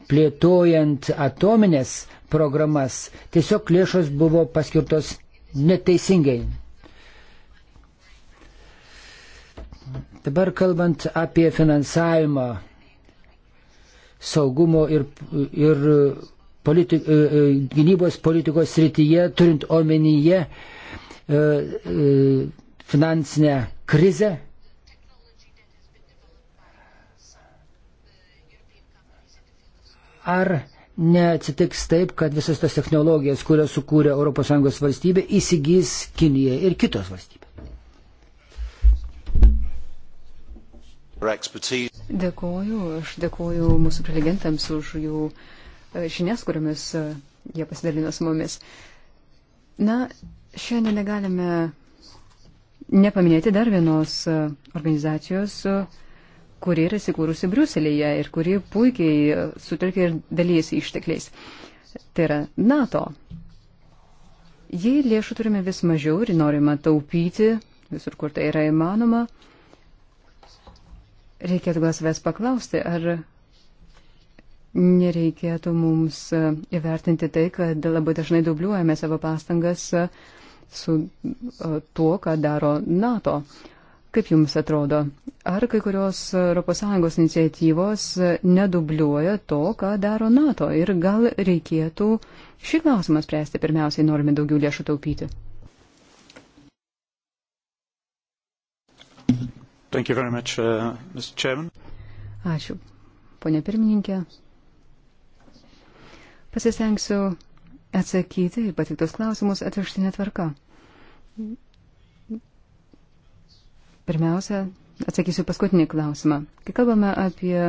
plėtojant atominės programas, tiesiog lėšos buvo paskirtos neteisingai. Dabar kalbant apie finansavimą saugumo ir, ir politi, e, e, gynybos politikos srityje, turint omenyje e, finansinę krizę. Ar neatsitiks taip, kad visas tas technologijas, kurias sukūrė ES valstybė, įsigys Kinija ir kitos valstybės? Dėkoju, aš dėkoju mūsų prelegentams už jų e, žinias, kuriomis e, jie pasidalino su mumis. Na, šiandien negalime nepaminėti dar vienos e, organizacijos, kuri yra įsikūrusi Briuselėje ir kuri puikiai sutelkia ir dalyjasi ištekliais. Tai yra NATO. Jei lėšų turime vis mažiau ir norime taupyti visur, kur tai yra įmanoma, Reikėtų gal savęs paklausti, ar nereikėtų mums e, įvertinti tai, kad labai dažnai dubliuojame savo pastangas e, su e, tuo, ką daro NATO. Kaip Jums atrodo, ar kai kurios ES iniciatyvos nedubliuoja to, ką daro NATO ir gal reikėtų šį klausimą spręsti pirmiausiai norime daugiau lėšų taupyti? Thank you very much, uh, Mr. Chairman. Ačiū, ponė pirmininkė. Pasistengsiu atsakyti į patiktus klausimus atvirkštinė tvarka. Pirmiausia, atsakysiu paskutinį klausimą. Kai kalbame apie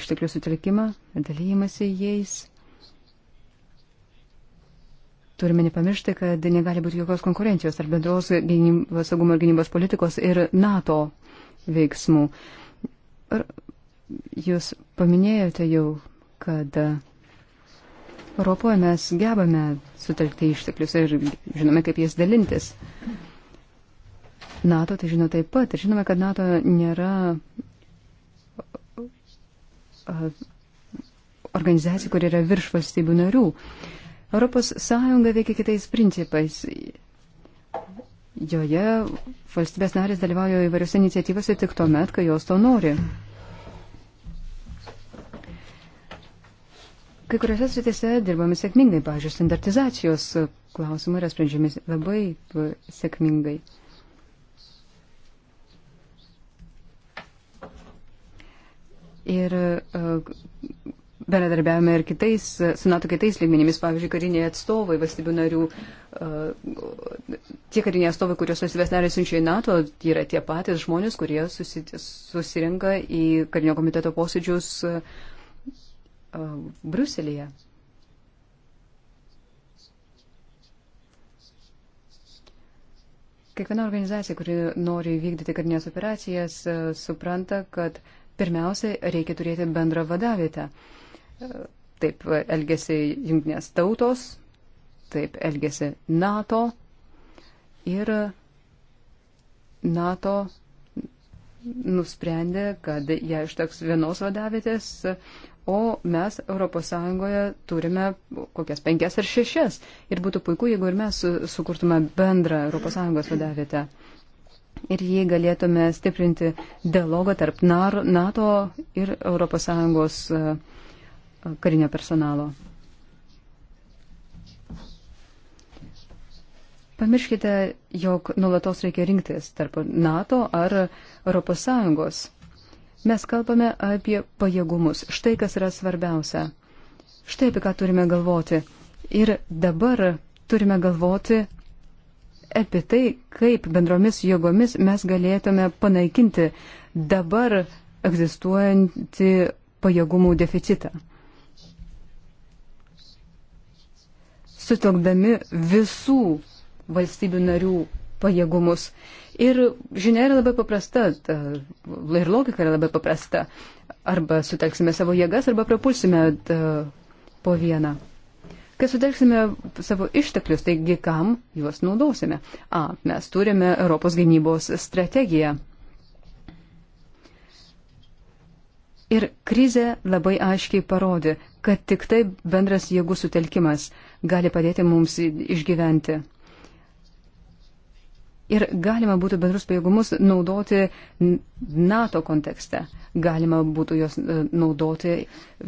išteklių sutelkimą, dalymasi jais, Turime nepamiršti, kad negali būti jokios konkurencijos tarp bendros gynybos, saugumo ir gynybos politikos ir NATO veiksmų. Ar jūs paminėjote jau, kad Europoje mes gebame sutelkti išteklius ir žinome, kaip jais dalintis. NATO tai žino taip pat. Ir žinome, kad NATO nėra organizacija, kur yra virš valstybių narių. Uh, Europos Sąjunga veikia kitais principais. Joje valstybės narės dalyvauja įvairiose iniciatyvose tik tuo met, kai jos to nori. Kai kuriuose sritise dirbame sėkmingai, pažiūrėjau, standartizacijos klausimai yra sprendžiami labai sėkmingai. Ir e, bendradarbiavime ir kitais, su NATO kitais lygmenimis, pavyzdžiui, kariniai atstovai, valstybių narių, e, tie kariniai atstovai, kuriuos valstybės nariai siunčia į NATO, yra tie patys žmonės, kurie susirinka į karinio komiteto posėdžius e, Bruselėje. Kiekviena organizacija, kuri nori vykdyti karinės operacijas, e, supranta, kad pirmiausia reikia turėti bendrą vadavietę. Uh, taip elgesi jungtinės tautos, taip elgesi NATO ir NATO nusprendė, kad jie išteks vienos vadavėtės, o mes ES turime kokias penkias ar šešias. Ir būtų puiku, jeigu ir mes sukurtume bendrą ES vadavietę. Ir jį galėtume stiprinti dialogą tarp NATO ir ES karinio personalo. Pamirškite, jog nulatos reikia rinktis tarp NATO ar ES. Mes kalbame apie pajėgumus. Štai kas yra svarbiausia. Štai apie ką turime galvoti. Ir dabar turime galvoti apie tai, kaip bendromis jėgomis mes galėtume panaikinti dabar egzistuojantį pajėgumų deficitą. sutelkdami visų valstybių narių pajėgumus. Ir žinia yra labai paprasta, ta, ir logika yra labai paprasta. Arba sutelksime savo jėgas, arba prapulsime ta, po vieną. Kai sutelksime savo išteklius, taigi kam juos naudosime? A, mes turime Europos gynybos strategiją. Ir krizė labai aiškiai parodė, kad tik tai bendras jėgų sutelkimas uh, gali padėti mums išgyventi. Ir galima būtų bendrus pajėgumus naudoti NATO kontekste. Galima būtų juos e, naudoti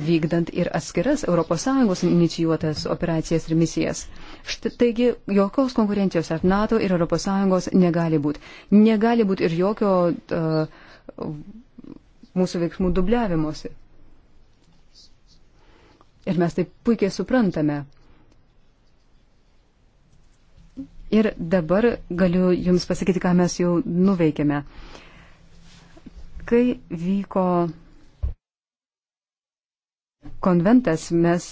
vykdant ir atskiras ES inicijuotas operacijas ir misijas. Štai, taigi jokios konkurencijos ar NATO ir ES negali būti. Negali būti ir jokio uh, mūsų veiksmų dubliavimuose. Ir mes tai puikiai suprantame. Ir dabar galiu Jums pasakyti, ką mes jau nuveikėme. Kai vyko konventas, mes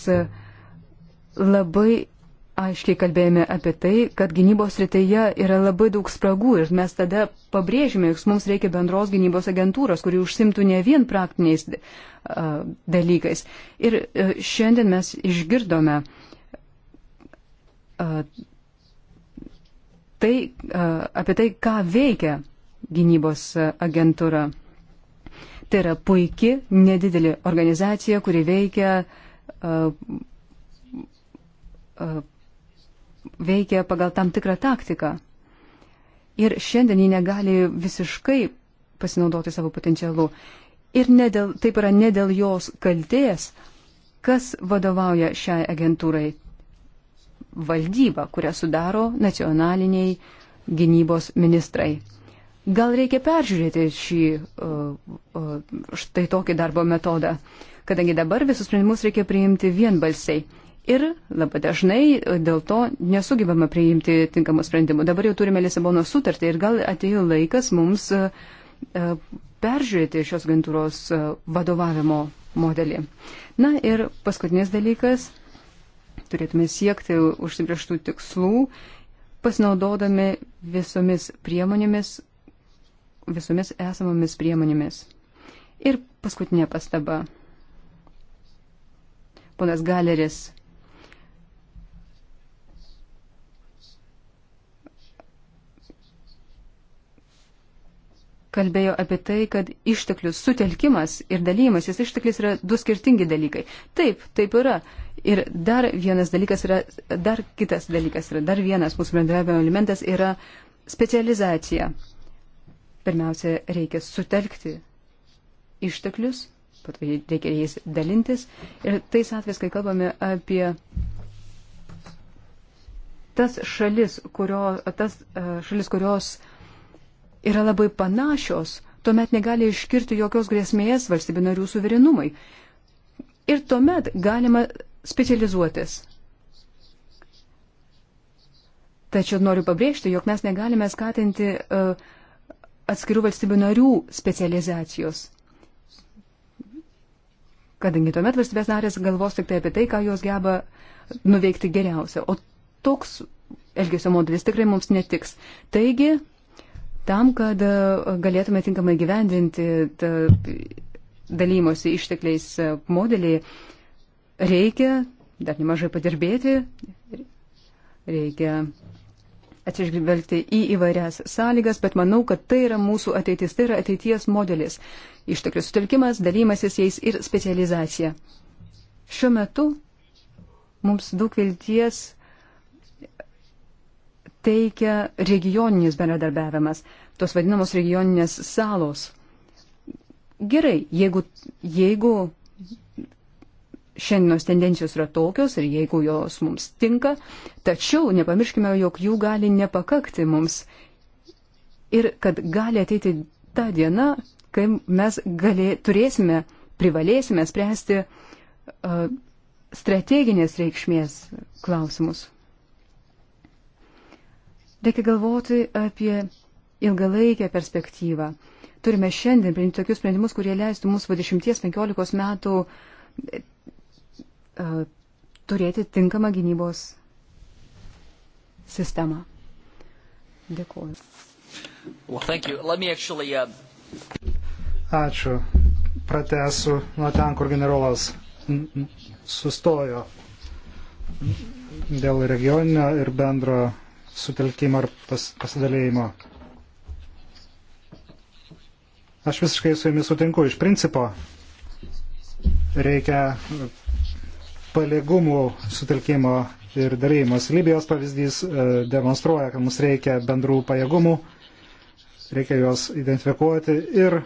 labai aiškiai kalbėjome apie tai, kad gynybos rytėje yra labai daug spragų ir mes tada pabrėžime, jog mums reikia bendros gynybos agentūros, kuri užsimtų ne vien praktiniais uh, dalykais. Ir uh, šiandien mes išgirdome uh, tai, apie tai, ką veikia gynybos agentūra. Tai yra puiki, nedidelė organizacija, kuri veikia, veikia pagal tam tikrą taktiką. Ir šiandien ji negali visiškai pasinaudoti savo potencialu. Ir dėl, taip yra ne dėl jos kalties, kas vadovauja šiai agentūrai valdybą, kurią sudaro nacionaliniai gynybos ministrai. Gal reikia peržiūrėti šį e, e, štai tokį darbo metodą, kadangi dabar visus sprendimus reikia priimti vienbalsiai. Ir labai dažnai e, dėl to nesugebama priimti tinkamų sprendimų. Dabar jau turime Lisabono sutartį ir gal atėjo laikas mums peržiūrėti šios agentūros vadovavimo modelį. Na ir paskutinis dalykas turėtume siekti užsibrieštų tikslų, pasinaudodami visomis priemonėmis, visomis esamomis priemonėmis. Ir paskutinė pastaba. Ponas Galeris kalbėjo apie tai, kad išteklių sutelkimas ir dalymasis išteklis yra du skirtingi dalykai. Taip, taip yra. Ir dar vienas dalykas yra, dar kitas dalykas yra, dar vienas mūsų bendravimo elementas yra specializacija. Pirmiausia, reikia sutelkti išteklius, pat reikia jais dalintis. Ir tais atvejais, kai kalbame apie tas šalis, kurio, tas, e, šalis kurios yra labai panašios, tuomet negali iškirti jokios grėsmės valstybių narių suverenumui. Ir tuomet galima specializuotis. Tačiau noriu pabrėžti, jog mes negalime skatinti uh, atskirų valstybių narių specializacijos. Kadangi tuomet valstybės narės galvos tik tai apie tai, ką jos geba nuveikti geriausia. O toks elgesio modelis tikrai mums netiks. Taigi, tam, kad e, galėtume tinkamai gyvendinti dalymosi ištekliais e, modelį, reikia dar nemažai padirbėti, reikia atsižvelgti į įvairias sąlygas, bet manau, kad tai yra mūsų ateitis, tai yra ateities modelis. Išteklių sutelkimas, dalymasis jais ir specializacija. Šiuo metu mums daug vilties teikia regioninis bendradarbiavimas, tos vadinamos regioninės salos. Gerai, jeigu, jeigu šiandienos tendencijos yra tokios ir jeigu jos mums tinka, tačiau nepamirškime, jog jų gali nepakakti mums ir kad gali ateiti ta diena, kai mes galė, turėsime, privalėsime spręsti uh, strateginės reikšmės klausimus. Reikia galvoti apie ilgalaikę perspektyvą. Turime šiandien priimti tokius sprendimus, kurie leistų mums po 10-15 metų uh, turėti tinkamą gynybos sistemą. Dėkuoju. Well, actually, uh... Ačiū. Pratesu nuo ten, kur generolas sustojo dėl regioninio ir bendro sutelkimo ar pas, pasidalėjimo. Aš visiškai su jumis sutinku. Iš principo reikia palėgumų sutelkimo ir dalyjimas. Libijos pavyzdys e, demonstruoja, kad mums reikia bendrų pajėgumų, reikia juos identifikuoti ir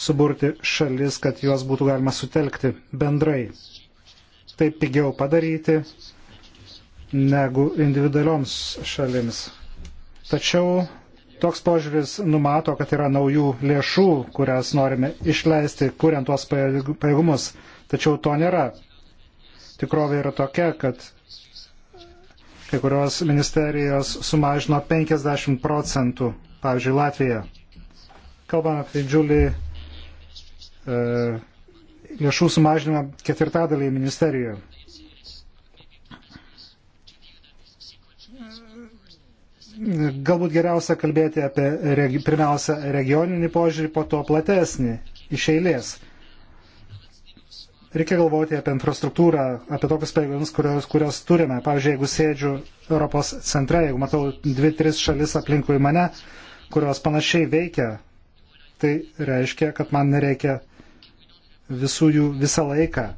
suburti šalis, kad juos būtų galima sutelkti bendrai. Taip pigiau padaryti, negu individualioms šalims. Tačiau toks požiūris numato, kad yra naujų lėšų, kurias norime išleisti, kuriant tuos pajėgumus. Tačiau to nėra. Tikrovė yra tokia, kad kai kurios ministerijos sumažino 50 procentų, pavyzdžiui, Latvija. Kalbame apie didžiulį e, lėšų sumažinimą ketvirtadalį ministerijoje. galbūt geriausia kalbėti apie regi, pirmiausia regioninį požiūrį, po to platesnį iš eilės. Reikia galvoti apie infrastruktūrą, apie tokius pajėgumus, kurios, kurios turime. Pavyzdžiui, jeigu sėdžiu Europos centre, jeigu matau dvi, tris šalis aplinkui mane, kurios panašiai veikia, tai reiškia, kad man nereikia visų jų visą laiką,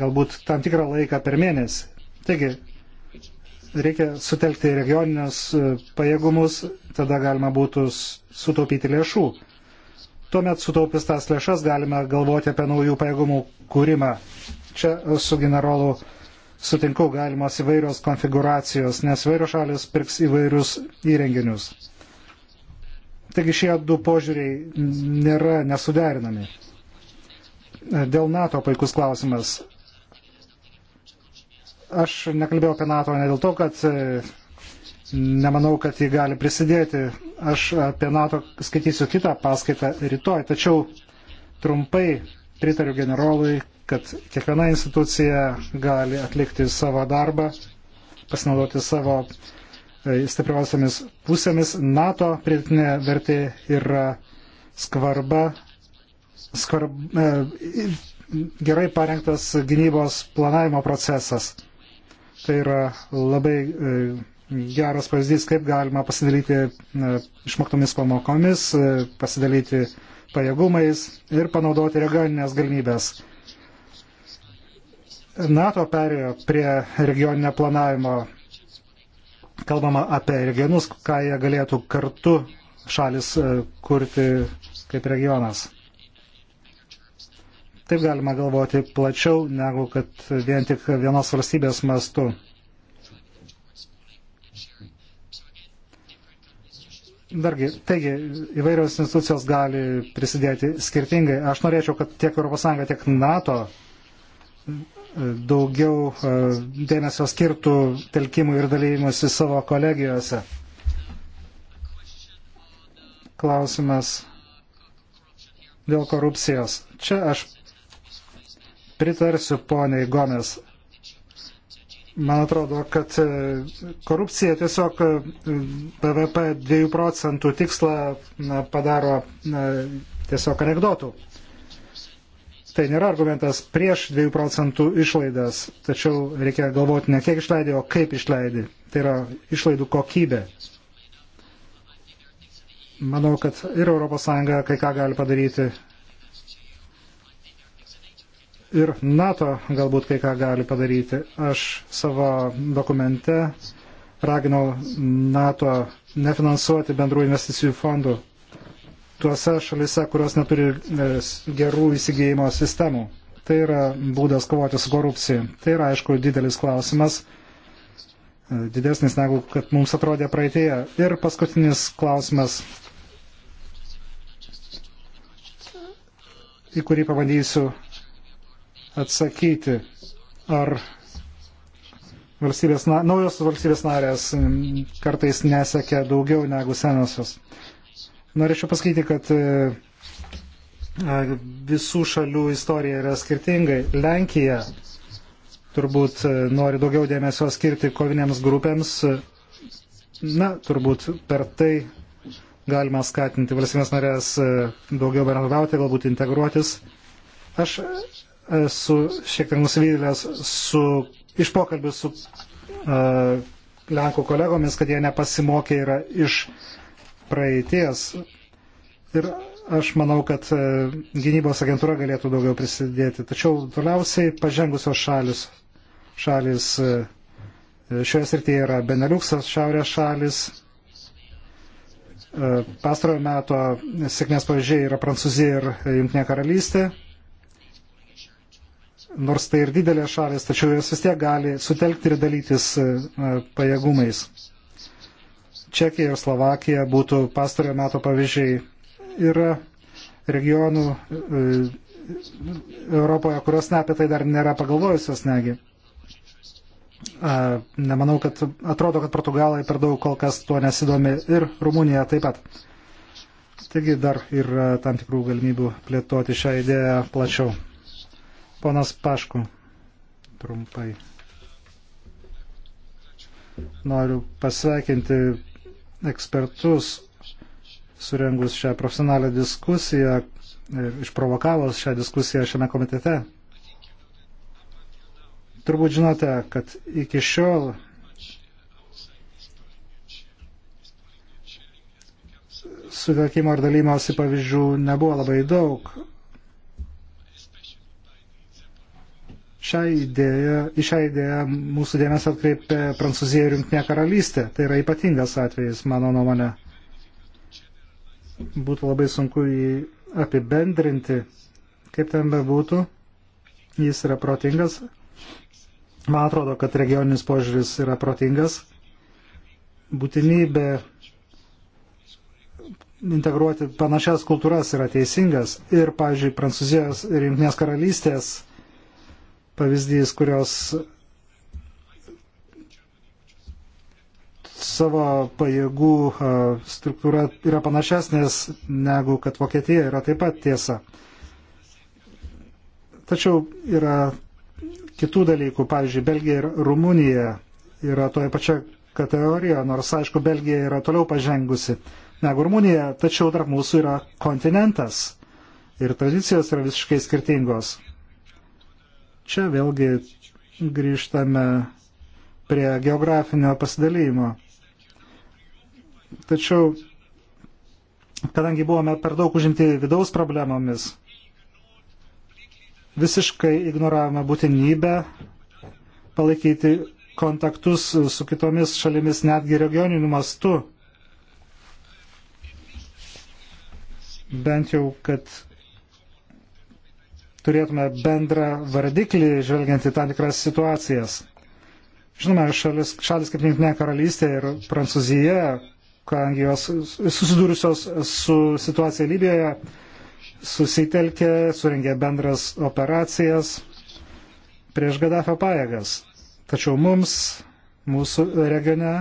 galbūt tam tikrą laiką per mėnesį. Taigi, reikia sutelkti regioninius e, pajėgumus, tada galima būtų sutaupyti lėšų. Tuomet sutaupis tas lėšas galime galvoti apie naujų pajėgumų kūrimą. Čia su generolu sutinku galimos įvairios konfiguracijos, nes įvairios šalis pirks įvairius įrenginius. Taigi šie du požiūriai nėra nesuderinami. Dėl NATO puikus klausimas. Aš nekalbėjau apie NATO ne dėl to, kad e, nemanau, kad jį gali prisidėti. Aš apie NATO skaitysiu kitą paskaitą rytoj, tačiau trumpai pritariu generolui, kad kiekviena institucija gali atlikti savo darbą, pasinaudoti savo e, stipriausiamis pusėmis. NATO pridėtinė vertė yra skvarba, skvarb, e, gerai parengtas gynybos planavimo procesas. Tai yra labai e, geras pavyzdys, kaip galima pasidalyti e, išmoktomis pamokomis, e, pasidalyti pajėgumais ir panaudoti regioninės galimybės. NATO perėjo prie regioninio planavimo. Kalbama apie regionus, ką jie galėtų kartu šalis kurti kaip regionas. Taip galima galvoti plačiau, negu kad vien tik vienos valstybės mastu. Dargi, taigi, įvairios institucijos gali prisidėti skirtingai. Aš norėčiau, kad tiek ES, tiek NATO daugiau e, dėmesio skirtų telkimui ir dalyjimuisi savo kolegijose. Klausimas dėl korupcijos. Čia aš pritarsiu poniai Gomes. Man atrodo, kad e, korupcija tiesiog BVP e, 2 procentų tikslą padaro tiesiog anegdotų. Tai nėra argumentas prieš 2 procentų išlaidas, tačiau reikia galvoti ne kiek išleidė, o kaip išleidė. Tai yra išlaidų kokybė. Manau, kad ir ES kai ką gali padaryti ir NATO galbūt kai ką gali padaryti. Aš savo dokumente raginau NATO nefinansuoti bendrų investicijų fondų tuose šalise, kurios neturi e, gerų įsigijimo sistemų. Tai yra būdas kovoti su korupcija. Tai yra, aišku, didelis klausimas, e, didesnis negu kad mums atrodė praeitėje. Ir paskutinis klausimas, į kurį pabandysiu atsakyti, ar valstybės, naujos valstybės narės kartais nesekia daugiau negu senosios. Norėčiau pasakyti, kad e, visų šalių istorija yra skirtingai. Lenkija turbūt e, nori daugiau dėmesio skirti kovinėms grupėms. Na, turbūt per tai galima skatinti valstybės narės e, daugiau bendradauti, galbūt integruotis. Aš esu šiek tiek nusivylęs su, iš pokalbių su uh, Lenkų kolegomis, kad jie nepasimokė yra iš praeities. Ir aš manau, kad uh, gynybos agentūra galėtų daugiau prisidėti. Tačiau toliausiai pažengusios šalis, šalis uh, šioje srityje yra Beneliuksas, Šiaurės šalis. Uh, pastarojo meto sėkmės pavyzdžiai yra Prancūzija ir Junktinė karalystė. Uh, nors tai ir didelės šalis, tačiau jos vis tiek gali sutelkti ir dalytis e, e, pajėgumais. Čekija ir Slovakija būtų pastarojo meto pavyzdžiai. Yra regionų e, Europoje, kurios ne apie tai dar nėra pagalvojusios negi. Nemanau, kad atrodo, kad Portugalai per daug kol kas tuo nesidomi ir Rumunija taip pat. Taigi dar yra tam tikrų galimybių plėtoti šią idėją plačiau. Ponas Pašku, trumpai. Noriu pasveikinti ekspertus, surengus šią profesionalią diskusiją, išprovokavus šią diskusiją šiame komitete. Turbūt žinote, kad iki šiol sutelkimo ir dalymosi pavyzdžių nebuvo labai daug. Šią idėją, į šią idėją mūsų dėmesį atkreipė Prancūzija ir Junktinė karalystė. Tai yra ypatingas atvejis, mano nuomonė. Būtų labai sunku jį apibendrinti, kaip ten bebūtų. Jis yra protingas. Man atrodo, kad regioninis požiūris yra protingas. Būtinybė integruoti panašias kultūras yra teisingas. Ir, pavyzdžiui, Prancūzijos ir Junktinės karalystės pavyzdys, kurios savo pajėgų struktūra yra panašesnės negu kad Vokietija yra taip pat tiesa. Tačiau yra kitų dalykų, pavyzdžiui, Belgija ir Rumunija yra toje pačioje kategorijoje, nors aišku, Belgija yra toliau pažengusi negu Rumunija, tačiau tarp mūsų yra kontinentas ir tradicijos yra visiškai skirtingos. Čia vėlgi grįžtame prie geografinio pasidalymo. Tačiau, kadangi buvome per daug užimti vidaus problemomis, visiškai ignoravome būtinybę palaikyti kontaktus su kitomis šalimis netgi regioniniu mastu. Bent jau, kad turėtume bendrą vardiklį, žvelgiant į tam tikras situacijas. Žinoma, šalis, šalis kaip Junktinė karalystė ir Prancūzija, kadangi jos susidūrusios su situacija Libijoje, susitelkė, suringė bendras operacijas prieš Gaddafio pajėgas. Tačiau mums, mūsų regione,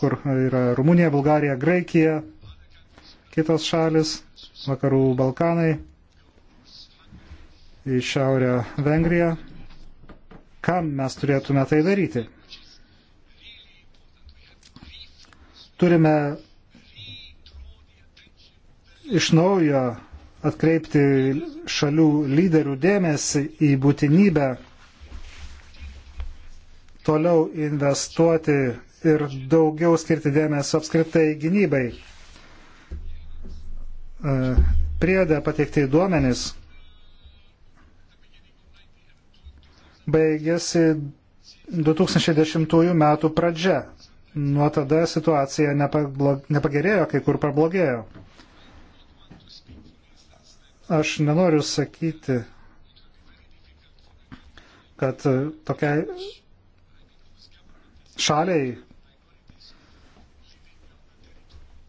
kur yra Rumunija, Bulgarija, Graikija, kitos šalis, vakarų Balkanai, į Šiaurę Vengriją. Kam mes turėtume tai daryti? Turime iš naujo atkreipti šalių lyderių dėmesį į būtinybę toliau investuoti ir daugiau skirti dėmesio apskritai gynybai. E, Priedė pateikti duomenys baigėsi 2010 m. pradžia. Nuo tada situacija nepagerėjo, kai kur pablogėjo. Aš nenoriu sakyti, kad tokiai šaliai,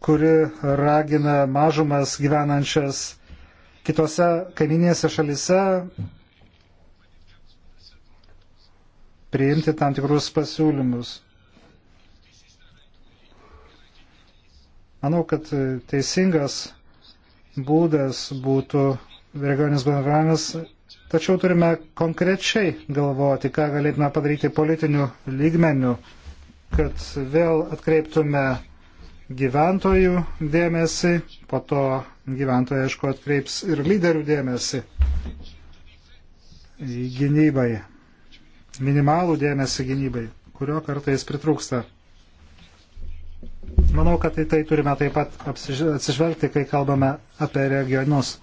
kuri ragina mažumas gyvenančias kitose kaiminėse šalise, priimti tam tikrus pasiūlymus. Manau, kad teisingas būdas būtų regioninis bendravimas, tačiau turime konkrečiai galvoti, ką galėtume padaryti politiniu lygmeniu, kad vėl atkreiptume gyventojų dėmesį, po to gyventojai, aišku, atkreips ir lyderių dėmesį gynybai minimalų dėmesį gynybai, kurio kartais pritrūksta. Manau, kad į tai turime taip pat atsižvelgti, kai kalbame apie regionus.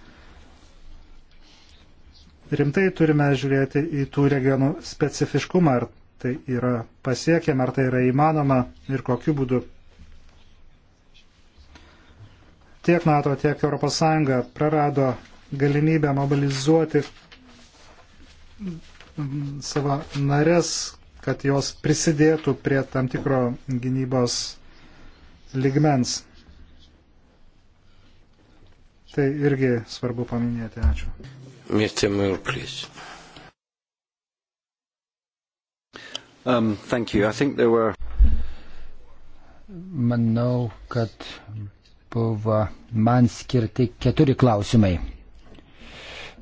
Rimtai turime žiūrėti į tų regionų specifiškumą, ar tai yra pasiekiama, ar tai yra įmanoma ir kokiu būdu. Tiek NATO, tiek ES prarado galimybę mobilizuoti savo narės, kad jos prisidėtų prie tam tikro gynybos ligmens. Tai irgi svarbu paminėti. Ačiū. Mr. Moore, please. Um, thank you. I think there were... Manau, kad buvo man skirti keturi klausimai.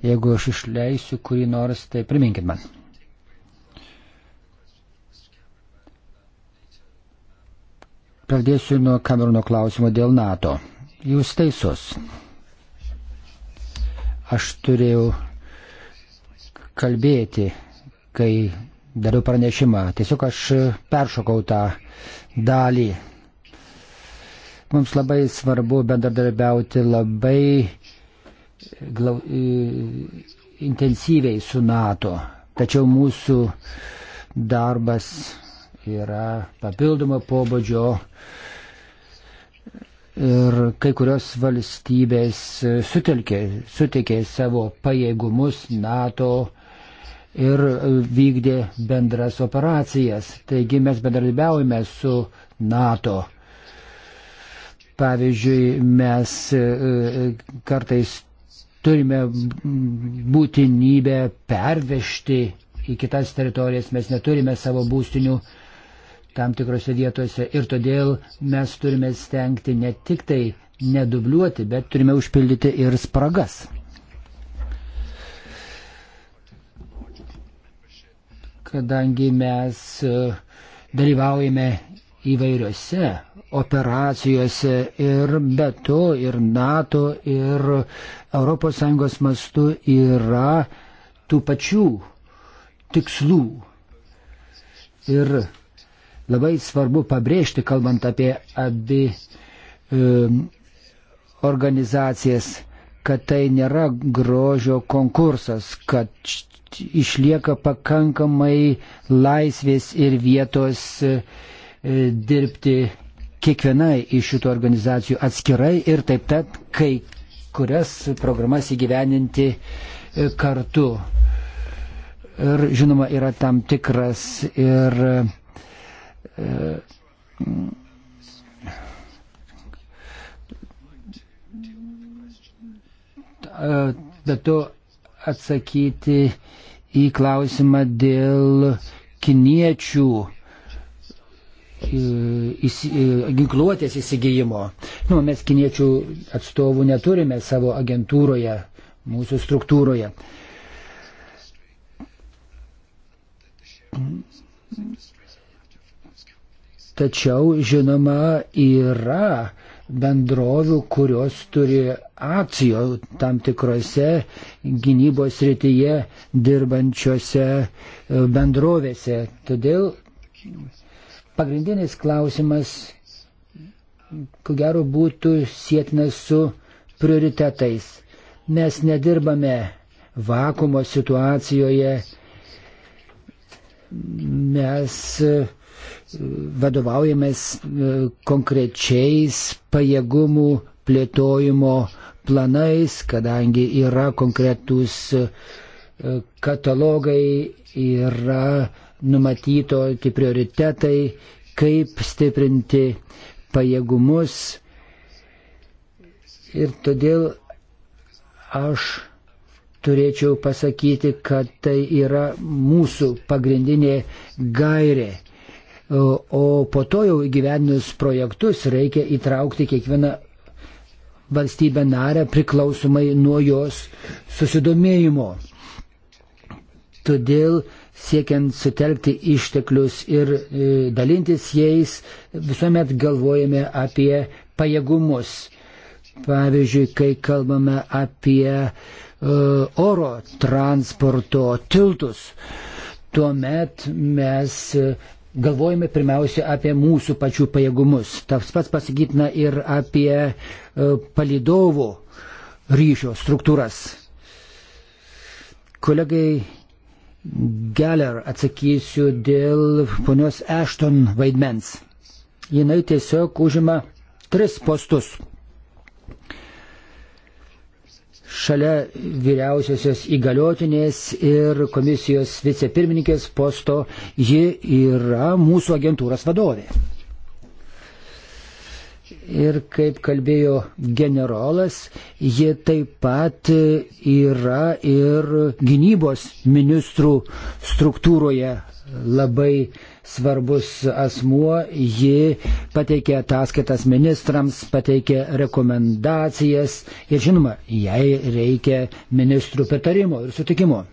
Jeigu aš išleisiu kurį nors, tai priminkit man. Pradėsiu nuo Kameruno klausimo dėl NATO. Jūs teisus. Aš turėjau kalbėti, kai dariau pranešimą. Tiesiog aš peršokau tą dalį. Mums labai svarbu bendradarbiauti labai glau, intensyviai su NATO. Tačiau mūsų darbas yra papildomo pobūdžio ir kai kurios valstybės sutelkė, suteikė savo pajėgumus NATO ir vykdė bendras operacijas. Taigi mes bendradarbiaujame su NATO. Pavyzdžiui, mes e, kartais turime būtinybę pervežti į kitas teritorijas, mes neturime savo būstinių tam tikrose vietose ir todėl mes turime stengti ne tik tai nedubliuoti, bet turime užpildyti ir spragas. Kadangi mes e, dalyvaujame įvairiose operacijose ir be to ir NATO ir ES mastu yra tų pačių tikslų. Ir labai svarbu pabrėžti, kalbant apie abi um, organizacijas, kad tai nėra grožio konkursas, kad išlieka pakankamai laisvės ir vietos uh, E, dirbti kiekvienai iš šitų organizacijų atskirai ir taip pat kai kurias programas įgyveninti e, kartu. Ir žinoma, yra tam tikras ir e, bet mm, to atsakyti į klausimą dėl kiniečių įs, ginkluotės įsigijimo. Nu, mes kiniečių atstovų neturime savo agentūroje, mūsų struktūroje. Tačiau, žinoma, yra bendrovių, kurios turi akcijų tam tikrose gynybos rytyje dirbančiose e, bendrovėse. Todėl Pagrindinis klausimas, ko gero, būtų sėtinas su prioritetais. Mes nedirbame vakumo situacijoje, mes e, vadovaujamės e, konkrečiais pajėgumų plėtojimo planais, kadangi yra konkretūs e, katalogai, yra numatyto prioritetai, kaip stiprinti pajėgumus. Ir todėl aš turėčiau pasakyti, kad tai yra mūsų pagrindinė gairė. O po to jau įgyvendinus projektus reikia įtraukti kiekvieną valstybę narę priklausomai nuo jos susidomėjimo. Todėl siekiant sutelkti išteklius ir e, dalintis jais, visuomet galvojame apie pajėgumus. Pavyzdžiui, kai kalbame apie e, oro transporto tiltus, tuomet mes e, galvojame pirmiausia apie mūsų pačių pajėgumus. Tas pats pasakytina ir apie palidovų ryšio struktūras. Kolegai Geller atsakysiu dėl ponios Ashton vaidmens. Jinai tiesiog užima tris postus. Šalia vyriausiosios įgaliotinės ir komisijos vicepirmininkės posto ji yra mūsų agentūros vadovė ir kaip kalbėjo generolas, ji taip pat yra ir gynybos ministrų struktūroje labai svarbus asmuo, ji pateikė ataskaitas ministrams, pateikė rekomendacijas ir žinoma, jai reikia ministrų pritarimo ir sutikimo.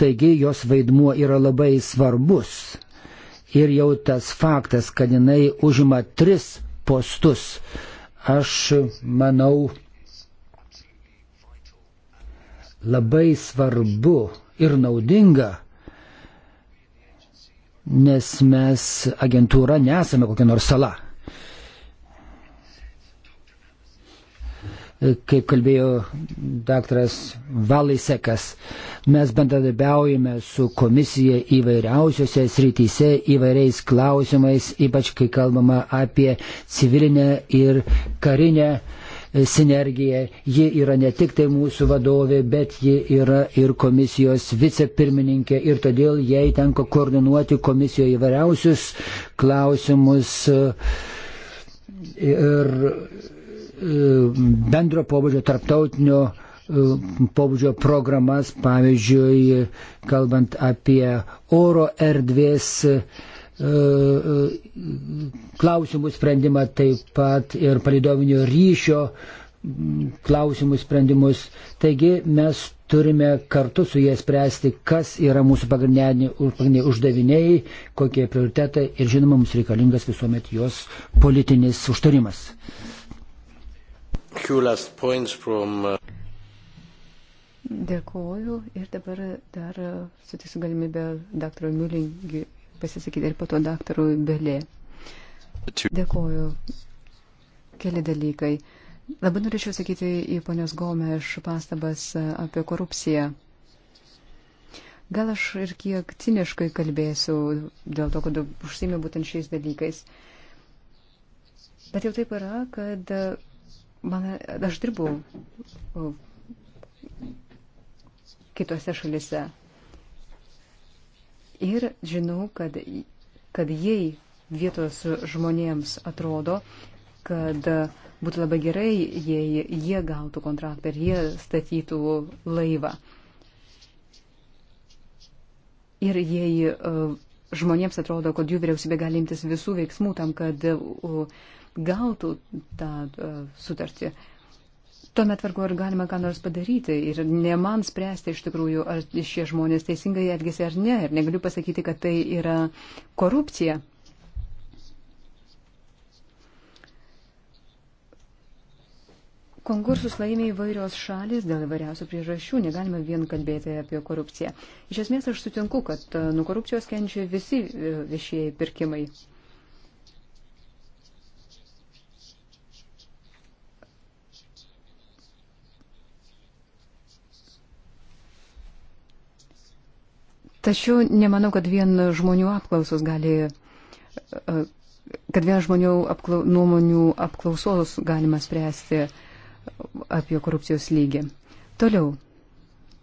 Taigi jos vaidmuo yra labai svarbus. Ir jau tas faktas, kad jinai užima tris postus. Aš manau, labai svarbu ir naudinga, nes mes agentūra nesame kokia nors sala. kaip kalbėjo daktaras Valaisekas, mes bendradarbiaujame su komisija įvairiausiose srityse, įvairiais klausimais, ypač kai kalbama apie civilinę ir karinę sinergiją. Ji yra ne tik tai mūsų vadovė, bet ji yra ir komisijos vicepirmininkė ir todėl jai tenka koordinuoti komisijoje įvairiausius klausimus. Ir bendro pobūdžio tarptautinio e, pobūdžio programas, pavyzdžiui, kalbant apie oro erdvės e, e, klausimų sprendimą, taip pat ir palidovinio ryšio klausimų sprendimus. Taigi mes turime kartu su jie spręsti, kas yra mūsų pagrindiniai uždaviniai, kokie prioritetai ir žinoma, mums reikalingas visuomet jos politinis užtarimas few last points from. Uh, Dėkoju ir dabar dar uh, sutiksiu galimybę daktarui Mülingiui pasisakyti ir po to daktarui Belė. Dėkoju. Keli dalykai. Labai norėčiau sakyti į ponios Gomeš pastabas uh, apie korupciją. Gal aš ir kiek ciniškai kalbėsiu dėl to, kad užsimiu būtent šiais dalykais. Bet jau taip yra, kad man, aš dirbau kitose šalise ir žinau, kad, kad jei vietos žmonėms atrodo, kad būtų labai gerai, jei jie gautų kontraktą ir jie statytų laivą. Ir jei žmonėms atrodo, kad jų vyriausybė gali imtis visų veiksmų tam, kad gautų tą e, sutartį. Tuomet vargu ar galima ką nors padaryti ir ne man spręsti iš tikrųjų, ar šie žmonės teisingai elgesi ar ne. Ir negaliu pasakyti, kad tai yra korupcija. Konkursus laimė įvairios šalis dėl įvairiausių priežasčių, negalime vien kalbėti apie korupciją. Iš esmės aš sutinku, kad e, nuo korupcijos kenčia visi e, viešieji pirkimai. Tačiau nemanau, kad vien žmonių apklausos gali, e, kad vien žmonių apklau, nuomonių apklausos galima spręsti apie korupcijos lygį. Toliau,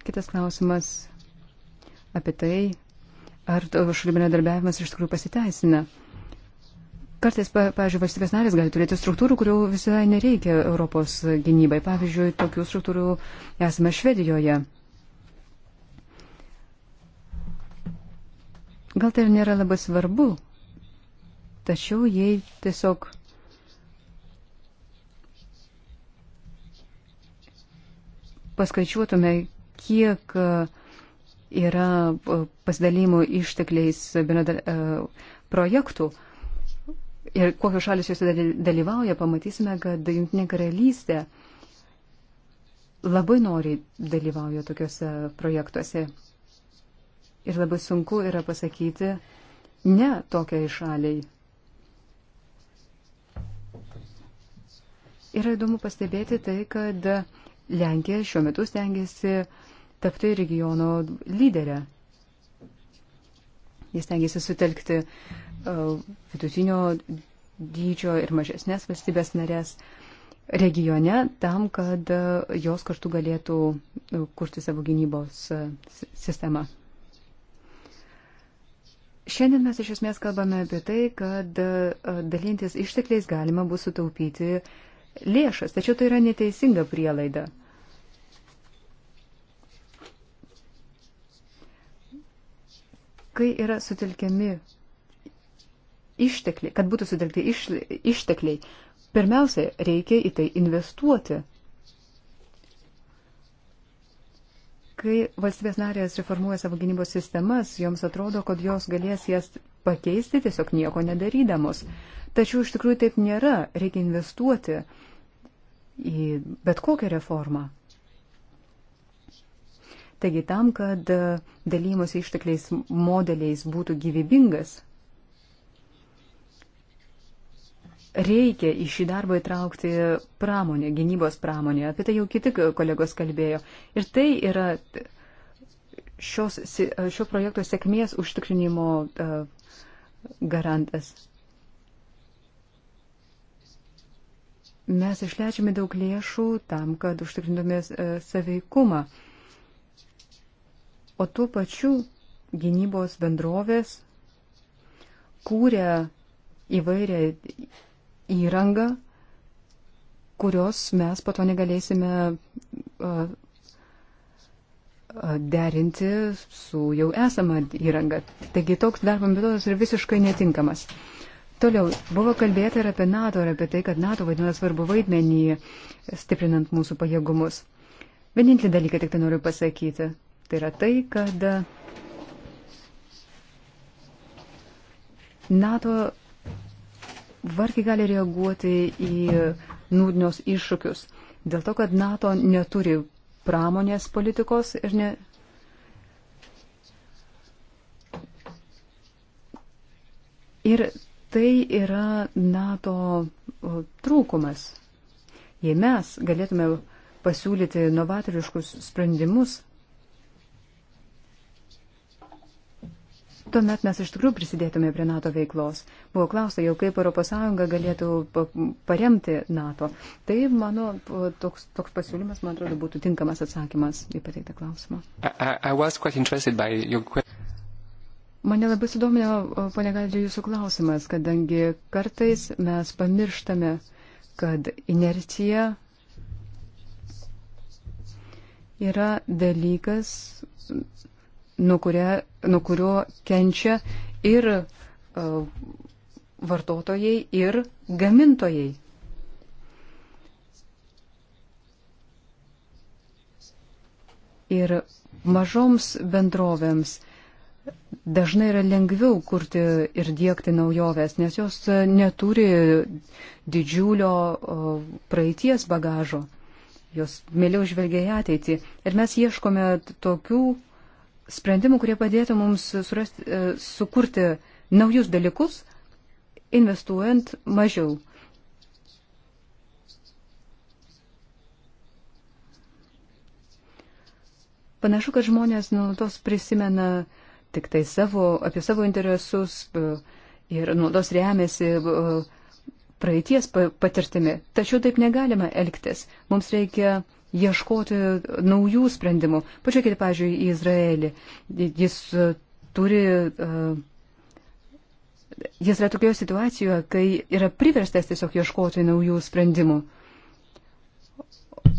kitas klausimas apie tai, ar šalių bendradarbiavimas iš tikrųjų pasiteisina. Kartais, pavyzdžiui, valstybės narės gali turėti struktūrų, kurių visai nereikia Europos gynybai. Pavyzdžiui, tokių struktūrų esame Švedijoje. Gal tai ir nėra labai svarbu, tačiau jei tiesiog paskaičiuotume, kiek e, yra e, pasidalymo ištekliais e, projektų ir kokios šalis juose dalyvauja, pamatysime, kad Junktinė karalystė labai noriai dalyvauja tokiuose projektuose ir labai sunku yra pasakyti ne tokiai šaliai. Yra įdomu pastebėti tai, kad Lenkija šiuo metu stengiasi tapti regiono lyderę. Jis stengiasi sutelkti e, vidutinio dydžio ir mažesnės valstybės narės regione tam, kad jos kartu galėtų kurti savo gynybos sistemą. Šiandien mes iš esmės kalbame apie tai, kad e, dalintis ištekliais galima bus sutaupyti lėšas, tačiau tai yra neteisinga prielaida. Kai yra sutelkiami ištekliai, kad būtų sutelkti iš, ištekliai, pirmiausia, reikia į tai investuoti. Kai valstybės narės reformuoja savo gynybos sistemas, joms atrodo, kad jos galės jas pakeisti tiesiog nieko nedarydamos. Tačiau iš tikrųjų taip nėra. Reikia investuoti į bet kokią reformą. Taigi tam, kad dalymosi ištekliais modeliais būtų gyvybingas, reikia į šį darbą įtraukti pramonę, gynybos pramonę. Apie tai jau kiti kolegos kalbėjo. Ir tai yra šios, šio projekto sėkmės užtikrinimo e, garantas. Mes išleidžiame daug lėšų tam, kad užtikrintume e, saveikumą. O tuo pačiu gynybos bendrovės kūrė įvairią įrangą, kurios mes pato negalėsime derinti su jau esama įranga. Taigi toks darbo metodas yra visiškai netinkamas. Toliau buvo kalbėta ir apie NATO, ir apie tai, kad NATO vaidina svarbu vaidmenį stiprinant mūsų pajėgumus. Vienintelį dalyką tik tai noriu pasakyti. Tai yra tai, kad NATO vargiai gali reaguoti į nūdnios iššūkius. Dėl to, kad NATO neturi pramonės politikos ir ne. Ir tai yra NATO trūkumas. Jei mes galėtume pasiūlyti novatoriškus sprendimus, Tuomet mes iš tikrųjų prisidėtume prie NATO veiklos. Buvo klausta jau, kaip ES galėtų paremti NATO. Tai mano toks, toks pasiūlymas, man atrodo, būtų tinkamas atsakymas į pateiktą klausimą. I, I your... Mane labai sudomino, ponia Galdžia, jūsų klausimas, kadangi kartais mes pamirštame, kad inercija yra dalykas, nuo, kuria, nuo kurio kenčia ir e, vartotojai, ir gamintojai. Ir mažoms bendrovėms dažnai yra lengviau kurti ir dėkti naujoves, nes jos e, neturi didžiulio e, praeities bagažo. Jos mėliau žvelgia į ateitį. Ir mes ieškome tokių sprendimų, kurie padėtų mums surasti, e, sukurti naujus dalykus, investuojant mažiau. Panašu, kad žmonės nuolatos prisimena tik tai savo, apie savo interesus e, ir nuolatos remiasi e, praeities patirtimi. Tačiau taip negalima elgtis. Mums reikia ieškoti naujų sprendimų. Pažiūrėkite, pažiūrėjau, į Izraelį. Jis e, turi. E, jis yra tokioje situacijoje, kai yra priverstas tiesiog ieškoti naujų sprendimų.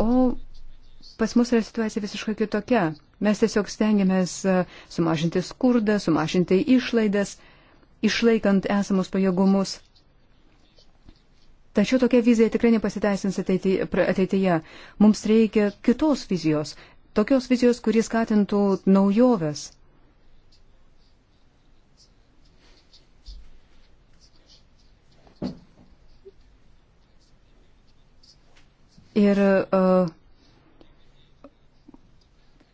O pas mus yra situacija visiškai kitokia. Mes tiesiog stengiamės e, sumažinti skurdą, sumažinti išlaidas, išlaikant esamus pajėgumus. Tačiau tokia vizija tikrai nepasiteisins ateityje. Mums reikia kitos vizijos, tokios vizijos, kuris skatintų naujoves. Ir uh,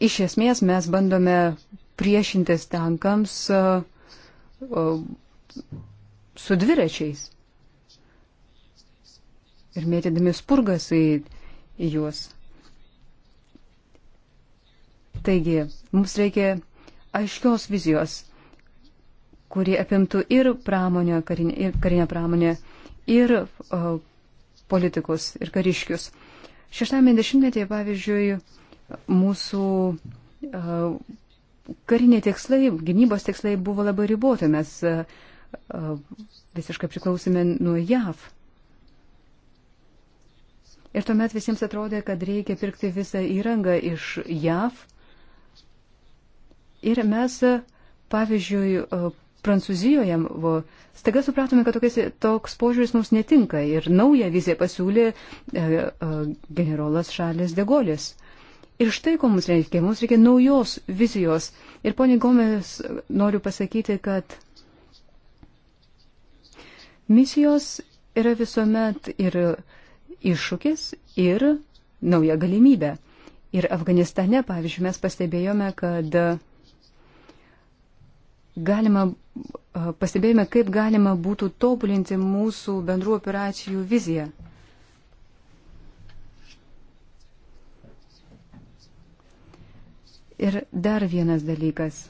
iš esmės mes bandome priešintis tankams uh, uh, su dviračiais ir mėtydami spurgas į, į juos. Taigi, mums reikia aiškios vizijos, kuri apimtų ir pramonę, karinę, ir karinę pramonę, ir o, politikus, ir kariškius. Šeštame dešimtmetyje, pavyzdžiui, mūsų o, kariniai tikslai, gynybos tikslai buvo labai riboti, mes o, visiškai priklausėme nuo JAV. Ir tuomet visiems atrodė, kad reikia pirkti visą įrangą iš JAV. Ir mes, pavyzdžiui, Prancūzijoje staiga supratome, kad tokias, toks požiūris mums netinka ir naują viziją pasiūlė e, e, generolas Šalis Degolis. Ir štai ko mums reikia, mums reikia naujos vizijos. Ir poniai Gomes noriu pasakyti, kad misijos yra visuomet ir. E, iššūkis ir nauja galimybė. Ir Afganistane, pavyzdžiui, mes pastebėjome, kad galima, pastebėjome, kaip galima būtų tobulinti mūsų bendrų operacijų viziją. Ir dar vienas dalykas.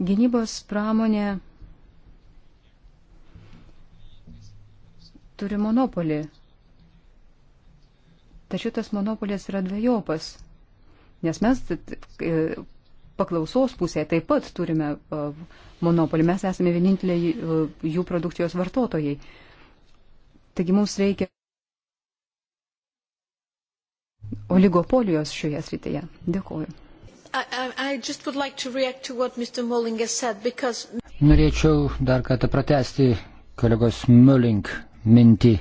Gynybos pramonė turi monopolį. Tačiau tas monopolis yra dviejopas, nes mes e, paklausos pusėje taip pat turime e, monopolį, mes esame vieninteliai e, jų produkcijos vartotojai. Taigi mums reikia oligopolijos šioje srityje. Dėkuoju. I, I like to to said, because... Norėčiau dar kartą pratesti kolegos Mulling mintį.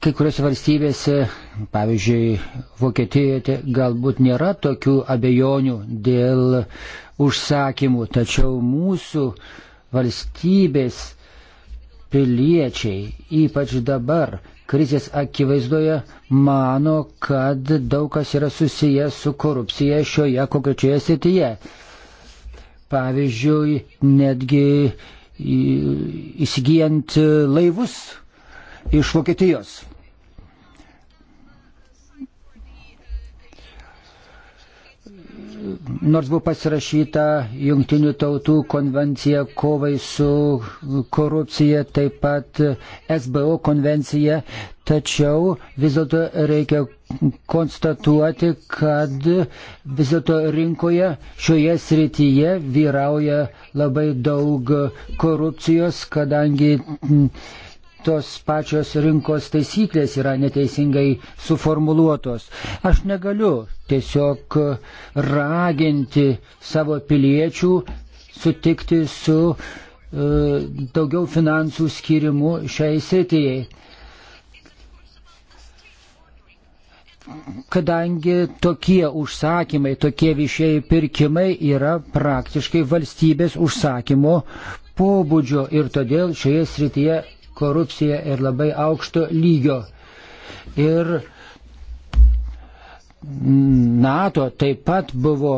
Kai kuriuose valstybėse, pavyzdžiui, Vokietijoje galbūt nėra tokių abejonių dėl užsakymų, tačiau mūsų valstybės piliečiai, ypač dabar, krizės akivaizdoje, mano, kad daug kas yra susijęs su korupcija šioje konkrečioje srityje. Pavyzdžiui, netgi įsigijant e, laivus iš Vokietijos. Nors buvo pasirašyta Junktinių tautų konvencija kovai su korupcija, taip pat SBO konvencija, tačiau vis dėlto reikia konstatuoti, kad vis dėlto rinkoje šioje srityje vyrauja labai daug korupcijos, kadangi tos pačios rinkos taisyklės yra neteisingai suformuluotos. Aš negaliu tiesiog raginti savo piliečių sutikti su e, daugiau finansų skirimu šiai srityjei. kadangi tokie užsakymai, tokie viešieji pirkimai yra praktiškai valstybės užsakymo pobūdžio ir todėl šioje srityje korupcija ir labai aukšto lygio. Ir NATO taip pat buvo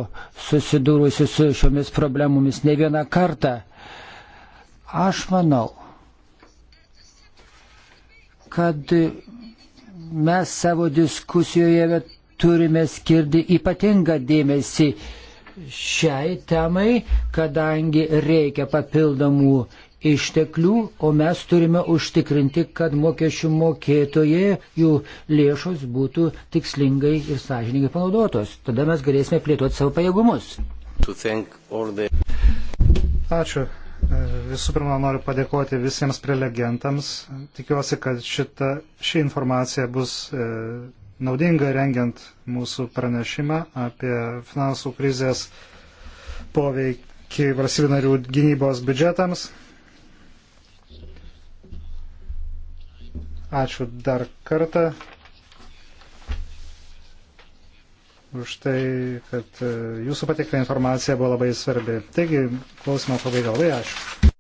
susidūrusi su šiomis problemomis ne vieną kartą. Aš manau, kad mes savo diskusijoje turime skirti ypatingą dėmesį šiai temai, kadangi reikia papildomų išteklių, o mes turime užtikrinti, kad mokesčių mokėtojai jų lėšos būtų tikslingai ir sąžiningai panaudotos. Tada mes galėsime plėtoti savo pajėgumus. Ačiū Visų pirma, noriu padėkoti visiems prelegentams. Tikiuosi, kad šita, ši informacija bus e, naudinga rengiant mūsų pranešimą apie finansų krizės poveikį valstybių narių gynybos biudžetams. Ačiū dar kartą. už tai, kad e, jūsų patikta informacija buvo labai svarbi. Taigi, klausimo pabaiga. Labai ačiū.